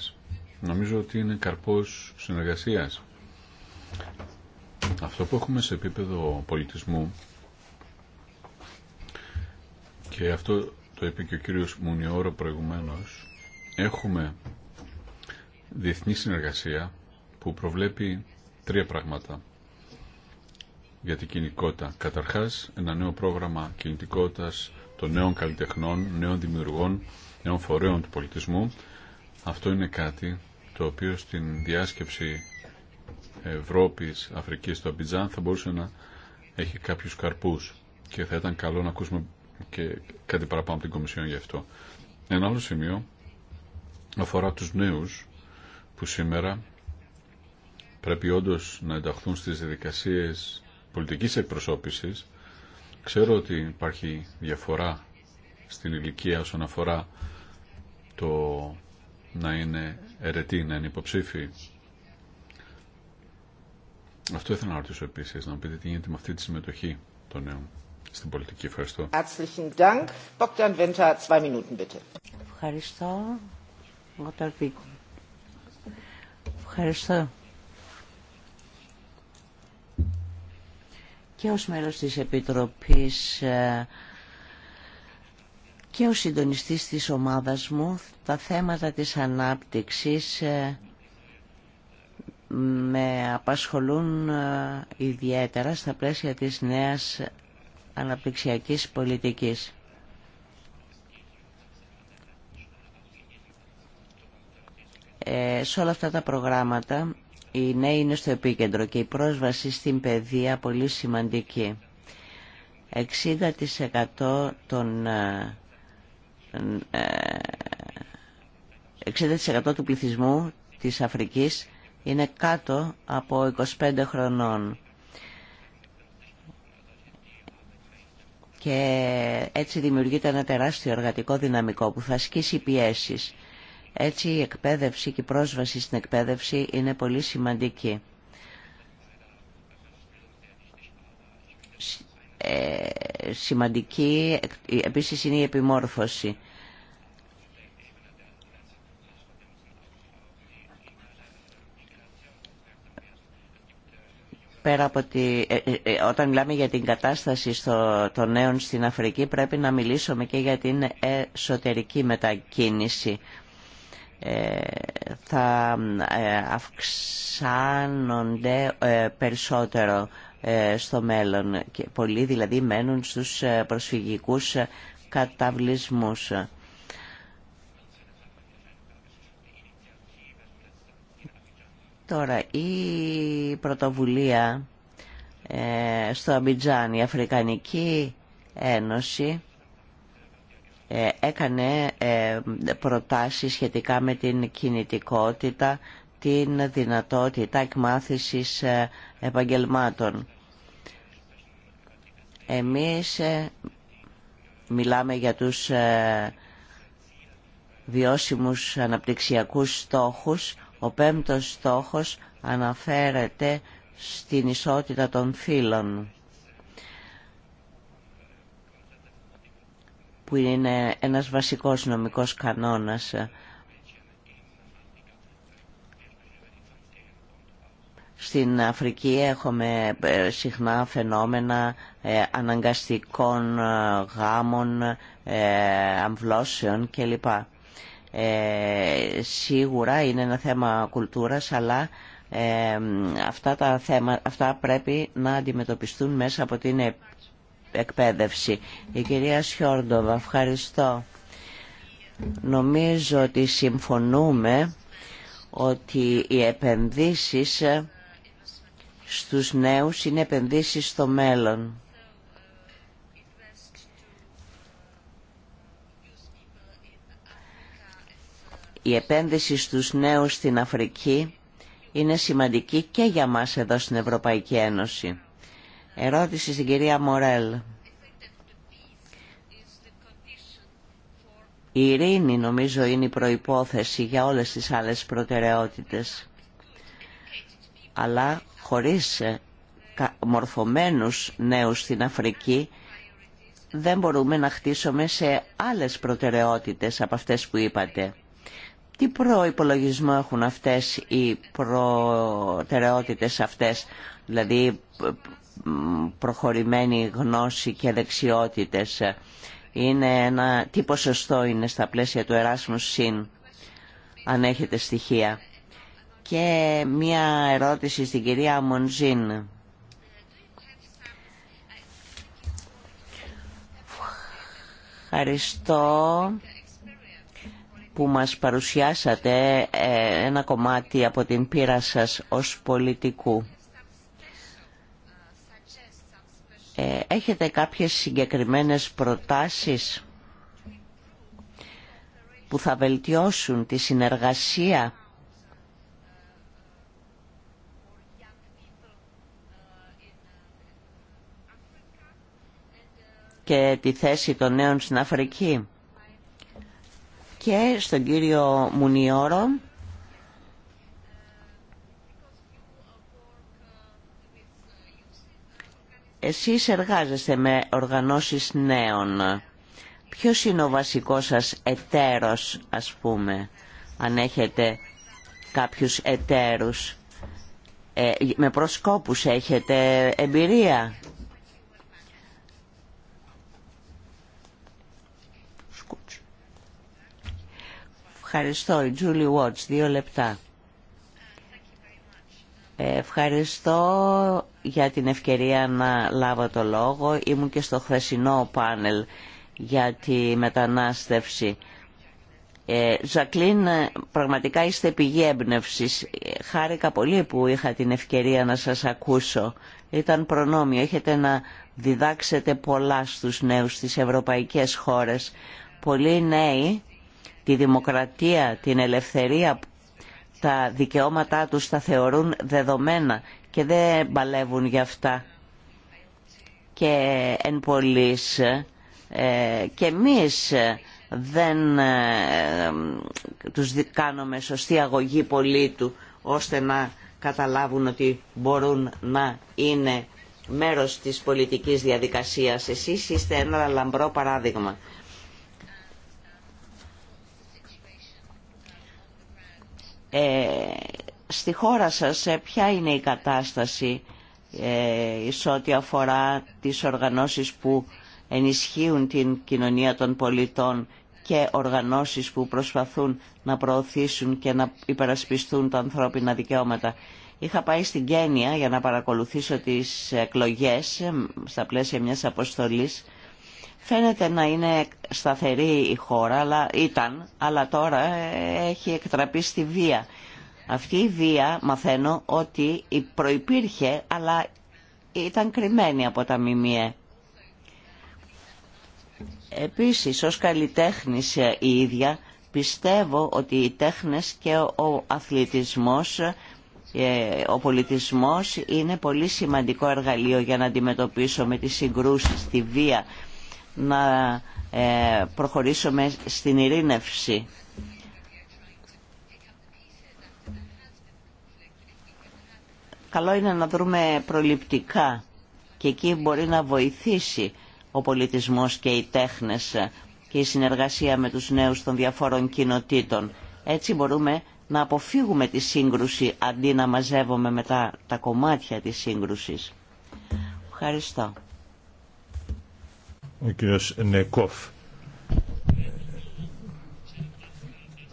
νομίζω ότι είναι καρπός συνεργασίας αυτό που έχουμε σε επίπεδο πολιτισμού και αυτό το είπε και ο κύριος Μουνιόρο προηγουμένως έχουμε διεθνή συνεργασία που προβλέπει τρία πράγματα για την κινητικότητα. Καταρχάς, ένα νέο πρόγραμμα κινητικότητας των νέων καλλιτεχνών, νέων δημιουργών, νέων φορέων του πολιτισμού. Αυτό είναι κάτι το οποίο στην διάσκεψη Ευρώπης, Αφρικής στο Αμπιτζάν θα μπορούσε να έχει κάποιους καρπούς και θα ήταν καλό να ακούσουμε και κάτι παραπάνω από την Κομισιόν γι' αυτό. Ένα άλλο σημείο αφορά τους νέους που σήμερα πρέπει όντω να ενταχθούν στις διαδικασίες πολιτικής εκπροσώπησης. Ξέρω ότι υπάρχει διαφορά στην ηλικία όσον αφορά το να είναι ερετή, να είναι υποψήφιοι αυτό ήθελα να ρωτήσω επίση, να πείτε τι γίνεται με αυτή τη συμμετοχή των νέων στην πολιτική. Ευχαριστώ. Ευχαριστώ. Ευχαριστώ. Και ως μέλος της Επιτροπής ε, και ως συντονιστής της ομάδας μου, τα θέματα της ανάπτυξης ε, με απασχολούν ε, ιδιαίτερα στα πλαίσια της νέας αναπτυξιακής πολιτικής. Ε, σε όλα αυτά τα προγράμματα οι νέοι είναι στο επίκεντρο και η πρόσβαση στην παιδεία πολύ σημαντική. 60% των 60% ε, του πληθυσμού της Αφρικής είναι κάτω από 25 χρονών. Και έτσι δημιουργείται ένα τεράστιο εργατικό δυναμικό που θα ασκήσει πιέσεις. Έτσι η εκπαίδευση και η πρόσβαση στην εκπαίδευση είναι πολύ σημαντική. Ε, σημαντική επίσης είναι η επιμόρφωση. πέρα από τη, ε, ε, ε, όταν μιλάμε για την κατάσταση στο, των νέων στην Αφρική πρέπει να μιλήσουμε και για την εσωτερική μετακίνηση. Ε, θα αυξάνονται περισσότερο στο μέλλον και πολλοί δηλαδή μένουν στους προσφυγικούς καταβλισμούς. Τώρα, η πρωτοβουλία ε, στο Αμπιτζάν, η Αφρικανική Ένωση ε, έκανε ε, προτάσεις σχετικά με την κινητικότητα, την δυνατότητα εκμάθησης ε, επαγγελμάτων. Εμείς μιλάμε για τους βιώσιμους αναπτυξιακούς στόχους ο πέμπτος στόχος αναφέρεται στην ισότητα των φύλων. που είναι ένας βασικός νομικός κανόνας Στην Αφρική έχουμε ε, συχνά φαινόμενα ε, αναγκαστικών ε, γάμων, αμβλώσεων κλπ. Ε, σίγουρα είναι ένα θέμα κουλτούρας, αλλά ε, αυτά, τα θέμα, αυτά πρέπει να αντιμετωπιστούν μέσα από την εκπαίδευση. Η κυρία Σιόρντοβα, ευχαριστώ. Νομίζω ότι συμφωνούμε ότι οι επενδύσεις ε, στους νέους είναι επενδύσεις στο μέλλον. η επένδυση στους νέους στην Αφρική είναι σημαντική και για μας εδώ στην Ευρωπαϊκή Ένωση. Ερώτηση στην κυρία Μορέλ. Η ειρήνη νομίζω είναι η προϋπόθεση για όλες τις άλλες προτεραιότητες. Αλλά χωρίς ε, μορφωμένους νέους στην Αφρική δεν μπορούμε να χτίσουμε σε άλλες προτεραιότητες από αυτές που είπατε. Τι προϋπολογισμό έχουν αυτές οι προτεραιότητες αυτές, δηλαδή προχωρημένη γνώση και δεξιότητες. Ε, είναι ένα, τι ποσοστό είναι στα πλαίσια του Erasmus Συν, αν έχετε στοιχεία. Και μία ερώτηση στην κυρία Μοντζίν. Ευχαριστώ που μας παρουσιάσατε ε, ένα κομμάτι από την πείρα σας ως πολιτικού. Ε, έχετε κάποιες συγκεκριμένες προτάσεις που θα βελτιώσουν τη συνεργασία και τη θέση των νέων στην Αφρική και στον κύριο Μουνιόρο Εσείς εργάζεστε με οργανώσεις νέων. Ποιος είναι ο βασικός σας εταίρος, ας πούμε, αν έχετε κάποιους εταίρους. Ε, με προσκόπους έχετε εμπειρία Ευχαριστώ. Η Watts, δύο λεπτά. Ευχαριστώ για την ευκαιρία να λάβω το λόγο. Ήμουν και στο χθεσινό πάνελ για τη μετανάστευση. Ε, Ζακλίν, πραγματικά είστε πηγή έμπνευση. Χάρηκα πολύ που είχα την ευκαιρία να σας ακούσω. Ήταν προνόμιο. Έχετε να διδάξετε πολλά στους νέους στις ευρωπαϊκές χώρες. Πολλοί νέοι τη δημοκρατία, την ελευθερία, τα δικαιώματά τους τα θεωρούν δεδομένα και δεν παλεύουν για αυτά. Και εν πολλής, ε, και εμείς δεν ε, τους κάνουμε σωστή αγωγή πολίτου ώστε να καταλάβουν ότι μπορούν να είναι μέρος της πολιτικής διαδικασίας. Εσείς είστε ένα λαμπρό παράδειγμα. Ε, στη χώρα σας ε, ποια είναι η κατάσταση ε, σε ό,τι αφορά τις οργανώσεις που ενισχύουν την κοινωνία των πολιτών και οργανώσεις που προσπαθούν να προωθήσουν και να υπερασπιστούν τα ανθρώπινα δικαιώματα. Είχα πάει στην Κένια για να παρακολουθήσω τις εκλογές ε, στα πλαίσια μιας αποστολής Φαίνεται να είναι σταθερή η χώρα, αλλά ήταν, αλλά τώρα ε, έχει εκτραπεί στη βία. Αυτή η βία μαθαίνω ότι προϋπήρχε, αλλά ήταν κρυμμένη από τα ΜΜΕ. Επίσης, ως καλλιτέχνης ε, η ίδια, πιστεύω ότι οι τέχνες και ο αθλητισμός, ε, ο πολιτισμός είναι πολύ σημαντικό εργαλείο για να αντιμετωπίσουμε τις συγκρούσεις, τη βία, να ε, προχωρήσουμε στην ειρήνευση. Καλό είναι να δούμε προληπτικά και εκεί μπορεί να βοηθήσει ο πολιτισμός και οι τέχνες και η συνεργασία με τους νέους των διαφόρων κοινοτήτων. Έτσι μπορούμε να αποφύγουμε τη σύγκρουση αντί να μαζεύουμε μετά τα κομμάτια της σύγκρουσης. Ευχαριστώ ο κύριος Νεκόφ.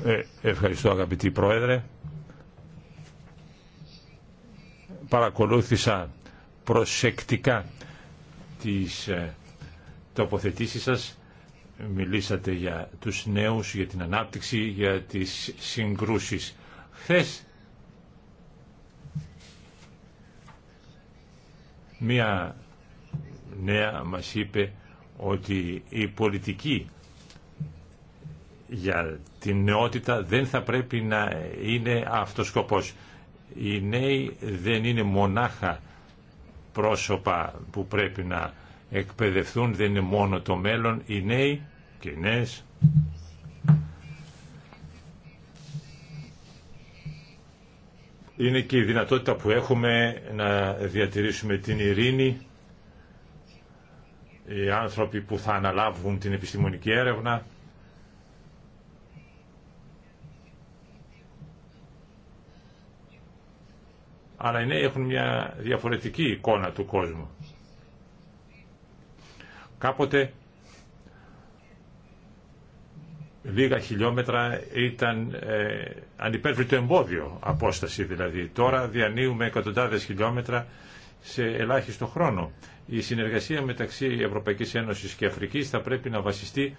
Ε, ευχαριστώ αγαπητή Πρόεδρε. Παρακολούθησα προσεκτικά τις ε, τοποθετήσεις σας. Μιλήσατε για τους νέους, για την ανάπτυξη, για τις συγκρούσεις. Χθες μία νέα μας είπε ότι η πολιτική για την νεότητα δεν θα πρέπει να είναι αυτός σκοπός. Οι νέοι δεν είναι μονάχα πρόσωπα που πρέπει να εκπαιδευτούν, δεν είναι μόνο το μέλλον. Οι νέοι και οι νέες είναι και η δυνατότητα που έχουμε να διατηρήσουμε την ειρήνη οι άνθρωποι που θα αναλάβουν την επιστημονική έρευνα. Αλλά οι ναι, νέοι έχουν μια διαφορετική εικόνα του κόσμου. Κάποτε λίγα χιλιόμετρα ήταν ε, ανυπέρβλητο εμπόδιο απόσταση δηλαδή. Τώρα διανύουμε εκατοντάδες χιλιόμετρα σε ελάχιστο χρόνο η συνεργασία μεταξύ Ευρωπαϊκής Ένωσης και Αφρικής θα πρέπει να βασιστεί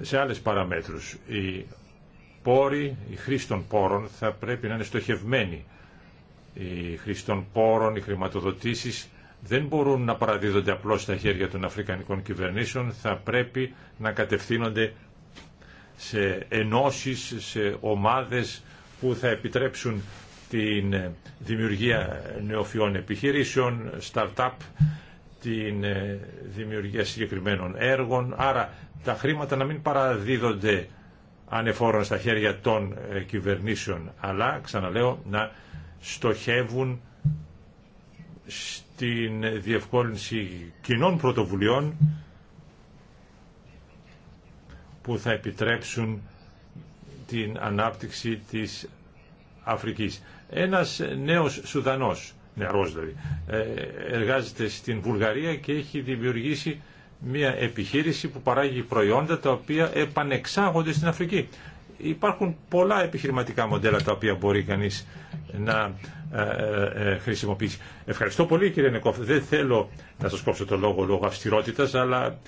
σε άλλες παραμέτρους. Οι πόροι, η χρήση των πόρων θα πρέπει να είναι στοχευμένοι. Οι χρήση των πόρων, οι χρηματοδοτήσεις δεν μπορούν να παραδίδονται απλώς στα χέρια των αφρικανικών κυβερνήσεων, θα πρέπει να κατευθύνονται σε ενώσεις, σε ομάδες που θα επιτρέψουν την δημιουργία νεοφιών επιχειρήσεων, start-up, την ε, δημιουργία συγκεκριμένων έργων. Άρα τα χρήματα να μην παραδίδονται ανεφόρων στα χέρια των ε, κυβερνήσεων, αλλά ξαναλέω να στοχεύουν στην διευκόλυνση κοινών πρωτοβουλειών που θα επιτρέψουν την ανάπτυξη της Αφρικής. Ένας νέος Σουδανός, νεαρός δηλαδή, ε, εργάζεται στην Βουλγαρία και έχει δημιουργήσει μια επιχείρηση που παράγει προϊόντα τα οποία επανεξάγονται στην Αφρική. Υπάρχουν πολλά επιχειρηματικά μοντέλα τα οποία μπορεί κανείς να ε, ε, χρησιμοποιήσει. Ευχαριστώ πολύ κύριε Νεκόφ. Δεν θέλω να σας κόψω το λόγο λόγω αυστηρότητας, αλλά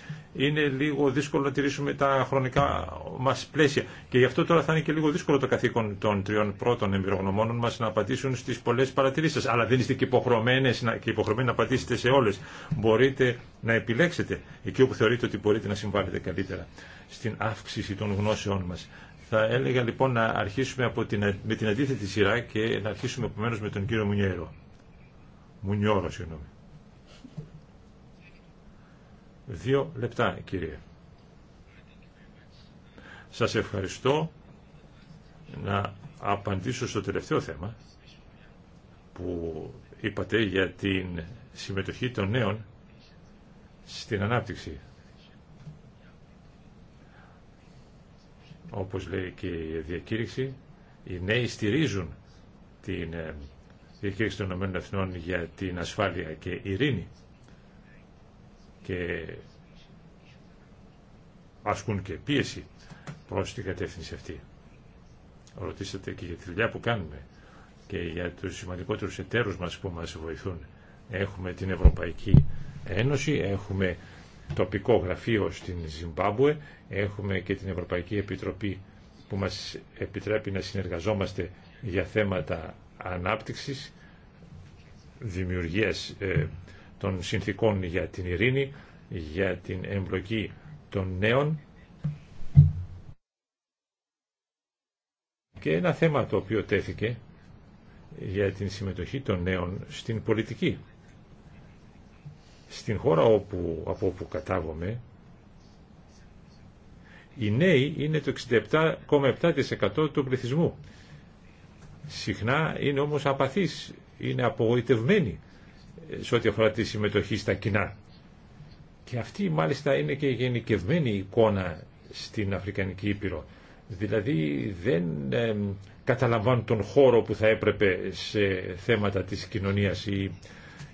είναι λίγο δύσκολο να τηρήσουμε τα χρονικά μα πλαίσια. Και γι' αυτό τώρα θα είναι και λίγο δύσκολο το καθήκον των τριών πρώτων εμπειρογνωμόνων μα να απαντήσουν στι πολλέ παρατηρήσει σα. Αλλά δεν είστε και υποχρεωμένοι να, να απαντήσετε σε όλε. Μπορείτε να επιλέξετε εκεί όπου θεωρείτε ότι μπορείτε να συμβάλλετε καλύτερα στην αύξηση των γνώσεών μα. Θα έλεγα λοιπόν να αρχίσουμε από την, με την αντίθετη σειρά και να αρχίσουμε επομένω με τον κύριο Μουνιέρο. Μουνιόρο, συγγνώμη. Δύο λεπτά, κύριε. Σας ευχαριστώ να απαντήσω στο τελευταίο θέμα που είπατε για την συμμετοχή των νέων στην ανάπτυξη. Όπως λέει και η διακήρυξη, οι νέοι στηρίζουν την ε, διακήρυξη των ΗΠΑ για την ασφάλεια και ειρήνη και ασκούν και πίεση προς την κατεύθυνση αυτή. Ρωτήσατε και για τη δουλειά που κάνουμε και για τους σημαντικότερους εταίρους μας που μας βοηθούν. Έχουμε την Ευρωπαϊκή Ένωση, έχουμε τοπικό γραφείο στην Ζιμπάμπουε, έχουμε και την Ευρωπαϊκή Επιτροπή που μας επιτρέπει να συνεργαζόμαστε για θέματα ανάπτυξης, δημιουργίας ε, των συνθήκων για την ειρήνη, για την εμπλοκή των νέων και ένα θέμα το οποίο τέθηκε για την συμμετοχή των νέων στην πολιτική. Στην χώρα όπου, από όπου κατάγομαι, οι νέοι είναι το 67,7% του πληθυσμού. Συχνά είναι όμως απαθείς, είναι απογοητευμένοι σε ό,τι αφορά τη συμμετοχή στα κοινά. Και αυτή μάλιστα είναι και η γενικευμένη εικόνα στην Αφρικανική Ήπειρο. Δηλαδή δεν ε, καταλαμβάνουν τον χώρο που θα έπρεπε σε θέματα της κοινωνίας οι,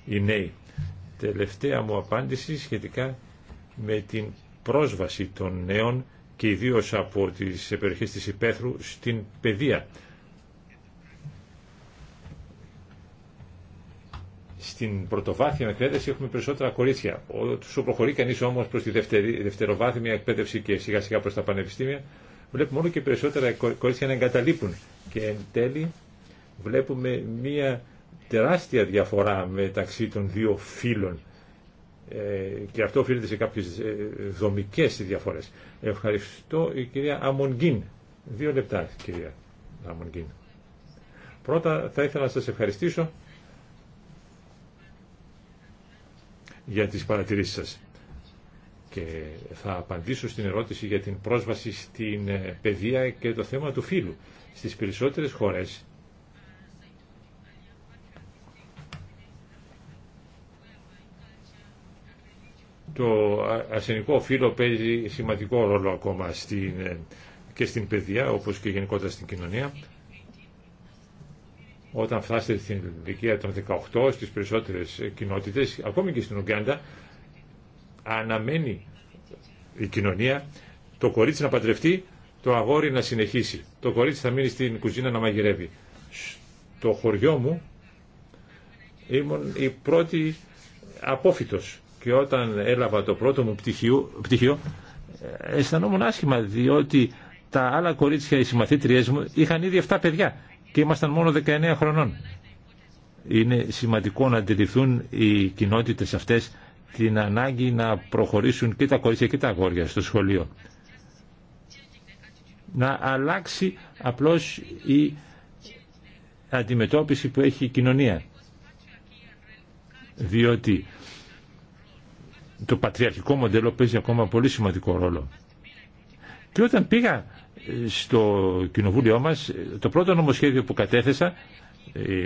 οι νέοι. Τελευταία μου απάντηση σχετικά με την πρόσβαση των νέων και ιδίως από τις περιοχές της Υπέθρου στην παιδεία. στην πρωτοβάθμια εκπαίδευση έχουμε περισσότερα κορίτσια. Όσο προχωρεί κανεί όμω προ τη δευτεροβάθμια εκπαίδευση και σιγά σιγά προ τα πανεπιστήμια, βλέπουμε όλο και περισσότερα κορίτσια να εγκαταλείπουν. Και εν τέλει βλέπουμε μία τεράστια διαφορά μεταξύ των δύο φύλων. Ε, και αυτό οφείλεται σε κάποιε δομικέ διαφορέ. Ευχαριστώ η κυρία Αμονγκίν. Δύο λεπτά, κυρία Αμονγκίν. Πρώτα θα ήθελα να σας ευχαριστήσω για τις παρατηρήσεις σας. Και θα απαντήσω στην ερώτηση για την πρόσβαση στην ε, παιδεία και το θέμα του φίλου Στις περισσότερες χώρες το αρσενικό φύλο παίζει σημαντικό ρόλο ακόμα στην, ε, και στην παιδεία όπως και γενικότερα στην κοινωνία όταν φτάσετε στην ηλικία των 18 στις περισσότερες κοινότητες, ακόμη και στην Ουγκάντα, αναμένει η κοινωνία το κορίτσι να παντρευτεί, το αγόρι να συνεχίσει. Το κορίτσι θα μείνει στην κουζίνα να μαγειρεύει. Στο χωριό μου ήμουν η πρώτη απόφυτος και όταν έλαβα το πρώτο μου πτυχίο, πτυχίο ε, αισθανόμουν άσχημα διότι τα άλλα κορίτσια, οι συμμαθήτριές μου, είχαν ήδη 7 παιδιά και ήμασταν μόνο 19 χρονών. Είναι σημαντικό να αντιληφθούν οι κοινότητες αυτές την ανάγκη να προχωρήσουν και τα κορίτσια και τα αγόρια στο σχολείο. Να αλλάξει απλώς η αντιμετώπιση που έχει η κοινωνία. Διότι το πατριαρχικό μοντέλο παίζει ακόμα πολύ σημαντικό ρόλο. Και όταν πήγα στο κοινοβούλιο μας το πρώτο νομοσχέδιο που κατέθεσα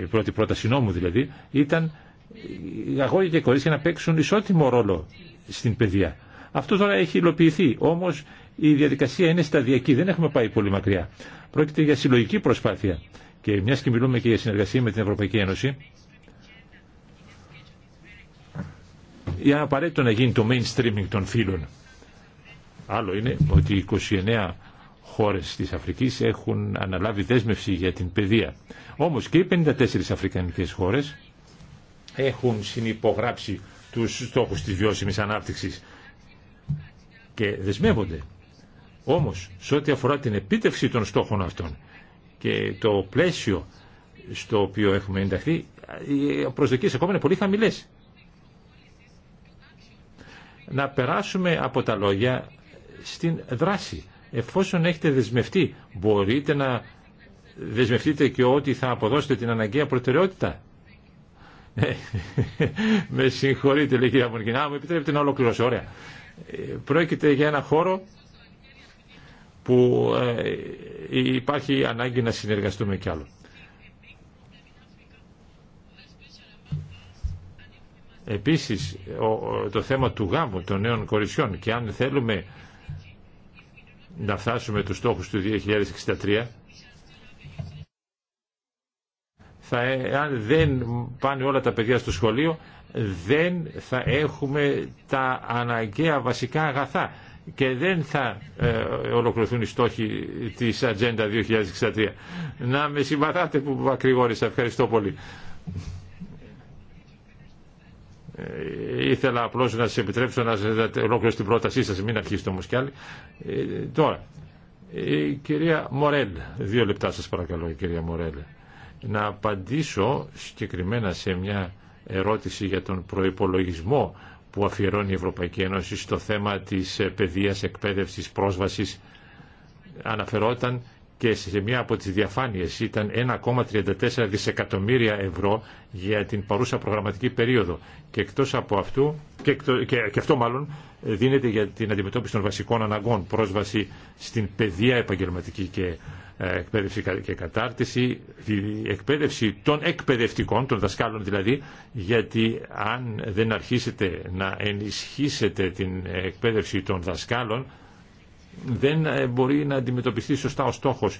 η πρώτη πρόταση νόμου δηλαδή ήταν αγόρια και κορίτσια να παίξουν ισότιμο ρόλο στην παιδεία. Αυτό τώρα έχει υλοποιηθεί, όμως η διαδικασία είναι σταδιακή, δεν έχουμε πάει πολύ μακριά. Πρόκειται για συλλογική προσπάθεια και μια και μιλούμε και για συνεργασία με την Ευρωπαϊκή Ένωση, είναι απαραίτητο να γίνει το mainstreaming των φύλων. Άλλο είναι ότι 29 χώρες της Αφρικής έχουν αναλάβει δέσμευση για την παιδεία. Όμως και οι 54 αφρικανικές χώρες έχουν συνυπογράψει τους στόχους της βιώσιμης ανάπτυξης και δεσμεύονται. Όμως, σε ό,τι αφορά την επίτευξη των στόχων αυτών και το πλαίσιο στο οποίο έχουμε ενταχθεί, οι προσδοκίες ακόμα είναι πολύ χαμηλές. Να περάσουμε από τα λόγια στην δράση εφόσον έχετε δεσμευτεί, μπορείτε να δεσμευτείτε και ότι θα αποδώσετε την αναγκαία προτεραιότητα. Ε, [laughs] με συγχωρείτε, λέει η κυρία Μονικινά, μου επιτρέπετε να ολοκληρώσω. Ωραία. Ε, πρόκειται για ένα χώρο που ε, υπάρχει ανάγκη να συνεργαστούμε κι άλλο. Επίσης, το θέμα του γάμου των νέων κορισιών και αν θέλουμε να φτάσουμε τους στόχους του 2063 θα, ε, αν δεν πάνε όλα τα παιδιά στο σχολείο δεν θα έχουμε τα αναγκαία βασικά αγαθά και δεν θα ε, ολοκληρωθούν οι στόχοι της Ατζέντα 2063. Να με συμπαθάτε που μακρηγόρησα. Ευχαριστώ πολύ. Ε, ήθελα απλώς να σα επιτρέψω να δειτε ολόκληρο την πρότασή σας, μην αρχίσετε όμως κι άλλοι. Ε, τώρα, η κυρία Μορέλ, δύο λεπτά σας παρακαλώ κυρία Μορέλ, να απαντήσω συγκεκριμένα σε μια ερώτηση για τον προϋπολογισμό που αφιερώνει η Ευρωπαϊκή Ένωση στο θέμα της ε, παιδείας, εκπαίδευσης, πρόσβασης αναφερόταν και σε μια από τις διαφάνειες ήταν 1,34 δισεκατομμύρια ευρώ για την παρούσα προγραμματική περίοδο και εκτός από αυτού και, και, και, αυτό μάλλον ε, δίνεται για την αντιμετώπιση των βασικών αναγκών πρόσβαση στην παιδεία επαγγελματική και ε, εκπαίδευση και κατάρτιση εκπαίδευση των εκπαιδευτικών των δασκάλων δηλαδή γιατί αν δεν αρχίσετε να ενισχύσετε την ε, εκπαίδευση των δασκάλων δεν ε, μπορεί να αντιμετωπιστεί σωστά ο στόχος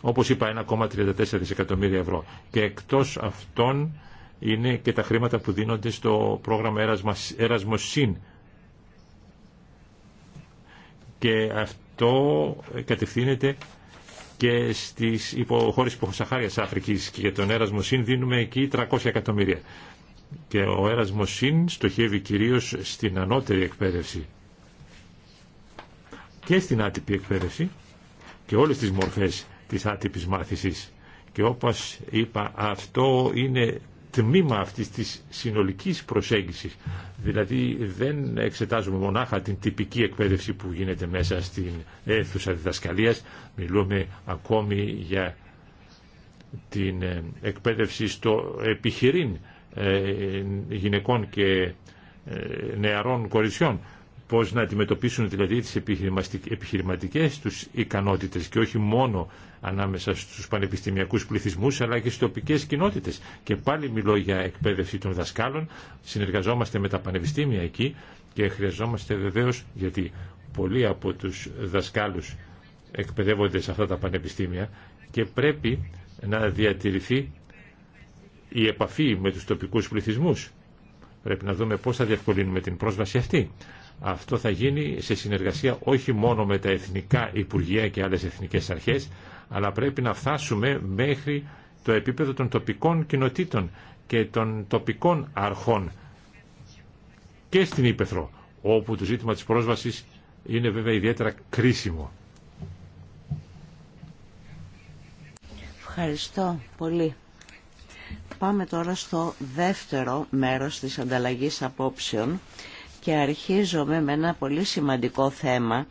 όπως είπα 1,34 δισεκατομμύρια ευρώ και εκτός αυτών είναι και τα χρήματα που δίνονται στο πρόγραμμα Erasmus και αυτό κατευθύνεται και στις χώρες υποσαχάριας Αφρικής και για τον Erasmus δίνουμε εκεί 300 εκατομμύρια και ο Erasmus στο στοχεύει κυρίως στην ανώτερη εκπαίδευση και στην άτυπη εκπαίδευση και όλες τις μορφές της άτυπης μάθησης. Και όπως είπα, αυτό είναι τμήμα αυτής της συνολικής προσέγγισης. Δηλαδή δεν εξετάζουμε μονάχα την τυπική εκπαίδευση που γίνεται μέσα στην αίθουσα διδασκαλίας. Μιλούμε ακόμη για την ε, εκπαίδευση στο επιχειρήν ε, ε, γυναικών και νεαρών κοριτσιών πώς να αντιμετωπίσουν δηλαδή τις επιχειρηματικές τους ικανότητες και όχι μόνο ανάμεσα στους πανεπιστημιακούς πληθυσμούς αλλά και στις τοπικές κοινότητες. Και πάλι μιλώ για εκπαίδευση των δασκάλων, συνεργαζόμαστε με τα πανεπιστήμια εκεί και χρειαζόμαστε βεβαίως γιατί πολλοί από τους δασκάλους εκπαιδεύονται σε αυτά τα πανεπιστήμια και πρέπει να διατηρηθεί η επαφή με τους τοπικούς πληθυσμούς. Πρέπει να δούμε πώς θα διευκολύνουμε την πρόσβαση αυτή. Αυτό θα γίνει σε συνεργασία όχι μόνο με τα εθνικά υπουργεία και άλλες εθνικές αρχές, αλλά πρέπει να φτάσουμε μέχρι το επίπεδο των τοπικών κοινοτήτων και των τοπικών αρχών και στην Ήπεθρο, όπου το ζήτημα της πρόσβασης είναι βέβαια ιδιαίτερα κρίσιμο. Ευχαριστώ πολύ. Πάμε τώρα στο δεύτερο μέρος της ανταλλαγής απόψεων και αρχίζομαι με ένα πολύ σημαντικό θέμα,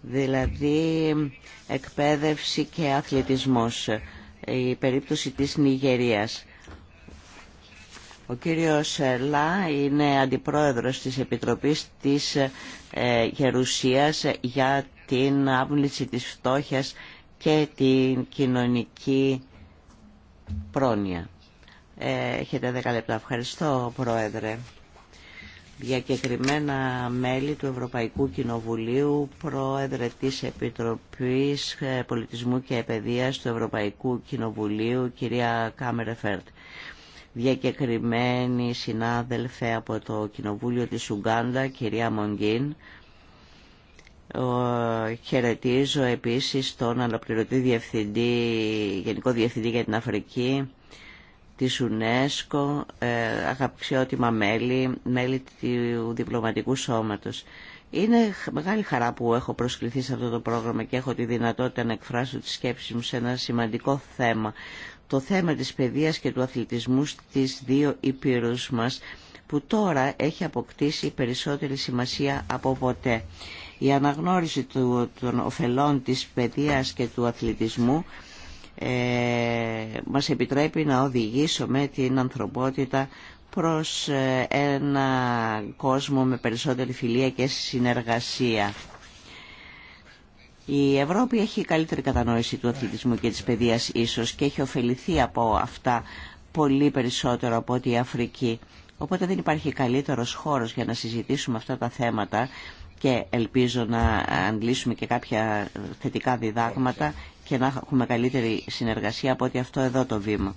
δηλαδή εκπαίδευση και αθλητισμός, η περίπτωση της Νιγερίας. Ο κύριος Λά είναι αντιπρόεδρος της Επιτροπής της ε, Γερουσίας για την άμβληση της φτώχειας και την κοινωνική πρόνοια. Ε, έχετε 10 λεπτά. Ευχαριστώ, Πρόεδρε διακεκριμένα μέλη του Ευρωπαϊκού Κοινοβουλίου, πρόεδρε της Επιτροπής ε, Πολιτισμού και Επαιδείας του Ευρωπαϊκού Κοινοβουλίου, κυρία Κάμερεφερτ. Διακεκριμένη Διακεκριμένοι συνάδελφε από το Κοινοβούλιο της Ουγγάντα, κυρία Μογκίν. Χαιρετίζω επίσης τον αναπληρωτή διευθυντή, Γενικό Διευθυντή για την Αφρική, της UNESCO, ε, αγαπησιότιμα μέλη, μέλη του διπλωματικού σώματος. Είναι μεγάλη χαρά που έχω προσκληθεί σε αυτό το πρόγραμμα και έχω τη δυνατότητα να εκφράσω τις σκέψεις μου σε ένα σημαντικό θέμα. Το θέμα της παιδείας και του αθλητισμού στις δύο υπήρους μας, που τώρα έχει αποκτήσει περισσότερη σημασία από ποτέ. Η αναγνώριση των ωφελών της παιδείας και του αθλητισμού ε, μας επιτρέπει να οδηγήσουμε την ανθρωπότητα προς ε, ένα κόσμο με περισσότερη φιλία και συνεργασία. Η Ευρώπη έχει καλύτερη κατανόηση του αθλητισμού και της παιδείας ίσως και έχει ωφεληθεί από αυτά πολύ περισσότερο από ότι η Αφρική. Οπότε δεν υπάρχει καλύτερος χώρος για να συζητήσουμε αυτά τα θέματα και ελπίζω να αντλήσουμε και κάποια θετικά διδάγματα και να έχουμε καλύτερη συνεργασία από ότι αυτό εδώ το βήμα.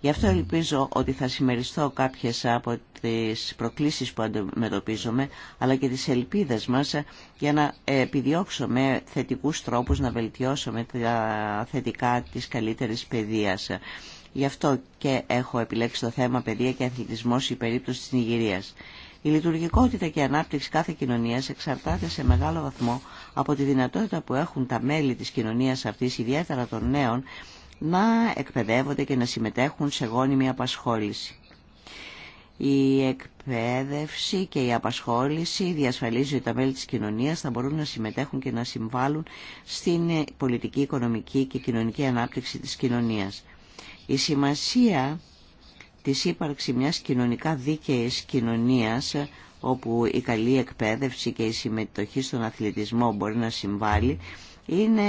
Γι' αυτό ελπίζω ότι θα συμμεριστώ κάποιες από τις προκλήσεις που αντιμετωπίζουμε, αλλά και τις ελπίδες μας για να επιδιώξουμε θετικούς τρόπους να βελτιώσουμε τα θετικά της καλύτερης παιδείας. Γι' αυτό και έχω επιλέξει το θέμα παιδεία και αθλητισμός η περίπτωση της Νιγηρίας. Η λειτουργικότητα και η ανάπτυξη κάθε κοινωνίας εξαρτάται σε μεγάλο βαθμό από τη δυνατότητα που έχουν τα μέλη της κοινωνίας αυτής, ιδιαίτερα των νέων, να εκπαιδεύονται και να συμμετέχουν σε γόνιμη απασχόληση. Η εκπαίδευση και η απασχόληση διασφαλίζει ότι τα μέλη της κοινωνίας θα μπορούν να συμμετέχουν και να συμβάλλουν στην πολιτική, οικονομική και κοινωνική ανάπτυξη της κοινωνίας. Η σημασία της ύπαρξη μιας κοινωνικά δίκαιης κοινωνίας όπου η καλή εκπαίδευση και η συμμετοχή στον αθλητισμό μπορεί να συμβάλλει είναι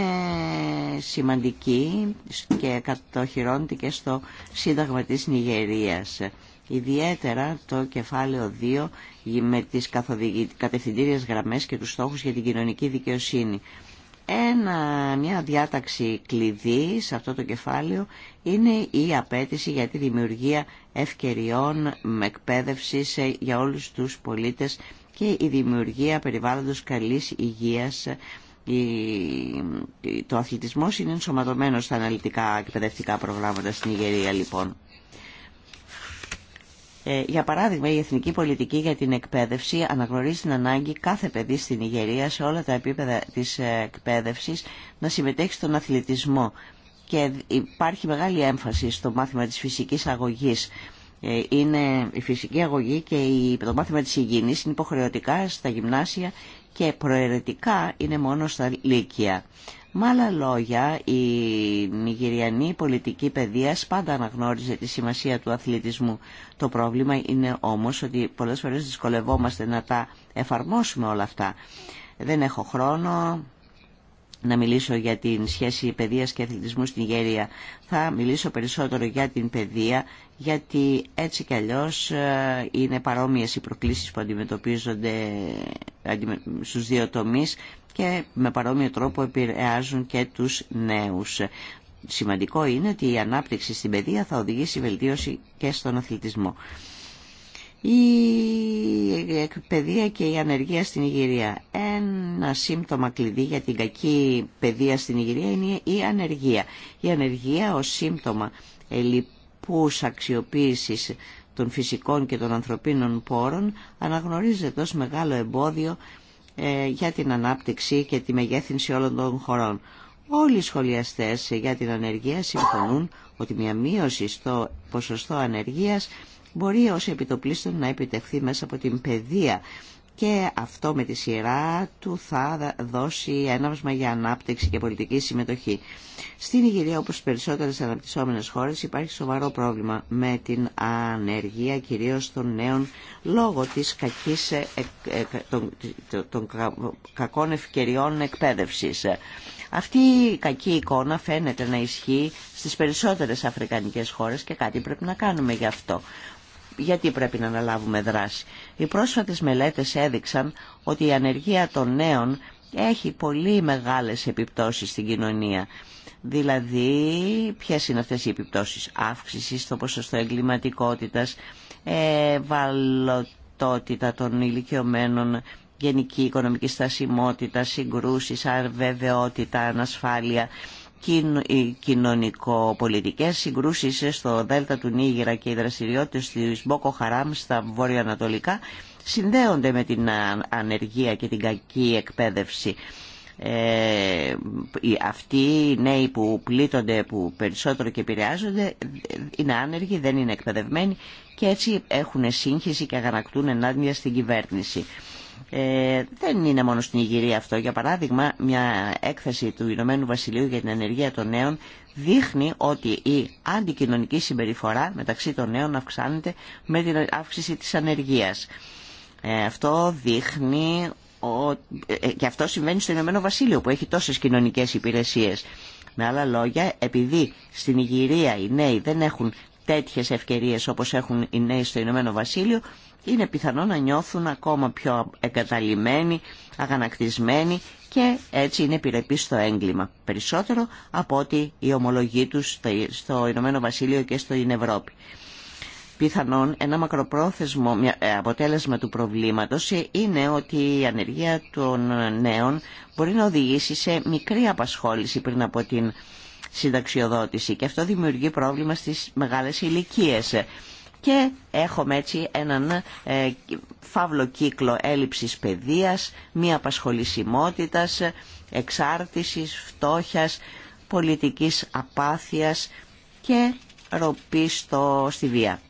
σημαντική και κατοχυρώνεται και στο Σύνταγμα της Νιγερίας. Ιδιαίτερα το κεφάλαιο 2 με τις κατευθυντήριες γραμμές και τους στόχους για την κοινωνική δικαιοσύνη. Ένα, μια διάταξη κλειδί σε αυτό το κεφάλαιο είναι η απέτηση για τη δημιουργία ευκαιριών εκπαίδευση για όλους τους πολίτες και η δημιουργία περιβάλλοντος καλής υγείας. Το αθλητισμός είναι ενσωματωμένο στα αναλυτικά εκπαιδευτικά προγράμματα στην Ιγερία λοιπόν. Ε, για παράδειγμα, η Εθνική Πολιτική για την Εκπαίδευση αναγνωρίζει την ανάγκη κάθε παιδί στην Ιγερία σε όλα τα επίπεδα της ε, εκπαίδευσης να συμμετέχει στον αθλητισμό. Και υπάρχει μεγάλη έμφαση στο μάθημα της φυσικής αγωγής. Ε, είναι η φυσική αγωγή και το μάθημα της υγιεινής είναι υποχρεωτικά στα γυμνάσια και προαιρετικά είναι μόνο στα λύκεια. Με άλλα λόγια, η νιγηριανή πολιτική παιδεία πάντα αναγνώριζε τη σημασία του αθλητισμού. Το πρόβλημα είναι όμως ότι πολλές φορές δυσκολευόμαστε να τα εφαρμόσουμε όλα αυτά. Δεν έχω χρόνο να μιλήσω για την σχέση παιδείας και αθλητισμού στην Νιγηρία. Θα μιλήσω περισσότερο για την παιδεία, γιατί έτσι κι αλλιώς ε, είναι παρόμοιες οι προκλήσεις που αντιμετωπίζονται στους δύο τομείς και με παρόμοιο τρόπο επηρεάζουν και τους νέους. Σημαντικό είναι ότι η ανάπτυξη στην παιδεία θα οδηγήσει βελτίωση και στον αθλητισμό. Η παιδεία και η ανεργία στην Ιγυρία. Ένα σύμπτωμα κλειδί για την κακή παιδεία στην Ιγυρία είναι η ανεργία. Η ανεργία ως σύμπτωμα ελλειπούς αξιοποίησης των φυσικών και των ανθρωπίνων πόρων αναγνωρίζεται ως μεγάλο εμπόδιο ε, για την ανάπτυξη και τη μεγέθυνση όλων των χωρών. Όλοι οι σχολιαστές για την ανεργία συμφωνούν ότι μια μείωση στο ποσοστό ανεργίας μπορεί ως επιτοπλίστων να επιτευχθεί μέσα από την παιδεία και αυτό με τη σειρά του θα δώσει έναυσμα για ανάπτυξη και πολιτική συμμετοχή. Στην Ιγυρία, όπως στις περισσότερες αναπτυσσόμενες χώρες, υπάρχει σοβαρό πρόβλημα με την ανεργία κυρίως των νέων λόγω της κακής, ε, ε, των, των κακών ευκαιριών εκπαίδευσης. Αυτή η κακή εικόνα φαίνεται να ισχύει στις περισσότερες αφρικανικές χώρες και κάτι πρέπει να κάνουμε γι' αυτό γιατί πρέπει να αναλάβουμε δράση. Οι πρόσφατες μελέτες έδειξαν ότι η ανεργία των νέων έχει πολύ μεγάλες επιπτώσεις στην κοινωνία. Δηλαδή, ποιες είναι αυτές οι επιπτώσεις. Αύξηση στο ποσοστό εγκληματικότητας, ευαλωτότητα των ηλικιωμένων, γενική οικονομική στασιμότητα, συγκρούσεις, αρβεβαιότητα, ανασφάλεια, κοινωνικοπολιτικές συγκρούσεις στο Δέλτα του Νίγηρα και οι δραστηριότητες της Μπόκο Χαράμ στα βόρεια-ανατολικά συνδέονται με την ανεργία και την κακή εκπαίδευση. Ε, αυτοί οι νέοι που πλήττονται, που περισσότερο και επηρεάζονται, είναι άνεργοι, δεν είναι εκπαιδευμένοι και έτσι έχουν σύγχυση και αγανακτούν ενάντια στην κυβέρνηση. Ε, δεν είναι μόνο στην Ιγυρία αυτό. Για παράδειγμα, μια έκθεση του Ηνωμένου Βασιλείου για την ανεργία των νέων δείχνει ότι η αντικοινωνική συμπεριφορά μεταξύ των νέων αυξάνεται με την αύξηση της ανεργίας. Ε, αυτό δείχνει ε, και αυτό συμβαίνει στο Ηνωμένο Βασίλειο που έχει τόσες κοινωνικές υπηρεσίες. Με άλλα λόγια, επειδή στην Ιγυρία οι νέοι δεν έχουν τέτοιες ευκαιρίες όπως έχουν οι νέοι στο Ηνωμένο Βασίλειο, είναι πιθανό να νιώθουν ακόμα πιο εγκαταλειμμένοι, αγανακτισμένοι και έτσι είναι επιρρεπεί στο έγκλημα. Περισσότερο από ότι η ομολογοί τους στο Ηνωμένο Βασίλειο και στο Ευρώπη. Πιθανόν ένα μακροπρόθεσμο ε, αποτέλεσμα του προβλήματος ε, είναι ότι η ανεργία των νέων μπορεί να οδηγήσει σε μικρή απασχόληση πριν από την συνταξιοδότηση και αυτό δημιουργεί πρόβλημα στις μεγάλες ηλικίες και έχουμε έτσι έναν ε, φαύλο κύκλο έλλειψης παιδείας, μία απασχολησιμότητας, εξάρτησης, φτώχειας, πολιτικής απάθειας και ροπή στο, στη βία.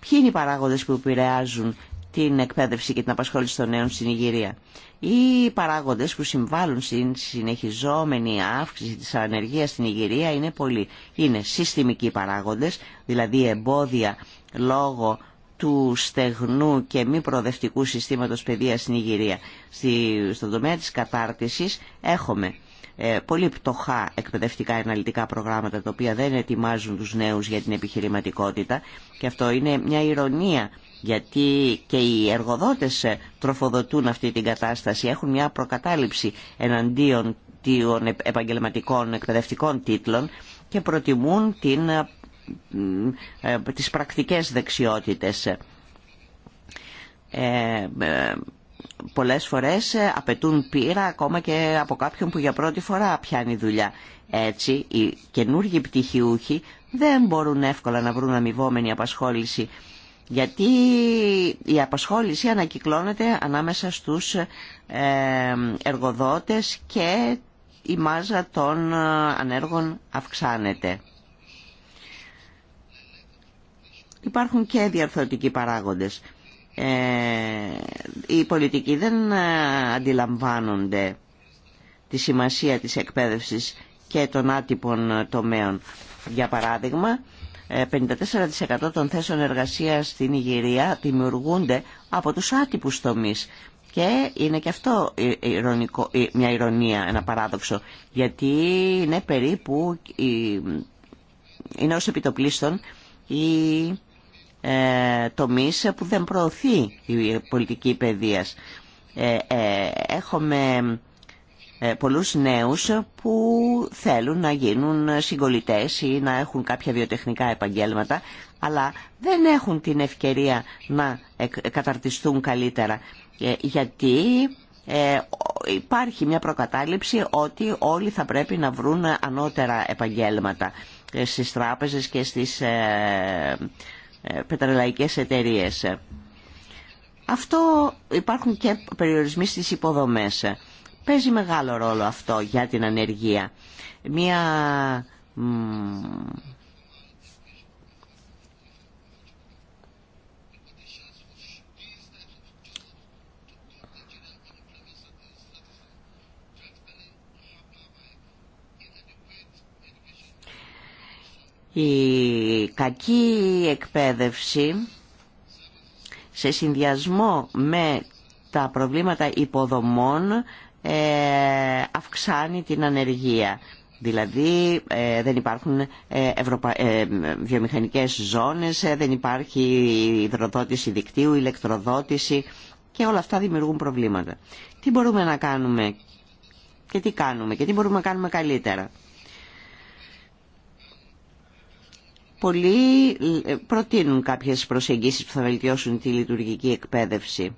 Ποιοι είναι οι παράγοντες που επηρεάζουν την εκπαίδευση και την απασχόληση των νέων στην Ιγυρία. Οι παράγοντες που συμβάλλουν στην συνεχιζόμενη αύξηση της ανεργίας στην Ιγυρία είναι πολλοί. Είναι συστημικοί παράγοντες, δηλαδή εμπόδια λόγω του στεγνού και μη προοδευτικού συστήματος παιδείας στην Ιγυρία. Στη, στον τομέα της κατάρτισης έχουμε ε, πολύ πτωχά εκπαιδευτικά αναλυτικά προγράμματα τα οποία δεν ετοιμάζουν τους νέους για την επιχειρηματικότητα και αυτό είναι μια ηρωνία γιατί και οι εργοδότες ε, τροφοδοτούν αυτή την κατάσταση, έχουν μια προκατάληψη εναντίον των επαγγελματικών εκπαιδευτικών τίτλων και προτιμούν την ε, ε, τις πρακτικές δεξιότητες. Ε, πολλές φορές απαιτούν πείρα ακόμα και από κάποιον που για πρώτη φορά πιάνει δουλειά. Έτσι, οι καινούργοι πτυχιούχοι δεν μπορούν εύκολα να βρουν αμοιβόμενη απασχόληση γιατί η απασχόληση ανακυκλώνεται ανάμεσα στους εργοδότες και η μάζα των ανέργων αυξάνεται. υπάρχουν και διαρθρωτικοί παράγοντες. Ε, οι πολιτικοί δεν ε, αντιλαμβάνονται τη σημασία της εκπαίδευσης και των άτυπων ε, τομέων. Για παράδειγμα, 54% ε, των θέσεων εργασίας στην Ιγυρία δημιουργούνται από τους άτυπους τομείς. Και είναι και αυτό ηρωνικό, μια ηρωνία, ένα παράδοξο, γιατί είναι περίπου, είναι ως επιτοπλίστων η ε, τομείς που δεν προωθεί η πολιτική παιδείας. Ε, ε, έχουμε πολλούς νέους που θέλουν να γίνουν συγκολητές ή να έχουν κάποια βιοτεχνικά επαγγέλματα αλλά δεν έχουν την ευκαιρία να καταρτιστούν καλύτερα γιατί υπάρχει μια προκατάληψη ότι όλοι θα πρέπει να βρουν ανώτερα επαγγέλματα στις τράπεζες και στις ε, πετρελαϊκές εταιρείες. Αυτό υπάρχουν και περιορισμοί στις υποδομές. Παίζει μεγάλο ρόλο αυτό για την ανεργία. Μία Η κακή εκπαίδευση σε συνδυασμό με τα προβλήματα υποδομών ε, αυξάνει την ανεργία. Δηλαδή ε, δεν υπάρχουν ε, ευρωπα... βιομηχανικές ζώνες, δεν υπάρχει υδροδότηση δικτύου, ηλεκτροδότηση και όλα αυτά δημιουργούν προβλήματα. Τι μπορούμε να κάνουμε και τι κάνουμε και τι μπορούμε να κάνουμε καλύτερα. Πολλοί ε, προτείνουν κάποιες προσεγγίσεις που θα βελτιώσουν τη λειτουργική εκπαίδευση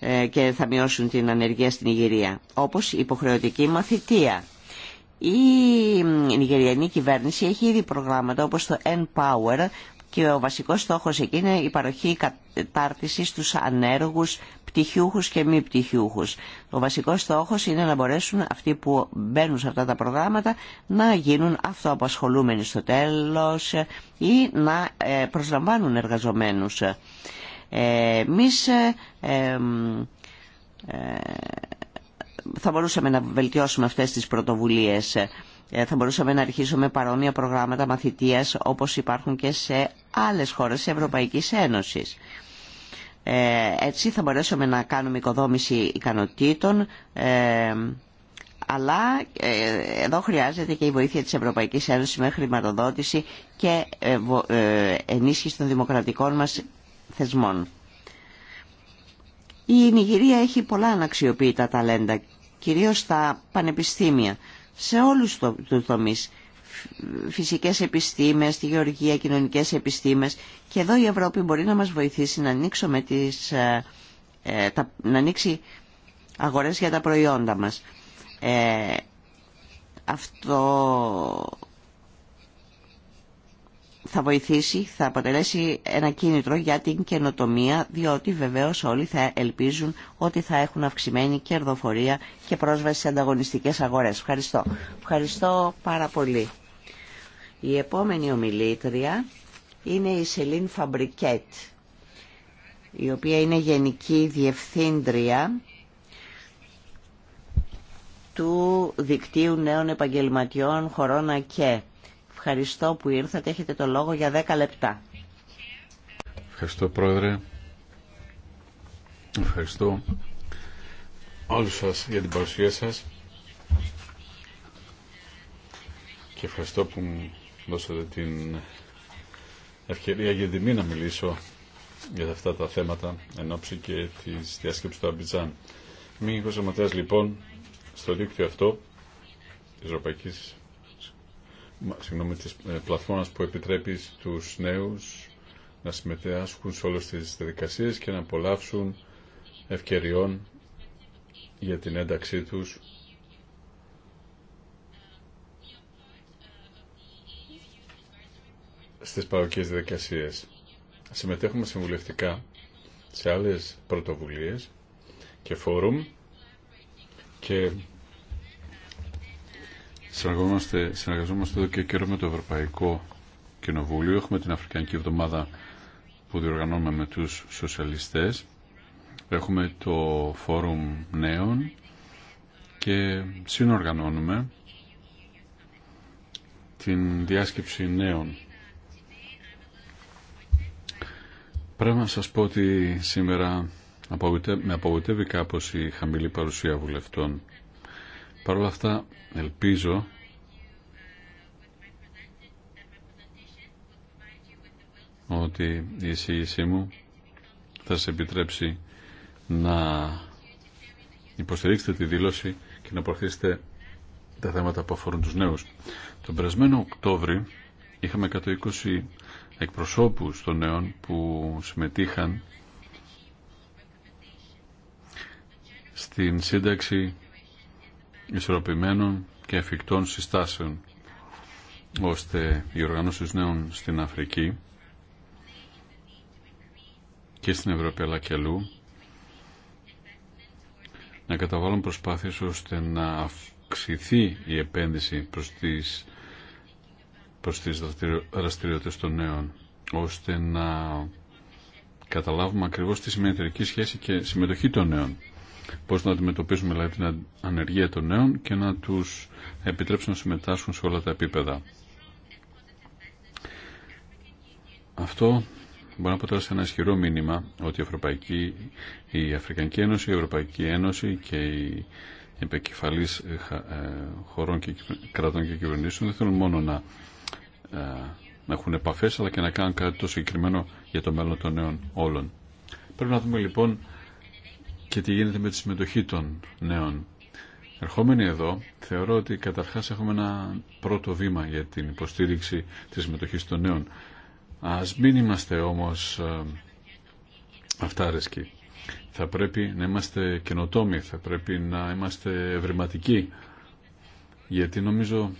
ε, και θα μειώσουν την ανεργία στην Ιγυρία, όπως η υποχρεωτική μαθητεία. Η Νιγεριανή κυβέρνηση έχει ήδη προγράμματα όπως το N-Power και ο βασικός στόχος εκεί είναι η παροχή κατάρτισης στους ανέργους πτυχιούχους και μη πτυχιούχους. Ο βασικό στόχος είναι να μπορέσουν αυτοί που μπαίνουν σε αυτά τα προγράμματα να γίνουν αυτοαπασχολούμενοι στο τέλος ή να ε, προσλαμβάνουν εργαζομένους. Ε, εμείς ε, θα μπορούσαμε να βελτιώσουμε αυτές τις πρωτοβουλίες θα μπορούσαμε να αρχίσουμε παρόμοια προγράμματα μαθητείας όπως υπάρχουν και σε άλλες χώρες της Ευρωπαϊκής Ένωσης. Ε, έτσι θα μπορέσουμε να κάνουμε οικοδόμηση ικανοτήτων, ε, αλλά ε, εδώ χρειάζεται και η βοήθεια της Ευρωπαϊκής Ένωσης με χρηματοδότηση και ενίσχυση των δημοκρατικών μας θεσμών. Η Νιγηρία έχει πολλά αναξιοποιητά ταλέντα, κυρίως στα πανεπιστήμια, σε όλους τους τομείς φυσικές επιστήμες, τη γεωργία, κοινωνικές επιστήμες και εδώ η Ευρώπη μπορεί να μας βοηθήσει να, ανοίξουμε τις, ε, ε, να ανοίξει αγορές για τα προϊόντα μας. Ε, αυτό θα βοηθήσει, θα αποτελέσει ένα κίνητρο για την καινοτομία, διότι βεβαίως όλοι θα ελπίζουν ότι θα έχουν αυξημένη κερδοφορία και πρόσβαση σε ανταγωνιστικές αγορές. Ευχαριστώ. Ευχαριστώ πάρα πολύ. Η επόμενη ομιλήτρια είναι η Σελίν Φαμπρικέτ, η οποία είναι Γενική Διευθύντρια του Δικτύου Νέων Επαγγελματιών χωρώνα και Ευχαριστώ που ήρθατε. Έχετε το λόγο για 10 λεπτά. Ευχαριστώ Πρόεδρε. Ευχαριστώ όλους σας για την παρουσία σας και ευχαριστώ που δώσατε την ευκαιρία για τιμή να μιλήσω για αυτά τα θέματα εν ώψη και της διάσκεψης του Αμπιτζάν. Μη γραμματέας λοιπόν στο δίκτυο αυτό της Ευρωπαϊκής συγγνώμη, της ε, πλατφόρμας που επιτρέπει στους νέους να συμμετέχουν σε όλες τις διαδικασίες και να απολαύσουν ευκαιριών για την ένταξή τους στις παραγωγικές διαδικασίες. Συμμετέχουμε συμβουλευτικά σε άλλες πρωτοβουλίες και φόρουμ και συνεργαζόμαστε, συνεργαζόμαστε εδώ και καιρό με το Ευρωπαϊκό Κοινοβούλιο. Έχουμε την Αφρικανική Εβδομάδα που διοργανώνουμε με τους σοσιαλιστές. Έχουμε το Φόρουμ Νέων και συνοργανώνουμε την διάσκεψη νέων Πρέπει να σας πω ότι σήμερα με απογοητεύει κάπως η χαμηλή παρουσία βουλευτών. Παρ' όλα αυτά ελπίζω ότι η εισήγησή μου θα σε επιτρέψει να υποστηρίξετε τη δήλωση και να προωθήσετε τα θέματα που αφορούν τους νέους. Τον περασμένο Οκτώβρη είχαμε 120 εκπροσώπους των νέων που συμμετείχαν στην σύνταξη ισορροπημένων και εφικτών συστάσεων ώστε οι οργανώσεις νέων στην Αφρική και στην Ευρώπη αλλά και αλλού να καταβάλουν προσπάθειες ώστε να αυξηθεί η επένδυση προς τις προς τις δραστηριότητες των νέων ώστε να καταλάβουμε ακριβώς τη συμμετρική σχέση και συμμετοχή των νέων πώς να αντιμετωπίσουμε δηλαδή, την ανεργία των νέων και να τους επιτρέψουμε να συμμετάσχουν σε όλα τα επίπεδα. Αυτό μπορεί να αποτελέσει ένα ισχυρό μήνυμα ότι η, Ευρωπαϊκή, η Αφρικανική Ένωση, η Ευρωπαϊκή Ένωση και οι επικεφαλής ε, ε, χωρών και κρατών και κυβερνήσεων δεν θέλουν μόνο να ε, να έχουν επαφές αλλά και να κάνουν κάτι το συγκεκριμένο για το μέλλον των νέων όλων. Πρέπει να δούμε λοιπόν και τι γίνεται με τη συμμετοχή των νέων. Ερχόμενοι εδώ, θεωρώ ότι καταρχάς έχουμε ένα πρώτο βήμα για την υποστήριξη της συμμετοχή των νέων. Ας μην είμαστε όμως ε, αυτάρεσκοι. Θα πρέπει να είμαστε καινοτόμοι, θα πρέπει να είμαστε ευρηματικοί, γιατί νομίζω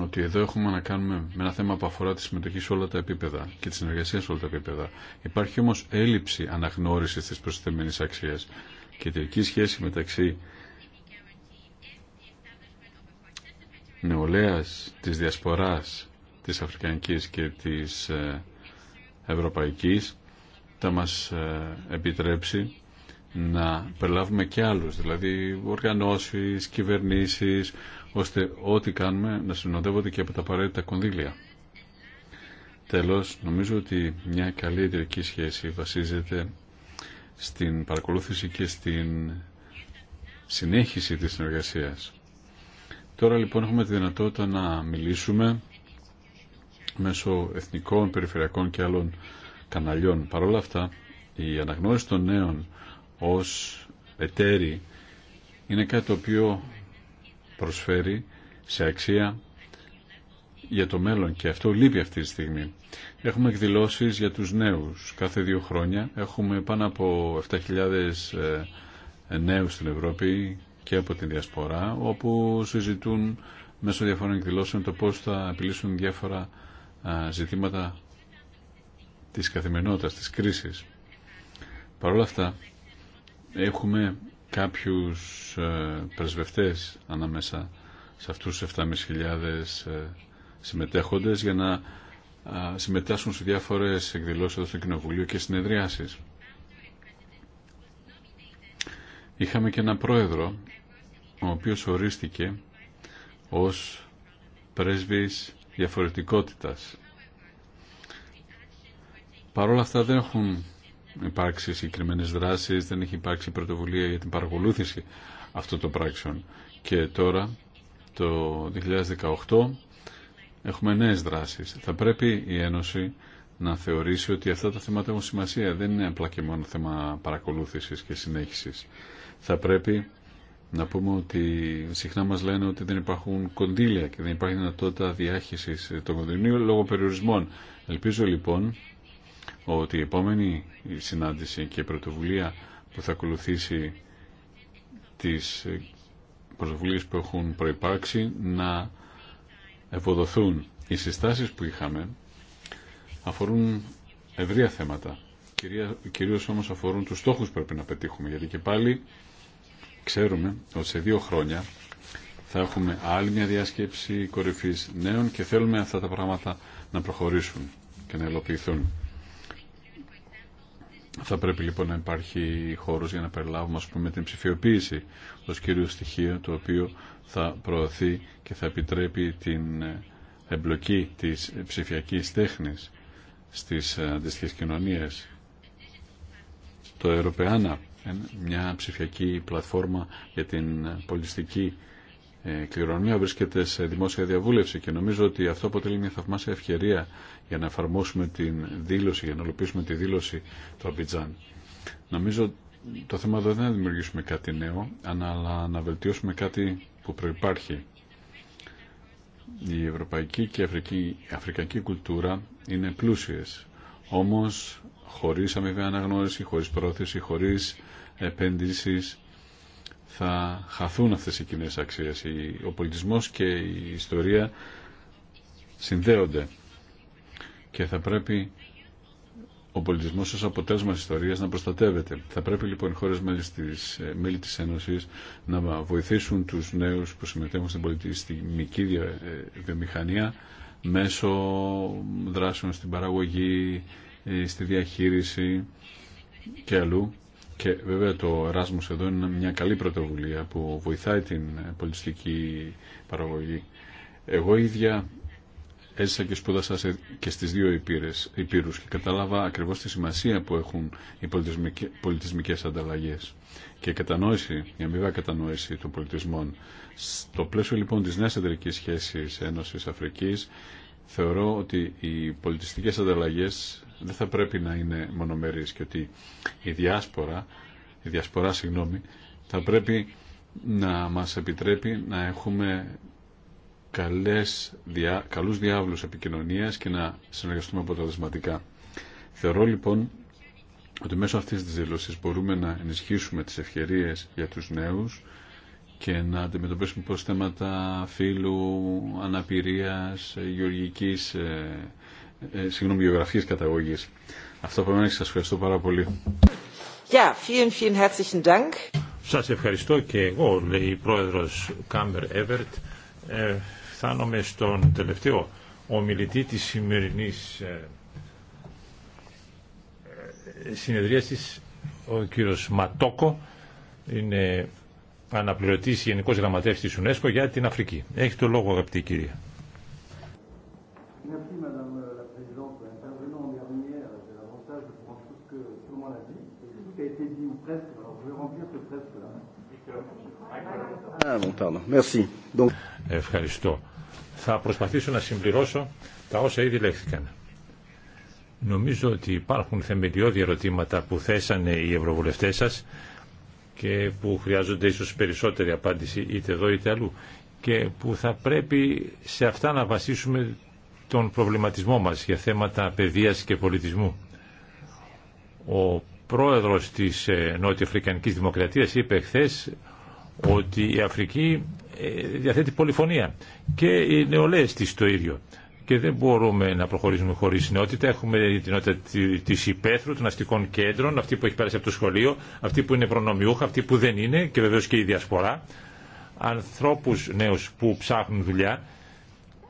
ότι εδώ έχουμε να κάνουμε με ένα θέμα που αφορά τη συμμετοχή σε όλα τα επίπεδα και τη συνεργασία σε όλα τα επίπεδα. Υπάρχει όμως έλλειψη αναγνώρισης τη προσθεμένη αξία και η τελική σχέση μεταξύ νεολαία της διασποράς της Αφρικανικής και της ε, Ευρωπαϊκής θα μας ε, επιτρέψει να περλάβουμε και άλλους, δηλαδή οργανώσεις, κυβερνήσεις, ώστε ό,τι κάνουμε να συνοδεύονται και από τα απαραίτητα κονδύλια. Τέλος, νομίζω ότι μια καλή εταιρική σχέση βασίζεται στην παρακολούθηση και στην συνέχιση της συνεργασίας. Τώρα λοιπόν έχουμε τη δυνατότητα να μιλήσουμε μέσω εθνικών, περιφερειακών και άλλων καναλιών. Παρ' όλα αυτά, η αναγνώριση των νέων ως εταίροι είναι κάτι το οποίο προσφέρει σε αξία για το μέλλον και αυτό λείπει αυτή τη στιγμή. Έχουμε εκδηλώσεις για τους νέους κάθε δύο χρόνια. Έχουμε πάνω από 7.000 ε, νέους στην Ευρώπη και από την Διασπορά όπου συζητούν μέσω διαφορών εκδηλώσεων το πώς θα επιλύσουν διάφορα ε, ζητήματα της καθημερινότητας, της κρίσης. Παρ' όλα αυτά έχουμε κάποιους ε, πρεσβευτές ανάμεσα σε αυτούς τους 7.500 ε, συμμετέχοντες για να συμμετάσχουν σε διάφορες εκδηλώσεις εδώ στο Κοινοβουλίο και συνεδριάσεις. Είχαμε και ένα πρόεδρο, ο οποίος ορίστηκε ως πρέσβης διαφορετικότητας. Παρόλα αυτά δεν έχουν υπάρξει συγκεκριμένε δράσει, δεν έχει υπάρξει πρωτοβουλία για την παρακολούθηση αυτών των πράξεων. Και τώρα, το 2018, έχουμε νέε δράσει. Θα πρέπει η Ένωση να θεωρήσει ότι αυτά τα θέματα έχουν σημασία. Δεν είναι απλά και μόνο θέμα παρακολούθησης και συνέχισης. Θα πρέπει να πούμε ότι συχνά μας λένε ότι δεν υπάρχουν κονδύλια και δεν υπάρχει δυνατότητα διάχυσης των κονδυλίων λόγω περιορισμών. Ελπίζω λοιπόν ότι η επόμενη συνάντηση και η πρωτοβουλία που θα ακολουθήσει τις πρωτοβουλίες που έχουν προϋπάρξει να ευοδοθούν. Οι συστάσεις που είχαμε αφορούν ευρεία θέματα. Κυρίως όμως αφορούν τους στόχους που πρέπει να πετύχουμε. Γιατί και πάλι ξέρουμε ότι σε δύο χρόνια θα έχουμε άλλη μια διάσκεψη κορυφής νέων και θέλουμε αυτά τα πράγματα να προχωρήσουν και να υλοποιηθούν. Θα πρέπει λοιπόν να υπάρχει χώρος για να περιλάβουμε ας πούμε την ψηφιοποίηση ως κύριο στοιχείο το οποίο θα προωθεί και θα επιτρέπει την εμπλοκή της ψηφιακής τέχνης στις αντιστοιχέ κοινωνίες. Το Ευρωπαϊκό μια ψηφιακή πλατφόρμα για την πολιστική ε, κληρονομιά βρίσκεται σε δημόσια διαβούλευση και νομίζω ότι αυτό αποτελεί μια θαυμάσια ευκαιρία για να εφαρμόσουμε την δήλωση, για να ολοποιήσουμε τη δήλωση του Αμπιτζάν. Νομίζω το θέμα εδώ δεν είναι να δημιουργήσουμε κάτι νέο, αλλά να βελτιώσουμε κάτι που προϋπάρχει. Η ευρωπαϊκή και η αφρικανική κουλτούρα είναι πλούσιες, όμως χωρίς αμοιβή αναγνώριση, χωρίς πρόθεση, χωρίς επένδυσης θα χαθούν αυτές οι κοινέ αξίες. Ο πολιτισμός και η ιστορία συνδέονται και θα πρέπει ο πολιτισμός ως αποτέλεσμα της ιστορίας να προστατεύεται. Θα πρέπει λοιπόν οι χώρες μέλη της, ε, μέλη της Ένωσης να βοηθήσουν τους νέους που συμμετέχουν στην πολιτιστική ε, βιομηχανία μέσω δράσεων στην παραγωγή, ε, στη διαχείριση και αλλού και βέβαια το Erasmus εδώ είναι μια καλή πρωτοβουλία που βοηθάει την πολιτιστική παραγωγή. Εγώ ίδια έζησα και σπούδασα και στις δύο υπήρες, υπήρους και κατάλαβα ακριβώς τη σημασία που έχουν οι πολιτισμικές ανταλλαγές και η κατανόηση, η αμοιβά κατανόηση των πολιτισμών. Στο πλαίσιο λοιπόν της νέας εταιρικής σχέσης Ένωσης Αφρικής θεωρώ ότι οι πολιτιστικές ανταλλαγές δεν θα πρέπει να είναι μονομερής και ότι η διάσπορα, η διασπορά συγγνώμη, θα πρέπει να μας επιτρέπει να έχουμε καλές, διά, καλούς διάβλους επικοινωνίας και να συνεργαστούμε αποτελεσματικά. Θεωρώ λοιπόν ότι μέσω αυτής της δήλωση μπορούμε να ενισχύσουμε τις ευκαιρίες για τους νέους και να αντιμετωπίσουμε πώς θέματα φύλου, αναπηρίας, γεωργικής ε, ε, συγγνώμη, καταγωγής. Αυτό που εμένα σα ευχαριστώ πάρα πολύ. Ja, vielen, vielen herzlichen Dank. Σας ευχαριστώ και εγώ, λέει η πρόεδρος Κάμπερ Εβερτ. Ε, φτάνομαι στον τελευταίο ομιλητή τη σημερινή ε, ε, συνεδρίασης, ο κύριος Ματόκο, είναι αναπληρωτής Γενικός Γραμματέας της UNESCO για την Αφρική. Έχει το λόγο αγαπητή κυρία. Ah, Ευχαριστώ. Θα προσπαθήσω να συμπληρώσω τα όσα ήδη λέχθηκαν. Νομίζω ότι υπάρχουν θεμελιώδη ερωτήματα που θέσανε οι ευρωβουλευτές σας και που χρειάζονται ίσως περισσότερη απάντηση είτε εδώ είτε αλλού και που θα πρέπει σε αυτά να βασίσουμε τον προβληματισμό μας για θέματα παιδείας και πολιτισμού. Ο πρόεδρος της ε, Νότιο Αφρικανικής Δημοκρατίας είπε χθε ότι η Αφρική ε, διαθέτει πολυφωνία και οι νεολαίες της το ίδιο και δεν μπορούμε να προχωρήσουμε χωρί νεότητα. Έχουμε την νεότητα τη υπαίθρου, των αστικών κέντρων, αυτή που έχει πέρασει από το σχολείο, αυτή που είναι προνομιούχα, αυτή που δεν είναι και βεβαίω και η διασπορά. Ανθρώπου νέου που ψάχνουν δουλειά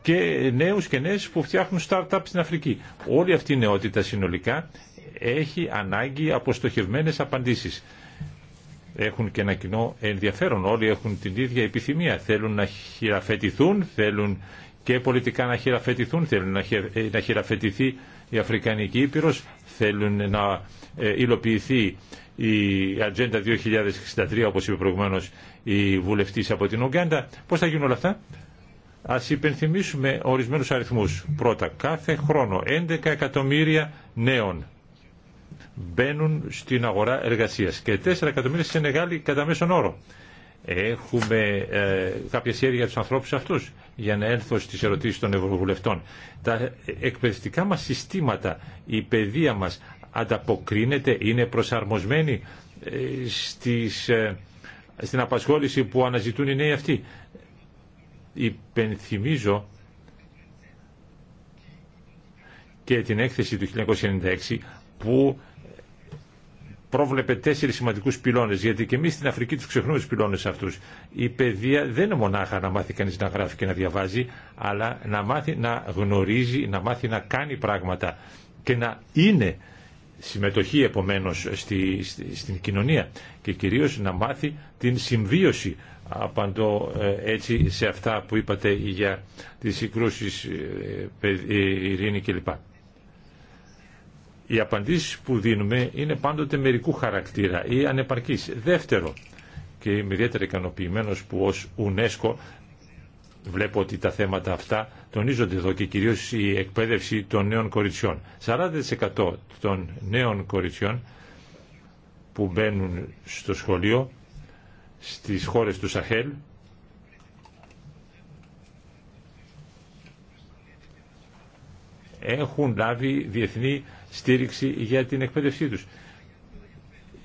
και νέου και νέε που φτιάχνουν startup στην Αφρική. Όλη αυτή η νεότητα συνολικά έχει ανάγκη από στοχευμένες απαντήσεις. Έχουν και ένα κοινό ενδιαφέρον. Όλοι έχουν την ίδια επιθυμία. Θέλουν να χειραφετηθούν, θέλουν και πολιτικά να χειραφετηθούν, θέλουν να ε, χειραφετηθεί η Αφρικανική Ήπειρος, θέλουν να ε, υλοποιηθεί η Ατζέντα 2063, όπως είπε προηγουμένως η βουλευτής από την Ογκάντα. Πώς θα γίνουν όλα αυτά? Ας υπενθυμίσουμε ορισμένους αριθμούς. Πρώτα, κάθε χρόνο 11 εκατομμύρια νέων μπαίνουν στην αγορά εργασίας και 4 εκατομμύρια είναι μεγάλη κατά μέσον όρο. Έχουμε ε, κάποια σχέδια για τους ανθρώπους αυτούς για να έλθω στις ερωτήσεις των ευρωβουλευτών. Τα εκπαιδευτικά μας συστήματα, η παιδεία μας ανταποκρίνεται, είναι προσαρμοσμένη ε, ε, στην απασχόληση που αναζητούν οι νέοι αυτοί. Υπενθυμίζω και την έκθεση του 1996 που πρόβλεπε τέσσερι σημαντικού πυλώνε. Γιατί και εμεί στην Αφρική του ξεχνούμε του πυλώνε αυτού. Η παιδεία δεν είναι μονάχα να μάθει κανεί να γράφει και να διαβάζει, αλλά να μάθει να γνωρίζει, να μάθει να κάνει πράγματα και να είναι συμμετοχή επομένω στη, στην κοινωνία και κυρίω να μάθει την συμβίωση. Απαντώ ε, έτσι σε αυτά που είπατε για τις συγκρούσεις ε, ε, ειρήνη κλπ οι απαντήσεις που δίνουμε είναι πάντοτε μερικού χαρακτήρα ή ανεπαρκής. Δεύτερο, και είμαι ιδιαίτερα ικανοποιημένο που ως UNESCO βλέπω ότι τα θέματα αυτά τονίζονται εδώ και κυρίως η εκπαίδευση των νέων κοριτσιών. 40% των νέων κοριτσιών που μπαίνουν στο σχολείο στις χώρες του Σαχέλ έχουν λάβει διεθνή στήριξη για την εκπαίδευσή τους.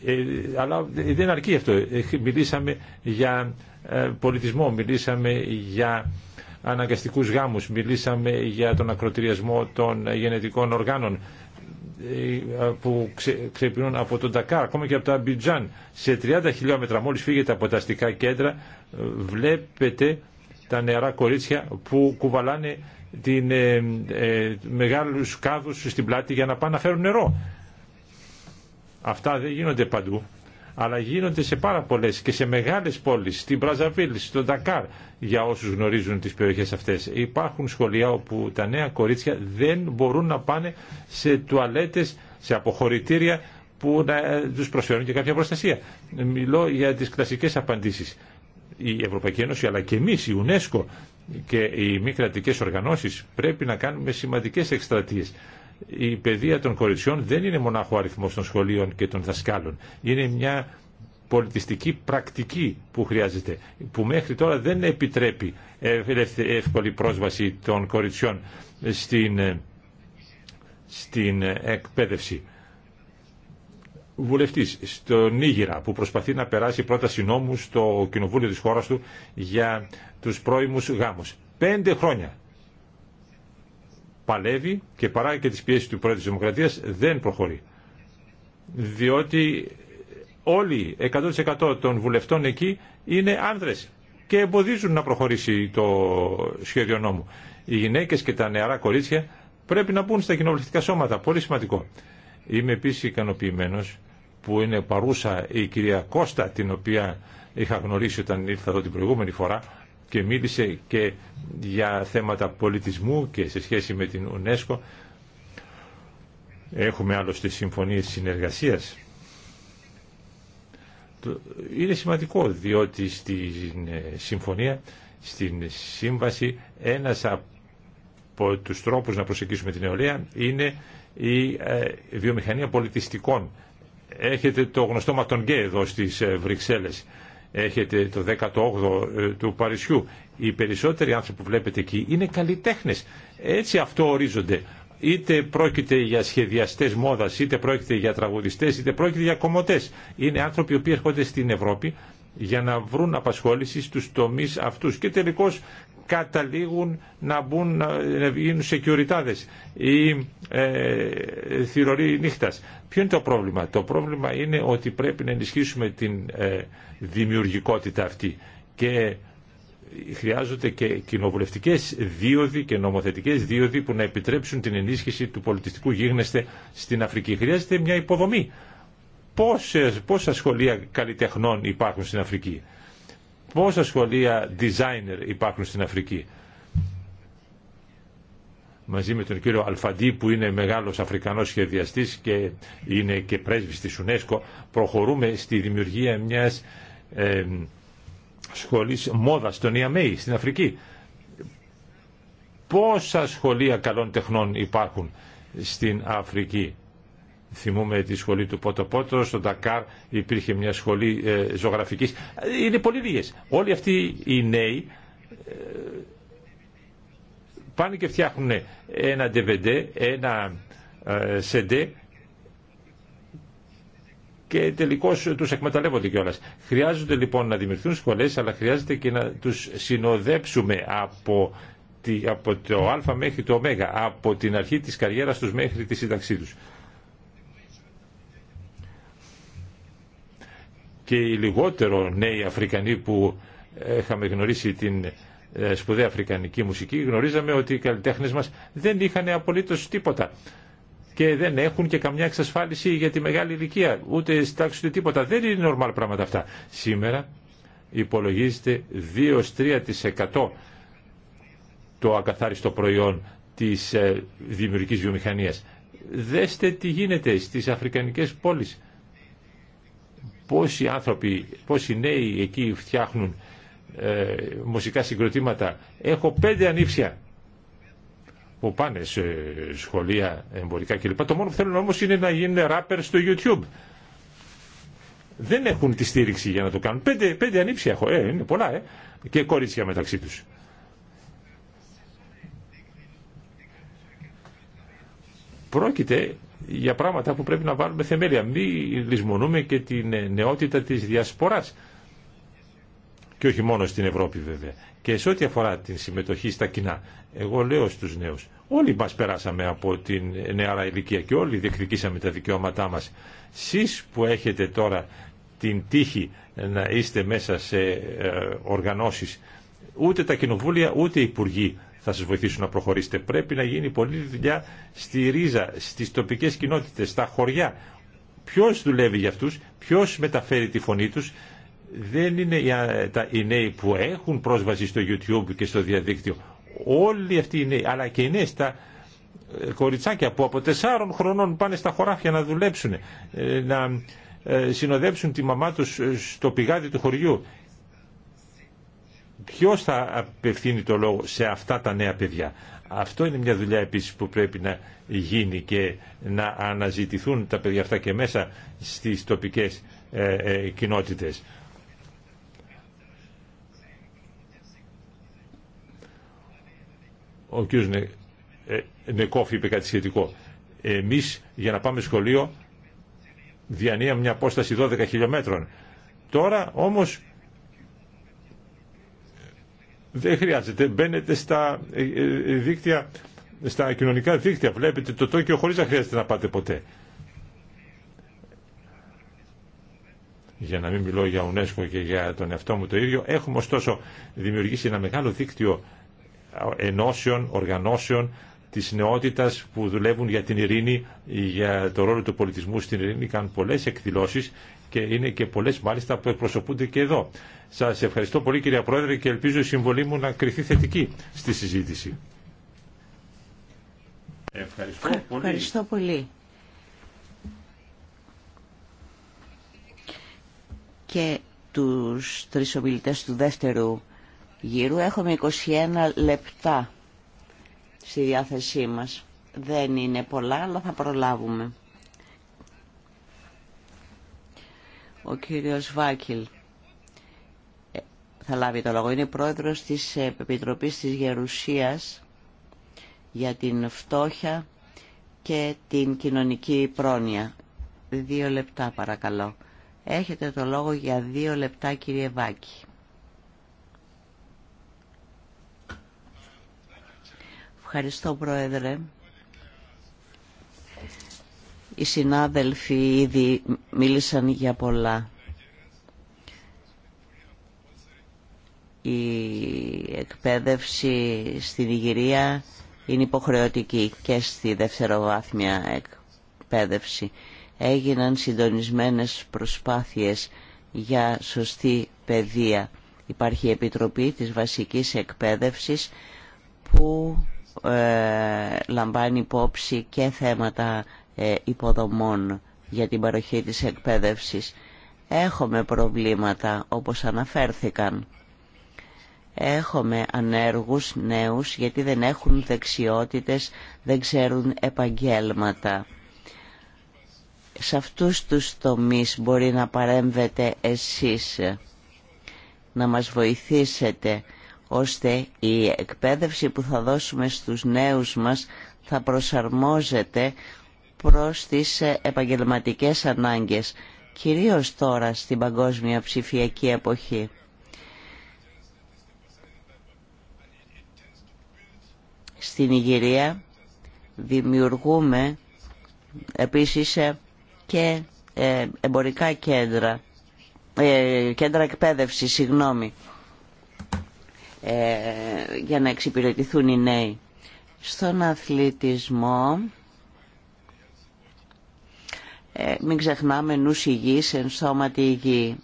Ε, αλλά ε, δεν αρκεί αυτό. Ε, μιλήσαμε για ε, πολιτισμό, μιλήσαμε για αναγκαστικούς γάμους, μιλήσαμε για τον ακροτηριασμό των γενετικών οργάνων που ξεπινούν από τον Τακάρ, ακόμα και από τα Αμπιτζάν. Σε 30 χιλιόμετρα μόλις φύγετε από τα αστικά κέντρα βλέπετε τα νεαρά κορίτσια που κουβαλάνε ε, ε, μεγάλους κάδους στην πλάτη για να πάνε να φέρουν νερό. Αυτά δεν γίνονται παντού, αλλά γίνονται σε πάρα πολλέ και σε μεγάλες πόλεις, στην Πραζαβίλη, στον Τακάρ για όσους γνωρίζουν τις περιοχές αυτές. Υπάρχουν σχολεία όπου τα νέα κορίτσια δεν μπορούν να πάνε σε τουαλέτες, σε αποχωρητήρια που να του προσφέρουν και κάποια προστασία. Μιλώ για τι κλασικές απαντήσει. Η Ευρωπαϊκή Ένωση αλλά και εμεί, η UNESCO, και οι μη κρατικέ οργανώσει πρέπει να κάνουμε σημαντικέ εκστρατείε. Η παιδεία των κοριτσιών δεν είναι μονάχο αριθμό των σχολείων και των δασκάλων. Είναι μια πολιτιστική πρακτική που χρειάζεται, που μέχρι τώρα δεν επιτρέπει εύκολη πρόσβαση των κοριτσιών στην, ε, στην εκπαίδευση. Βουλευτή στο Νίγηρα που προσπαθεί να περάσει πρόταση νόμου στο κοινοβούλιο τη χώρα του για τους πρώιμους γάμους. Πέντε χρόνια παλεύει και παρά και τις πιέσεις του Πρόεδρου της Δημοκρατίας δεν προχωρεί. Διότι όλοι 100% των βουλευτών εκεί είναι άνδρες και εμποδίζουν να προχωρήσει το σχέδιο νόμου. Οι γυναίκες και τα νεαρά κορίτσια πρέπει να μπουν στα κοινοβουλευτικά σώματα. Πολύ σημαντικό. Είμαι επίσης ικανοποιημένο που είναι παρούσα η κυρία Κώστα την οποία είχα γνωρίσει όταν ήρθα εδώ την προηγούμενη φορά και μίλησε και για θέματα πολιτισμού και σε σχέση με την UNESCO. Έχουμε άλλωστε συμφωνίες συνεργασίας. Είναι σημαντικό διότι στην ε, συμφωνία, στην σύμβαση, ένας από τους τρόπους να προσεγγίσουμε την νεολαία είναι η ε, βιομηχανία πολιτιστικών. Έχετε το γνωστό ματονγκέ εδώ στις ε, Βρυξέλλες έχετε το 18ο ε, του Παρισιού. Οι περισσότεροι άνθρωποι που βλέπετε εκεί είναι καλλιτέχνε. Έτσι αυτό ορίζονται. Είτε πρόκειται για σχεδιαστές μόδας, είτε πρόκειται για τραγουδιστές, είτε πρόκειται για κομμωτέ. Είναι άνθρωποι οι οποίοι έρχονται στην Ευρώπη για να βρουν απασχόληση στους τομείς αυτούς και τελικώς καταλήγουν να, μπουν, να γίνουν ή ε, θηροροί νύχτας. Ποιο είναι το πρόβλημα. Το πρόβλημα είναι ότι πρέπει να ενισχύσουμε την ε, δημιουργικότητα αυτή και χρειάζονται και κοινοβουλευτικές δίωδοι και νομοθετικές δίωδοι που να επιτρέψουν την ενίσχυση του πολιτιστικού γίγνεσθε στην Αφρική. Χρειάζεται μια υποδομή πόσες, πόσα σχολεία καλλιτεχνών υπάρχουν στην Αφρική, πόσα σχολεία designer υπάρχουν στην Αφρική. Μαζί με τον κύριο Αλφαντή που είναι μεγάλος Αφρικανός σχεδιαστής και είναι και πρέσβης της UNESCO προχωρούμε στη δημιουργία μιας ε, σχολής μόδας στον Ιαμέη στην Αφρική. Πόσα σχολεία καλών τεχνών υπάρχουν στην Αφρική Θυμούμε τη σχολή του Πότο Πότο, στο Ντακάρ υπήρχε μια σχολή ε, ζωγραφικής. Είναι πολύ λίγες. Όλοι αυτοί οι νέοι ε, πάνε και φτιάχνουν ένα DVD, ένα CD ε, και τελικώ του εκμεταλλεύονται κιόλα. Χρειάζονται λοιπόν να δημιουργηθούν σχολέ, αλλά χρειάζεται και να του συνοδέψουμε από, από το Α μέχρι το Ω, από την αρχή τη καριέρα του μέχρι τη σύνταξή του. και οι λιγότερο νέοι Αφρικανοί που ε, είχαμε γνωρίσει την ε, σπουδαία αφρικανική μουσική γνωρίζαμε ότι οι καλλιτέχνες μας δεν είχαν απολύτως τίποτα και δεν έχουν και καμιά εξασφάλιση για τη μεγάλη ηλικία, ούτε στάξουν τίποτα. Δεν είναι νορμάλ πράγματα αυτά. Σήμερα υπολογίζεται 2-3% το ακαθάριστο προϊόν της ε, δημιουργικής βιομηχανίας. Δέστε τι γίνεται στις αφρικανικές πόλεις πόσοι άνθρωποι, πόσοι νέοι εκεί φτιάχνουν ε, μουσικά συγκροτήματα. Έχω πέντε ανήψια που πάνε σε σχολεία εμπορικά κλπ. Το μόνο που θέλουν όμως είναι να γίνουν ράπερ στο YouTube. Δεν έχουν τη στήριξη για να το κάνουν. Πέντε, πέντε ανήψια έχω. Ε, είναι πολλά, ε. Και κορίτσια μεταξύ τους. Πρόκειται για πράγματα που πρέπει να βάλουμε θεμέλια. Μη λησμονούμε και την νεότητα της διασποράς. Και όχι μόνο στην Ευρώπη βέβαια. Και σε ό,τι αφορά την συμμετοχή στα κοινά, εγώ λέω στους νέους, όλοι μας περάσαμε από την νεαρά ηλικία και όλοι διεκδικήσαμε τα δικαιώματά μας. Σεις που έχετε τώρα την τύχη να είστε μέσα σε ε, οργανώσεις, ούτε τα κοινοβούλια ούτε οι υπουργοί θα σας βοηθήσουν να προχωρήσετε. Πρέπει να γίνει πολλή δουλειά στη ρίζα, στις τοπικές κοινότητες, στα χωριά. Ποιος δουλεύει για αυτούς, ποιος μεταφέρει τη φωνή τους. Δεν είναι οι νέοι που έχουν πρόσβαση στο YouTube και στο διαδίκτυο. Όλοι αυτοί οι νέοι, αλλά και οι νέε στα ε, κοριτσάκια που από τεσσάρων χρονών πάνε στα χωράφια να δουλέψουν, ε, να ε, συνοδέψουν τη μαμά τους στο πηγάδι του χωριού Ποιο θα απευθύνει το λόγο σε αυτά τα νέα παιδιά. Αυτό είναι μια δουλειά επίση που πρέπει να γίνει και να αναζητηθούν τα παιδιά αυτά και μέσα στι τοπικέ ε, ε, κοινότητες. Ο κ. Νε, ε, Νεκόφ είπε κάτι σχετικό. Εμείς για να πάμε σχολείο διανύαμε μια απόσταση 12 χιλιόμετρων. Τώρα όμως δεν χρειάζεται. Μπαίνετε στα, ε, ε, δίκτυα, στα κοινωνικά δίκτυα. Βλέπετε το Τόκιο χωρίς να χρειάζεται να πάτε ποτέ. για να μην μιλώ για UNESCO και για τον εαυτό μου το ίδιο, έχουμε ωστόσο δημιουργήσει ένα μεγάλο δίκτυο ενώσεων, οργανώσεων της νεότητας που δουλεύουν για την ειρήνη, για το ρόλο του πολιτισμού στην ειρήνη, κάνουν πολλές εκδηλώσεις και είναι και πολλές μάλιστα που εκπροσωπούνται και εδώ. Σας ευχαριστώ πολύ κυρία Πρόεδρε και ελπίζω η συμβολή μου να κρυθεί θετική στη συζήτηση. Ευχαριστώ πολύ. Ευχαριστώ πολύ. Και τους τρεις ομιλητές του δεύτερου γύρου έχουμε 21 λεπτά στη διάθεσή μας. Δεν είναι πολλά, αλλά θα προλάβουμε. Ο κύριος Βάκηλ ε, θα λάβει το λόγο. Είναι πρόεδρος της Επιτροπής της Γερουσίας για την φτώχεια και την κοινωνική πρόνοια. Δύο λεπτά παρακαλώ. Έχετε το λόγο για δύο λεπτά κύριε Βάκη. Ευχαριστώ Πρόεδρε. Οι συνάδελφοι ήδη μίλησαν για πολλά. Η εκπαίδευση στην Ιγυρία είναι υποχρεωτική και στη δευτεροβάθμια εκπαίδευση. Έγιναν συντονισμένες προσπάθειες για σωστή παιδεία. Υπάρχει η Επιτροπή της Βασικής Εκπαίδευσης που ε, λαμβάνει υπόψη και θέματα ε, υποδομών για την παροχή της εκπαίδευσης. Έχουμε προβλήματα όπως αναφέρθηκαν. Έχουμε ανέργους νέους γιατί δεν έχουν δεξιότητες, δεν ξέρουν επαγγέλματα. Σε αυτούς τους τομείς μπορεί να παρέμβετε εσείς, να μας βοηθήσετε, ώστε η εκπαίδευση που θα δώσουμε στους νέους μας θα προσαρμόζεται προς τις επαγγελματικές ανάγκες, κυρίως τώρα στην παγκόσμια ψηφιακή εποχή. Στην Ιγυρία δημιουργούμε επίσης ε, και ε, εμπορικά κέντρα, ε, κέντρα εκπαίδευση, συγγνώμη, για να εξυπηρετηθούν οι νέοι. Στον αθλητισμό ε, μην ξεχνάμε νους υγιής εν σώματι υγιή.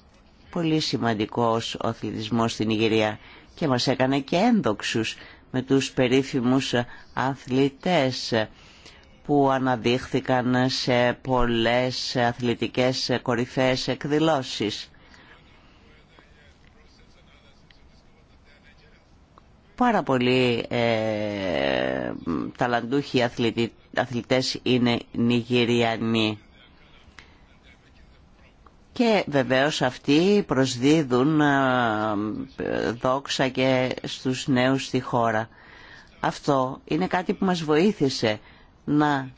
Πολύ σημαντικός ο αθλητισμός στην Ιγυρία και μας έκανε και ένδοξους με τους περίφημους αθλητές που αναδείχθηκαν σε πολλές αθλητικές κορυφές εκδηλώσεις. Πάρα πολλοί ε, ταλαντούχοι αθλητές είναι Νιγηριανοί και βεβαίως αυτοί προσδίδουν δόξα και στους νέους στη χώρα. Αυτό είναι κάτι που μας βοήθησε να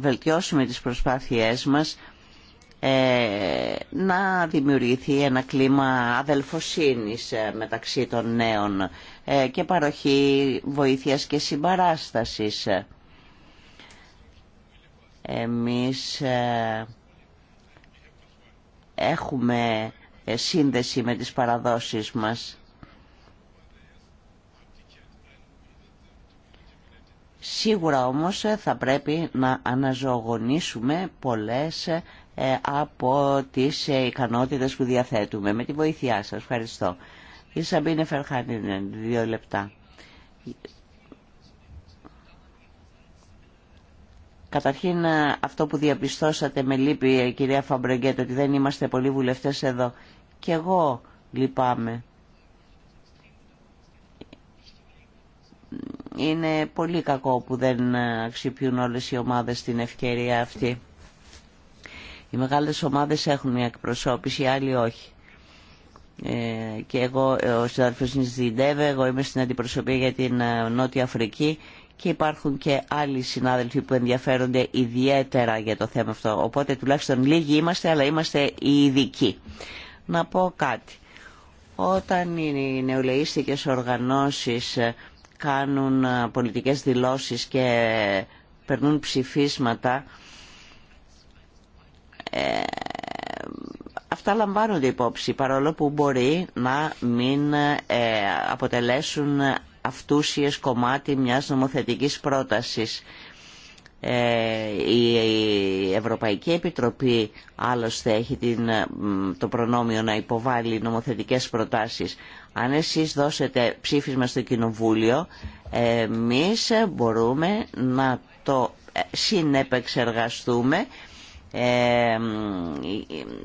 βελτιώσουμε τις προσπάθειές μας ε, να δημιουργηθεί ένα κλίμα αδελφοσύνης ε, μεταξύ των νέων ε, και παροχή βοήθειας και συμπαράστασης. Εμείς έχουμε ε, σύνδεση με τις παραδόσεις μας. Σίγουρα όμως ε, θα πρέπει να αναζωογονήσουμε πολλές ε, από τις ικανότητες που διαθέτουμε. Με τη βοήθειά σας. Ευχαριστώ. Η Σαμπίνε Φερχάνη, δύο λεπτά. Καταρχήν ε, αυτό που διαπιστώσατε με λύπη ε, κυρία Φαμπρεγκέτ ότι δεν είμαστε πολλοί βουλευτές εδώ. Και εγώ λυπάμαι. Είναι πολύ κακό που δεν ε, αξιοποιούν όλες οι ομάδες την ευκαιρία αυτή. Οι μεγάλες ομάδες έχουν μια εκπροσώπηση, οι άλλοι όχι. Ε, και εγώ, ο συνάδελφος Νιζιντεύε, εγώ είμαι στην αντιπροσωπεία για την Νότια Αφρική και υπάρχουν και άλλοι συνάδελφοι που ενδιαφέρονται ιδιαίτερα για το θέμα αυτό. Οπότε τουλάχιστον λίγοι είμαστε, αλλά είμαστε οι ειδικοί. Να πω κάτι. Όταν οι νεολαίστικες οργανώσεις κάνουν ε, πολιτικές δηλώσεις και περνούν ψηφίσματα, ε, αυτά λαμβάνονται υπόψη παρόλο που μπορεί να μην ε, αποτελέσουν αυτούσιες κομμάτι μιας νομοθετικής πρότασης. Ε, η Ευρωπαϊκή Επιτροπή άλλωστε έχει την, το προνόμιο να υποβάλει νομοθετικές προτάσεις. Αν εσείς δώσετε ψήφισμα στο Κοινοβούλιο, εμείς μπορούμε να το ε, συνεπεξεργαστούμε ε,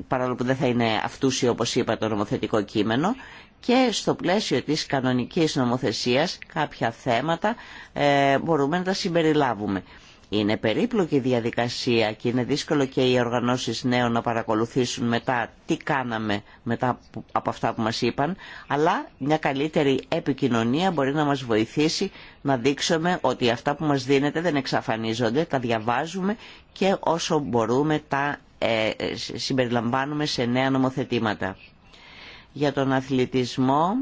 παρόλο που δεν θα είναι αυτούσιο όπως είπα το νομοθετικό κείμενο και στο πλαίσιο της κανονικής νομοθεσίας κάποια θέματα ε, μπορούμε να τα συμπεριλάβουμε. Είναι περίπλοκη διαδικασία και είναι δύσκολο και οι οργανώσεις νέων να παρακολουθήσουν μετά τι κάναμε μετά από αυτά που μας είπαν, αλλά μια καλύτερη επικοινωνία μπορεί να μας βοηθήσει να δείξουμε ότι αυτά που μας δίνεται δεν εξαφανίζονται, τα διαβάζουμε και όσο μπορούμε τα ε, ε, συμπεριλαμβάνουμε σε νέα νομοθετήματα για τον αθλητισμό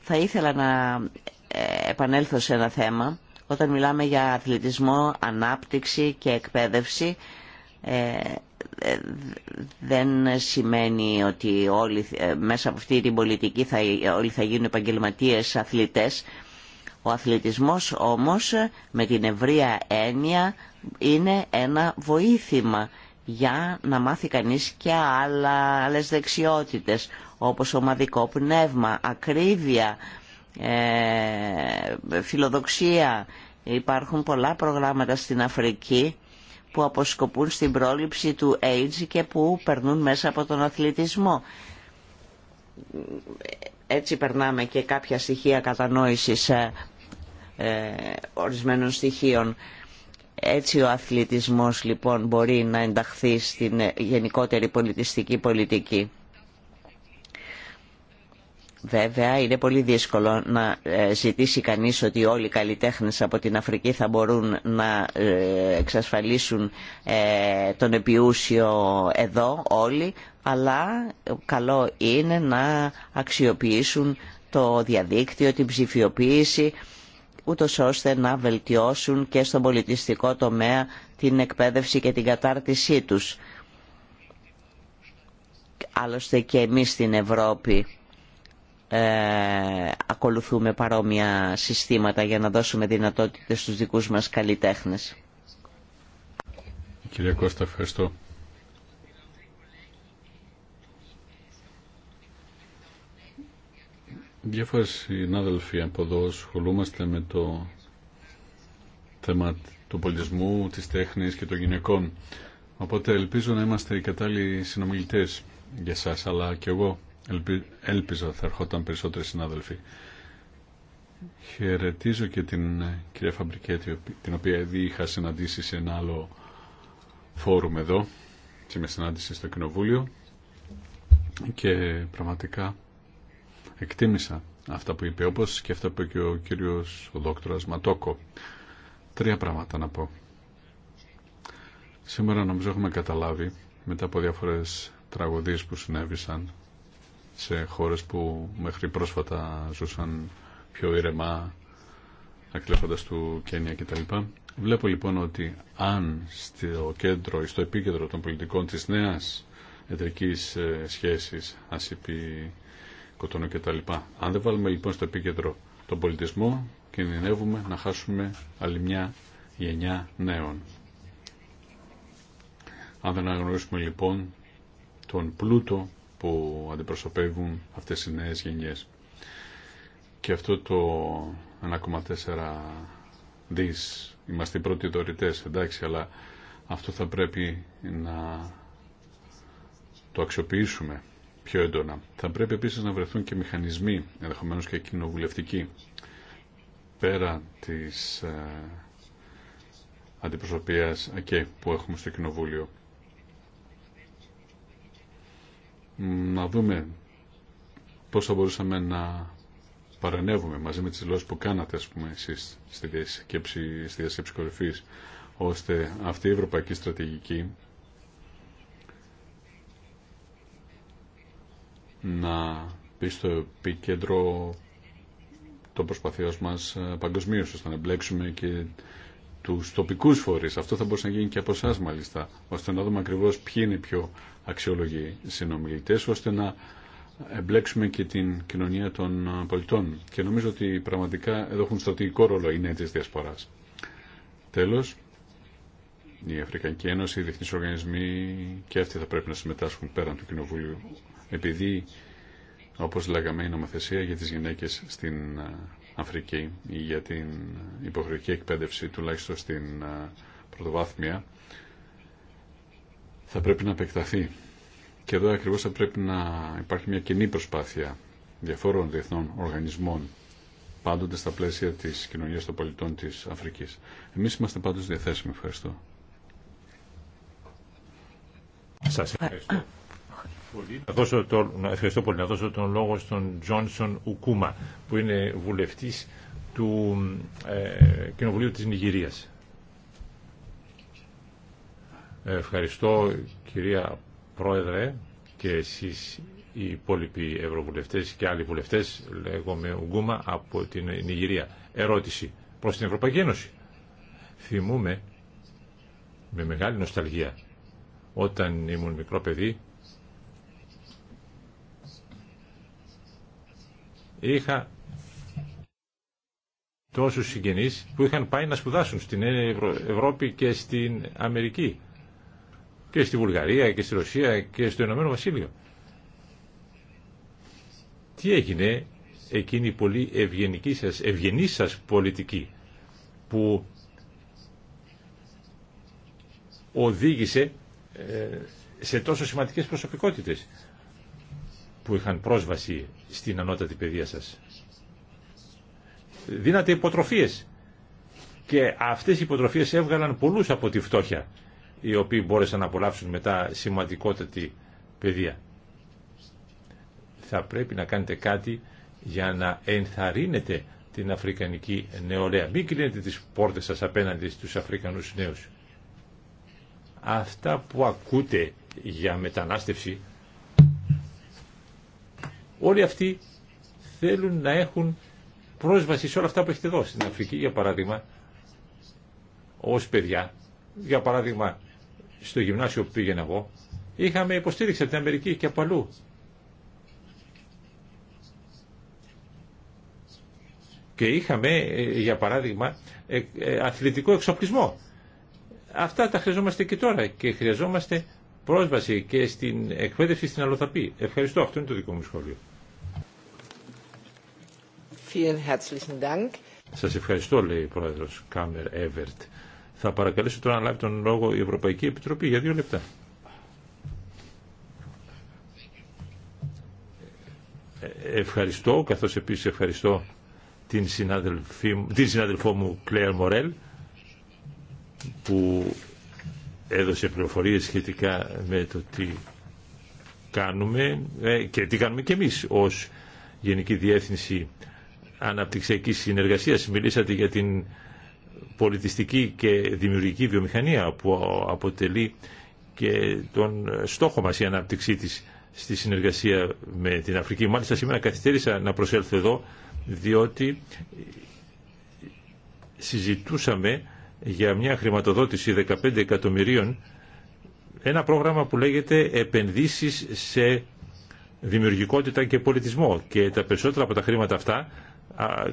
θα ήθελα να ε, επανέλθω σε ένα θέμα. Όταν μιλάμε για αθλητισμό, ανάπτυξη και εκπαίδευση ε, ε, δεν σημαίνει ότι όλοι μέσα από αυτή την πολιτική θα, όλοι θα γίνουν επαγγελματίες αθλητές. Ο αθλητισμός όμως με την ευρεία έννοια είναι ένα βοήθημα για να μάθει κανείς και άλλα, άλλες δεξιότητες όπως ομαδικό πνεύμα, ακρίβεια, ε, φιλοδοξία. Υπάρχουν πολλά προγράμματα στην Αφρική που αποσκοπούν στην πρόληψη του AIDS και που περνούν μέσα από τον αθλητισμό. Έτσι περνάμε και κάποια στοιχεία κατανόησης ε, ε ορισμένων στοιχείων. Έτσι ο αθλητισμός λοιπόν μπορεί να ενταχθεί στην γενικότερη πολιτιστική πολιτική. Βέβαια είναι πολύ δύσκολο να ε, ζητήσει κανείς ότι όλοι οι καλλιτέχνες από την Αφρική θα μπορούν να ε, εξασφαλίσουν ε, τον επιούσιο εδώ όλοι, αλλά καλό είναι να αξιοποιήσουν το διαδίκτυο, την ψηφιοποίηση ούτως ώστε να βελτιώσουν και στον πολιτιστικό τομέα την εκπαίδευση και την κατάρτισή τους. Άλλωστε και εμείς στην Ευρώπη ε, ακολουθούμε παρόμοια συστήματα για να δώσουμε δυνατότητες στους δικούς μας καλλιτέχνες. Κυρία Κώστα, ευχαριστώ. Διάφοροι συνάδελφοι από εδώ ασχολούμαστε με το θέμα του πολιτισμού, της τέχνης και των γυναικών. Οπότε ελπίζω να είμαστε οι κατάλληλοι συνομιλητές για σας, αλλά και εγώ έλπιζα θα ερχόταν περισσότεροι συνάδελφοι. Χαιρετίζω και την κυρία Φαμπρικέτη, την οποία ήδη είχα συναντήσει σε ένα άλλο φόρουμ εδώ, και με συνάντηση στο Κοινοβούλιο και πραγματικά Εκτίμησα αυτά που είπε, όπως και αυτά που είπε και ο κύριος ο δόκτωρας Ματόκο. Τρία πράγματα να πω. Σήμερα νομίζω έχουμε καταλάβει, μετά από διάφορες τραγωδίες που συνέβησαν σε χώρες που μέχρι πρόσφατα ζούσαν πιο ήρεμα, ακλέφοντας του Κένια κτλ. Βλέπω λοιπόν ότι αν στο κέντρο ή στο επίκεντρο των πολιτικών της νέας εταιρικής ε, σχέσης είπε κτλ. Αν δεν βάλουμε λοιπόν στο επίκεντρο τον πολιτισμό, κινδυνεύουμε να χάσουμε άλλη μια γενιά νέων. Αν δεν αναγνωρίσουμε λοιπόν τον πλούτο που αντιπροσωπεύουν αυτές οι νέες γενιές. Και αυτό το 1,4 δις, είμαστε οι πρώτοι δωρητές, εντάξει, αλλά αυτό θα πρέπει να το αξιοποιήσουμε πιο έντονα. Θα πρέπει επίσης να βρεθούν και μηχανισμοί, ενδεχομένως και κοινοβουλευτικοί, πέρα της ε, αντιπροσωπείας ΑΚΕ που έχουμε στο Κοινοβούλιο. Να δούμε πώς θα μπορούσαμε να παρενεύουμε μαζί με τις δηλώσει που κάνατε, ας πούμε, εσείς στη διασκέψη, στη διασκέψη κορυφής, ώστε αυτή η ευρωπαϊκή στρατηγική να πει στο επίκεντρο των προσπαθείο μας ε, παγκοσμίω ώστε να εμπλέξουμε και του τοπικού φορεί. Αυτό θα μπορούσε να γίνει και από εσά μάλιστα, ώστε να δούμε ακριβώ ποιοι είναι οι πιο αξιόλογοι συνομιλητέ, ώστε να εμπλέξουμε και την κοινωνία των ε, πολιτών. Και νομίζω ότι πραγματικά εδώ έχουν στρατηγικό ρόλο οι νέοι τη διασπορά. Τέλο, η Αφρικανική Ένωση, οι διεθνεί οργανισμοί και αυτοί θα πρέπει να συμμετάσχουν πέραν του Κοινοβουλίου επειδή, όπως λέγαμε, η νομοθεσία για τις γυναίκες στην ε, Αφρική ή για την υποχρεωτική εκπαίδευση, τουλάχιστον στην ε, πρωτοβάθμια, θα πρέπει να επεκταθεί. Και εδώ ακριβώς θα πρέπει να υπάρχει μια κοινή προσπάθεια διαφόρων διεθνών οργανισμών πάντοτε στα πλαίσια της κοινωνίας των πολιτών της Αφρικής. Εμείς είμαστε πάντως διαθέσιμοι. Ευχαριστώ. Σας ευχαριστώ να δώσω ευχαριστώ πολύ να δώσω τον λόγο στον Τζόνσον Ουκούμα που είναι βουλευτής του ε, Κοινοβουλίου της Νιγηρίας. Ευχαριστώ κυρία Πρόεδρε και εσείς οι υπόλοιποι ευρωβουλευτές και άλλοι βουλευτές λέγομαι Ουγκούμα από την Νιγηρία. Ερώτηση προς την Ευρωπαϊκή Ένωση. Θυμούμε με μεγάλη νοσταλγία όταν ήμουν μικρό παιδί είχα τόσους συγγενείς που είχαν πάει να σπουδάσουν στην Ευρώπη και στην Αμερική και στη Βουλγαρία και στη Ρωσία και στο Ηνωμένο Βασίλειο. Τι έγινε εκείνη η πολύ ευγενική σας, ευγενή σας πολιτική που οδήγησε ε, σε τόσο σημαντικές προσωπικότητες που είχαν πρόσβαση στην ανώτατη παιδεία σας. Δίνατε υποτροφίες και αυτές οι υποτροφίες έβγαλαν πολλούς από τη φτώχεια οι οποίοι μπόρεσαν να απολαύσουν μετά σημαντικότατη παιδεία. Θα πρέπει να κάνετε κάτι για να ενθαρρύνετε την αφρικανική νεολαία. Μην κλείνετε τις πόρτες σας απέναντι στους Αφρικανούς νέους. Αυτά που ακούτε για μετανάστευση Όλοι αυτοί θέλουν να έχουν πρόσβαση σε όλα αυτά που έχετε δώσει στην Αφρική, για παράδειγμα, ως παιδιά. Για παράδειγμα, στο γυμνάσιο που πήγαινα εγώ, είχαμε υποστήριξη από την Αμερική και από αλλού. Και είχαμε, ε, για παράδειγμα, ε, ε, αθλητικό εξοπλισμό. Αυτά τα χρειαζόμαστε και τώρα και χρειαζόμαστε πρόσβαση και στην εκπαίδευση στην Αλοθαπή. Ευχαριστώ. Αυτό είναι το δικό μου σχόλιο. Σας ευχαριστώ, λέει η Πρόεδρος Κάμερ Εύερτ. Θα παρακαλέσω τώρα να λάβει τον λόγο η Ευρωπαϊκή Επιτροπή για δύο λεπτά. Ε, ευχαριστώ, καθώς επίσης ευχαριστώ την, την συναδελφό μου Κλέαρ Μορέλ που έδωσε πληροφορίες σχετικά με το τι κάνουμε ε, και τι κάνουμε και εμείς ως Γενική Διεύθυνση Αναπτυξιακή συνεργασία Μιλήσατε για την πολιτιστική και δημιουργική βιομηχανία που αποτελεί και τον στόχο μας η ανάπτυξή της στη συνεργασία με την Αφρική. Μάλιστα σήμερα καθυστέρησα να προσέλθω εδώ διότι συζητούσαμε για μια χρηματοδότηση 15 εκατομμυρίων ένα πρόγραμμα που λέγεται επενδύσεις σε δημιουργικότητα και πολιτισμό και τα περισσότερα από τα χρήματα αυτά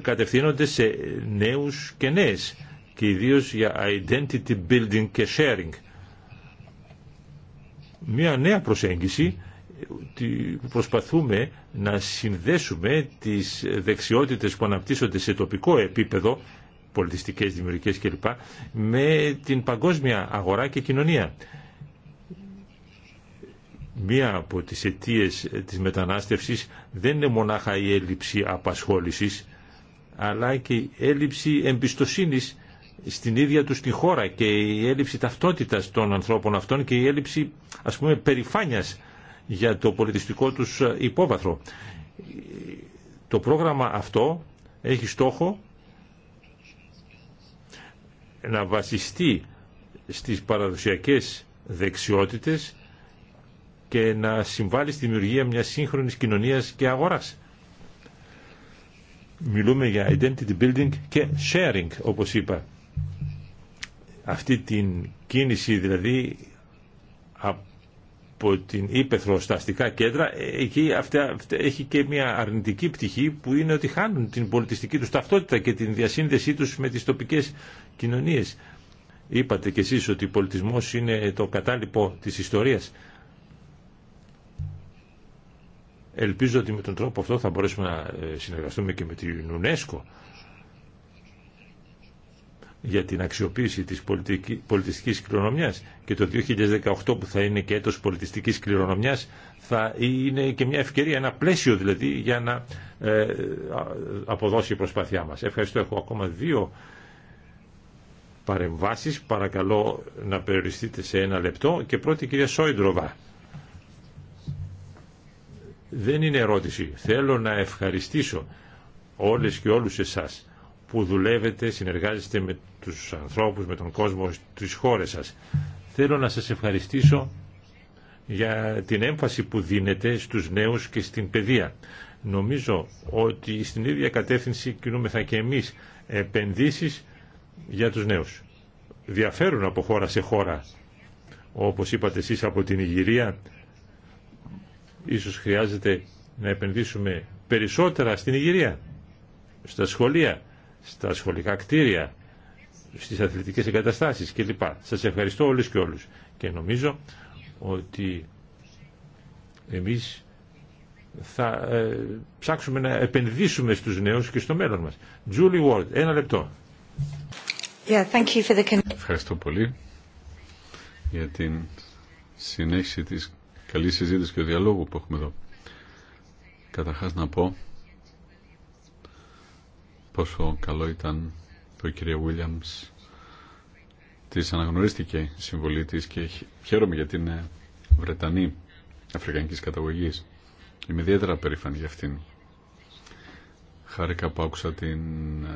κατευθύνονται σε νέους και νέες και ιδίως για identity building και sharing. Μια νέα προσέγγιση που προσπαθούμε να συνδέσουμε τις δεξιότητες που αναπτύσσονται σε τοπικό επίπεδο, πολιτιστικές, δημιουργικές κλπ, με την παγκόσμια αγορά και κοινωνία. Μία από τις αιτίες της μετανάστευσης δεν είναι μονάχα η έλλειψη απασχόλησης, αλλά και η έλλειψη εμπιστοσύνης στην ίδια του τη χώρα και η έλλειψη ταυτότητας των ανθρώπων αυτών και η έλλειψη ας πούμε περηφάνειας για το πολιτιστικό τους υπόβαθρο. Το πρόγραμμα αυτό έχει στόχο να βασιστεί στις παραδοσιακές δεξιότητες και να συμβάλλει στη δημιουργία μιας σύγχρονης κοινωνίας και αγοράς μιλούμε για identity building και sharing όπως είπα αυτή την κίνηση δηλαδή από την ύπεθρο στα αστικά κέντρα εκεί έχει και μια αρνητική πτυχή που είναι ότι χάνουν την πολιτιστική τους ταυτότητα και την διασύνδεσή τους με τις τοπικές κοινωνίες είπατε κι εσείς ότι ο πολιτισμός είναι το κατάλοιπο της ιστορίας Ελπίζω ότι με τον τρόπο αυτό θα μπορέσουμε να ε, συνεργαστούμε και με την UNESCO για την αξιοποίηση της πολιτιστικής κληρονομιάς και το 2018 που θα είναι και έτος πολιτιστικής κληρονομιάς θα είναι και μια ευκαιρία, ένα πλαίσιο δηλαδή για να ε, αποδώσει η προσπάθειά μας. Ευχαριστώ. Έχω ακόμα δύο παρεμβάσεις. Παρακαλώ να περιοριστείτε σε ένα λεπτό και πρώτη κυρία Σόιντροβα. Δεν είναι ερώτηση. Θέλω να ευχαριστήσω όλες και όλους εσάς που δουλεύετε, συνεργάζεστε με τους ανθρώπους, με τον κόσμο τις χώρες σας. Θέλω να σας ευχαριστήσω για την έμφαση που δίνετε στους νέους και στην παιδεία. Νομίζω ότι στην ίδια κατεύθυνση κινούμεθα και εμείς επενδύσεις για τους νέους. Διαφέρουν από χώρα σε χώρα. Όπως είπατε εσείς από την Ιγυρία Ίσως χρειάζεται να επενδύσουμε περισσότερα στην υγεία, στα σχολεία, στα σχολικά κτίρια, στις αθλητικές εγκαταστάσεις κλπ. Σας ευχαριστώ όλους και όλους. Και νομίζω ότι εμείς θα ε, ψάξουμε να επενδύσουμε στους νέους και στο μέλλον μας. Julie Ward, ένα λεπτό. Yeah, thank you for the... Ευχαριστώ πολύ για την συνέχιση της καλή συζήτηση και ο διαλόγο που έχουμε εδώ. Καταρχάς να πω πόσο καλό ήταν το η κυρία Williams της αναγνωρίστηκε η συμβολή και χαίρομαι γιατί είναι Βρετανή αφρικανικής καταγωγής. Είμαι ιδιαίτερα περήφανη για αυτήν. Χάρηκα που άκουσα την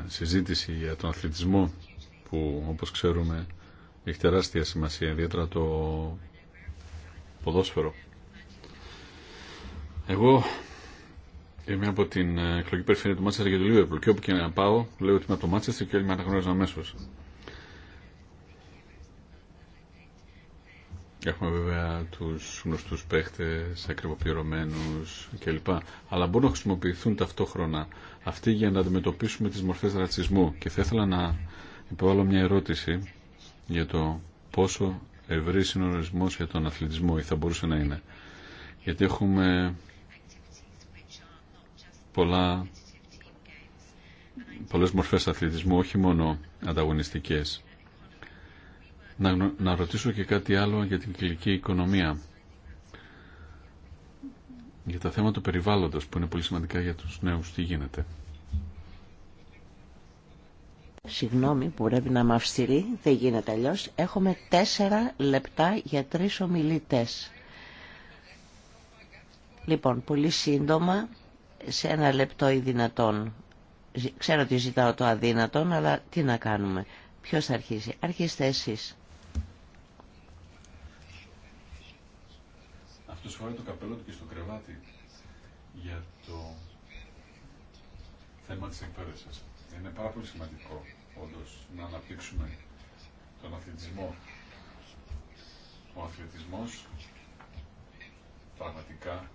συζήτηση για τον αθλητισμό που όπως ξέρουμε έχει τεράστια σημασία, ιδιαίτερα το ποδόσφαιρο. Εγώ είμαι από την ε, εκλογική περιφέρεια του Μάτσεστερ και του Λίβερπουλ και όπου και να πάω λέω ότι είμαι από το Μάτσεστερ και όλοι με αναγνώριζαν αμέσω. Έχουμε βέβαια του γνωστού παίχτε, ακριβοπληρωμένου κλπ. Αλλά μπορούν να χρησιμοποιηθούν ταυτόχρονα αυτοί για να αντιμετωπίσουμε τι μορφέ ρατσισμού. Και θα ήθελα να υποβάλω μια ερώτηση για το πόσο ευρύ είναι ο για τον αθλητισμό ή θα μπορούσε να είναι. Γιατί έχουμε πολλά, πολλές μορφές αθλητισμού, όχι μόνο ανταγωνιστικές. Να, να ρωτήσω και κάτι άλλο για την κυκλική οικονομία. Για τα θέματα του περιβάλλοντος που είναι πολύ σημαντικά για τους νέους. Τι γίνεται. Συγγνώμη που πρέπει να είμαι αυστηρή, δεν γίνεται αλλιώ. Έχουμε τέσσερα λεπτά για τρεις ομιλητές. Λοιπόν, πολύ σύντομα σε ένα λεπτό ή δυνατόν. Ξέρω ότι ζητάω το αδύνατον, αλλά τι να κάνουμε. Ποιος θα αρχίσει. Αρχίστε εσείς. Αυτός φοράει το καπέλο του και στο κρεβάτι για το θέμα της εκπαίδευσης. Είναι πάρα πολύ σημαντικό, όντως, να αναπτύξουμε τον αθλητισμό. Ο αθλητισμός πραγματικά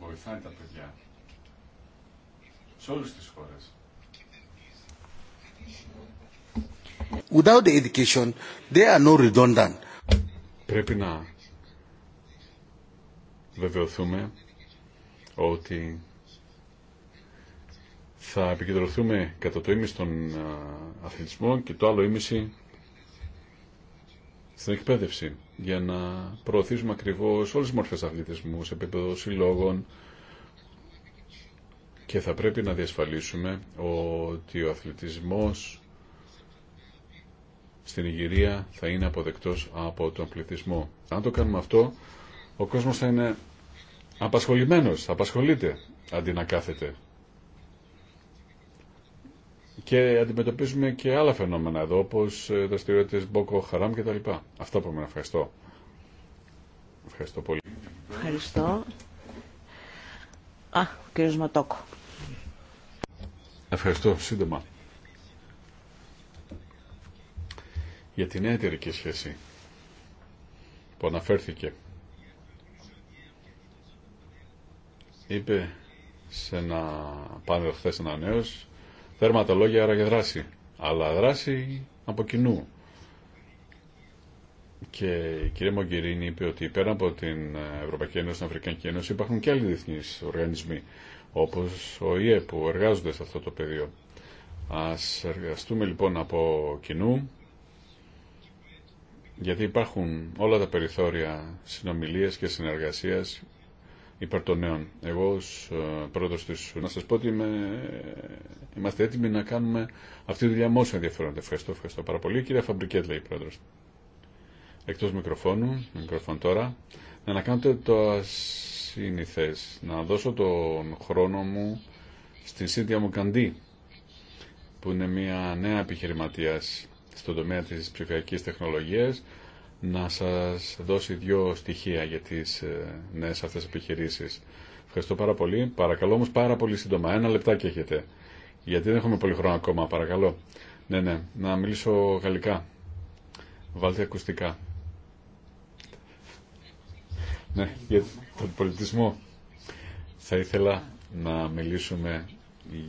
βοηθάει τα παιδιά σε όλες τις χώρες. Without education, they are no redundant. Πρέπει να βεβαιωθούμε ότι θα επικεντρωθούμε κατά το ίμιση των αθλητισμών και το άλλο ίμιση στην εκπαίδευση για να προωθήσουμε ακριβώς όλες τις μορφές αθλητισμού σε επίπεδο συλλόγων και θα πρέπει να διασφαλίσουμε ότι ο αθλητισμός στην Ιγυρία θα είναι αποδεκτός από τον πληθυσμό. Αν το κάνουμε αυτό, ο κόσμος θα είναι απασχολημένος, θα απασχολείται αντί να κάθεται. Και αντιμετωπίζουμε και άλλα φαινόμενα εδώ, όπως ε, δραστηριότητε Μπόκο Χαράμ και τα λοιπά. Αυτά που με ευχαριστώ. Ευχαριστώ πολύ. Ευχαριστώ. Α, ο κύριος Ματόκο. Ευχαριστώ, σύντομα. Για την νέα εταιρική σχέση που αναφέρθηκε. Είπε σε ένα πάνελ χθε ένα νέος Θερματολόγια άρα και δράση. Αλλά δράση από κοινού. Και η κυρία Μογκυρίνη είπε ότι πέρα από την Ευρωπαϊκή Ένωση, την Αφρικανική Ένωση υπάρχουν και άλλοι διεθνεί οργανισμοί όπως ο ΙΕ που εργάζονται σε αυτό το πεδίο. Ας εργαστούμε λοιπόν από κοινού γιατί υπάρχουν όλα τα περιθώρια συνομιλίας και συνεργασίας υπέρ των νέων. Εγώ ως ε, πρόεδρος της να σας πω ότι είμαι... είμαστε έτοιμοι να κάνουμε αυτή τη δουλειά με όσο ενδιαφέρονται. Ευχαριστώ, ευχαριστώ πάρα πολύ. Κύριε Φαμπρικέτ, λέει πρόεδρος. Εκτός μικροφώνου, μικροφών τώρα, να ανακάνετε το ασύνηθες, να δώσω τον χρόνο μου στην Σίντια Μουκαντή, που είναι μια νέα επιχειρηματίας στον τομέα της ψηφιακής τεχνολογίας, να σας δώσει δύο στοιχεία για τις ε, νέες αυτές επιχειρήσεις. Ευχαριστώ πάρα πολύ. Παρακαλώ όμως πάρα πολύ σύντομα. Ένα λεπτάκι έχετε. Γιατί δεν έχουμε πολύ χρόνο ακόμα. Παρακαλώ. Ναι, ναι. Να μιλήσω γαλλικά. Βάλτε ακουστικά. Ναι, για τον πολιτισμό. Θα ήθελα να μιλήσουμε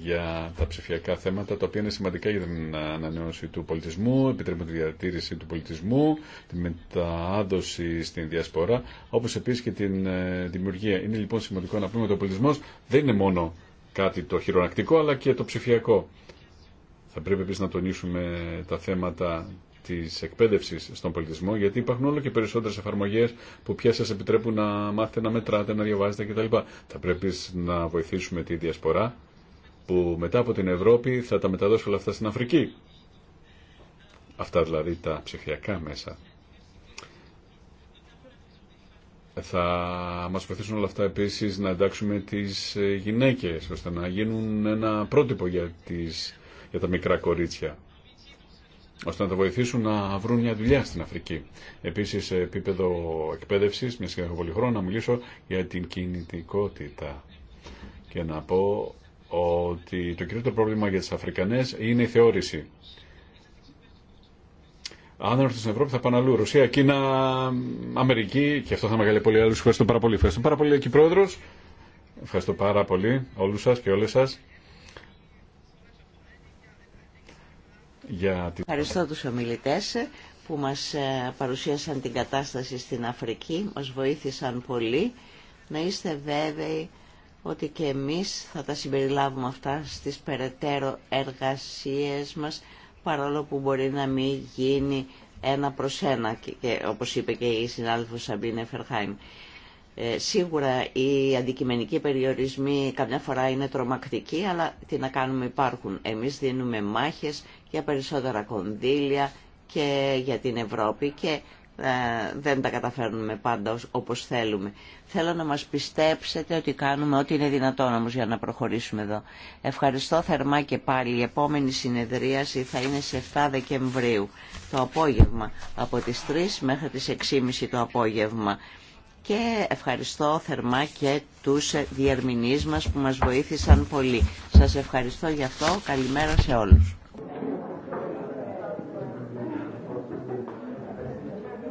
για τα ψηφιακά θέματα, τα οποία είναι σημαντικά για την ανανέωση του πολιτισμού, επιτρέπουν τη διατήρηση του πολιτισμού, τη μετάδοση στην διασπορά, όπως επίσης και την ε, δημιουργία. Είναι λοιπόν σημαντικό να πούμε ότι ο πολιτισμός δεν είναι μόνο κάτι το χειρονακτικό, αλλά και το ψηφιακό. Θα πρέπει επίσης να τονίσουμε τα θέματα τη εκπαίδευση στον πολιτισμό, γιατί υπάρχουν όλο και περισσότερε εφαρμογέ που πια σα επιτρέπουν να μάθετε να μετράτε, να διαβάζετε κτλ. Θα πρέπει να βοηθήσουμε τη διασπορά που μετά από την Ευρώπη θα τα μεταδώσει όλα αυτά στην Αφρική. Αυτά δηλαδή τα ψηφιακά μέσα. Θα μας βοηθήσουν όλα αυτά επίσης να εντάξουμε τις ε, γυναίκες, ώστε να γίνουν ένα πρότυπο για, τις, για τα μικρά κορίτσια, ώστε να τα βοηθήσουν να βρουν μια δουλειά στην Αφρική. Επίσης, σε επίπεδο εκπαίδευσης, μια και έχω πολύ χρόνο, να μιλήσω για την κινητικότητα και να πω ότι το το πρόβλημα για τις Αφρικανές είναι η θεώρηση. Αν έρθουν στην Ευρώπη θα πάνε αλλού. Ρωσία, Κίνα, Αμερική και αυτό θα μεγάλει πολύ άλλους. Ευχαριστώ πάρα πολύ. Ευχαριστώ πάρα πολύ εκεί πρόεδρος. Ευχαριστώ πάρα πολύ όλους σας και όλες σας. Για... Ευχαριστώ τους ομιλητές που μας ε, παρουσίασαν την κατάσταση στην Αφρική. Μας βοήθησαν πολύ. Να είστε βέβαιοι ότι και εμείς θα τα συμπεριλάβουμε αυτά στις περαιτέρω εργασίες μας παρόλο που μπορεί να μην γίνει ένα προς ένα και, όπως είπε και η συνάδελφος Σαμπίνε Φερχάιμ. Ε, σίγουρα οι αντικειμενικοί περιορισμοί καμιά φορά είναι τρομακτικοί, αλλά τι να κάνουμε υπάρχουν. Εμείς δίνουμε μάχες για περισσότερα κονδύλια και για την Ευρώπη και ε, δεν τα καταφέρνουμε πάντα όπως θέλουμε. Θέλω να μας πιστέψετε ότι κάνουμε ό,τι είναι δυνατόν όμως για να προχωρήσουμε εδώ. Ευχαριστώ θερμά και πάλι. Η επόμενη συνεδρίαση θα είναι σε 7 Δεκεμβρίου το απόγευμα από τις 3 μέχρι τις 6.30 το απόγευμα. Και ευχαριστώ θερμά και τους διερμηνείς μας που μας βοήθησαν πολύ. Σας ευχαριστώ γι' αυτό. Καλημέρα σε όλους.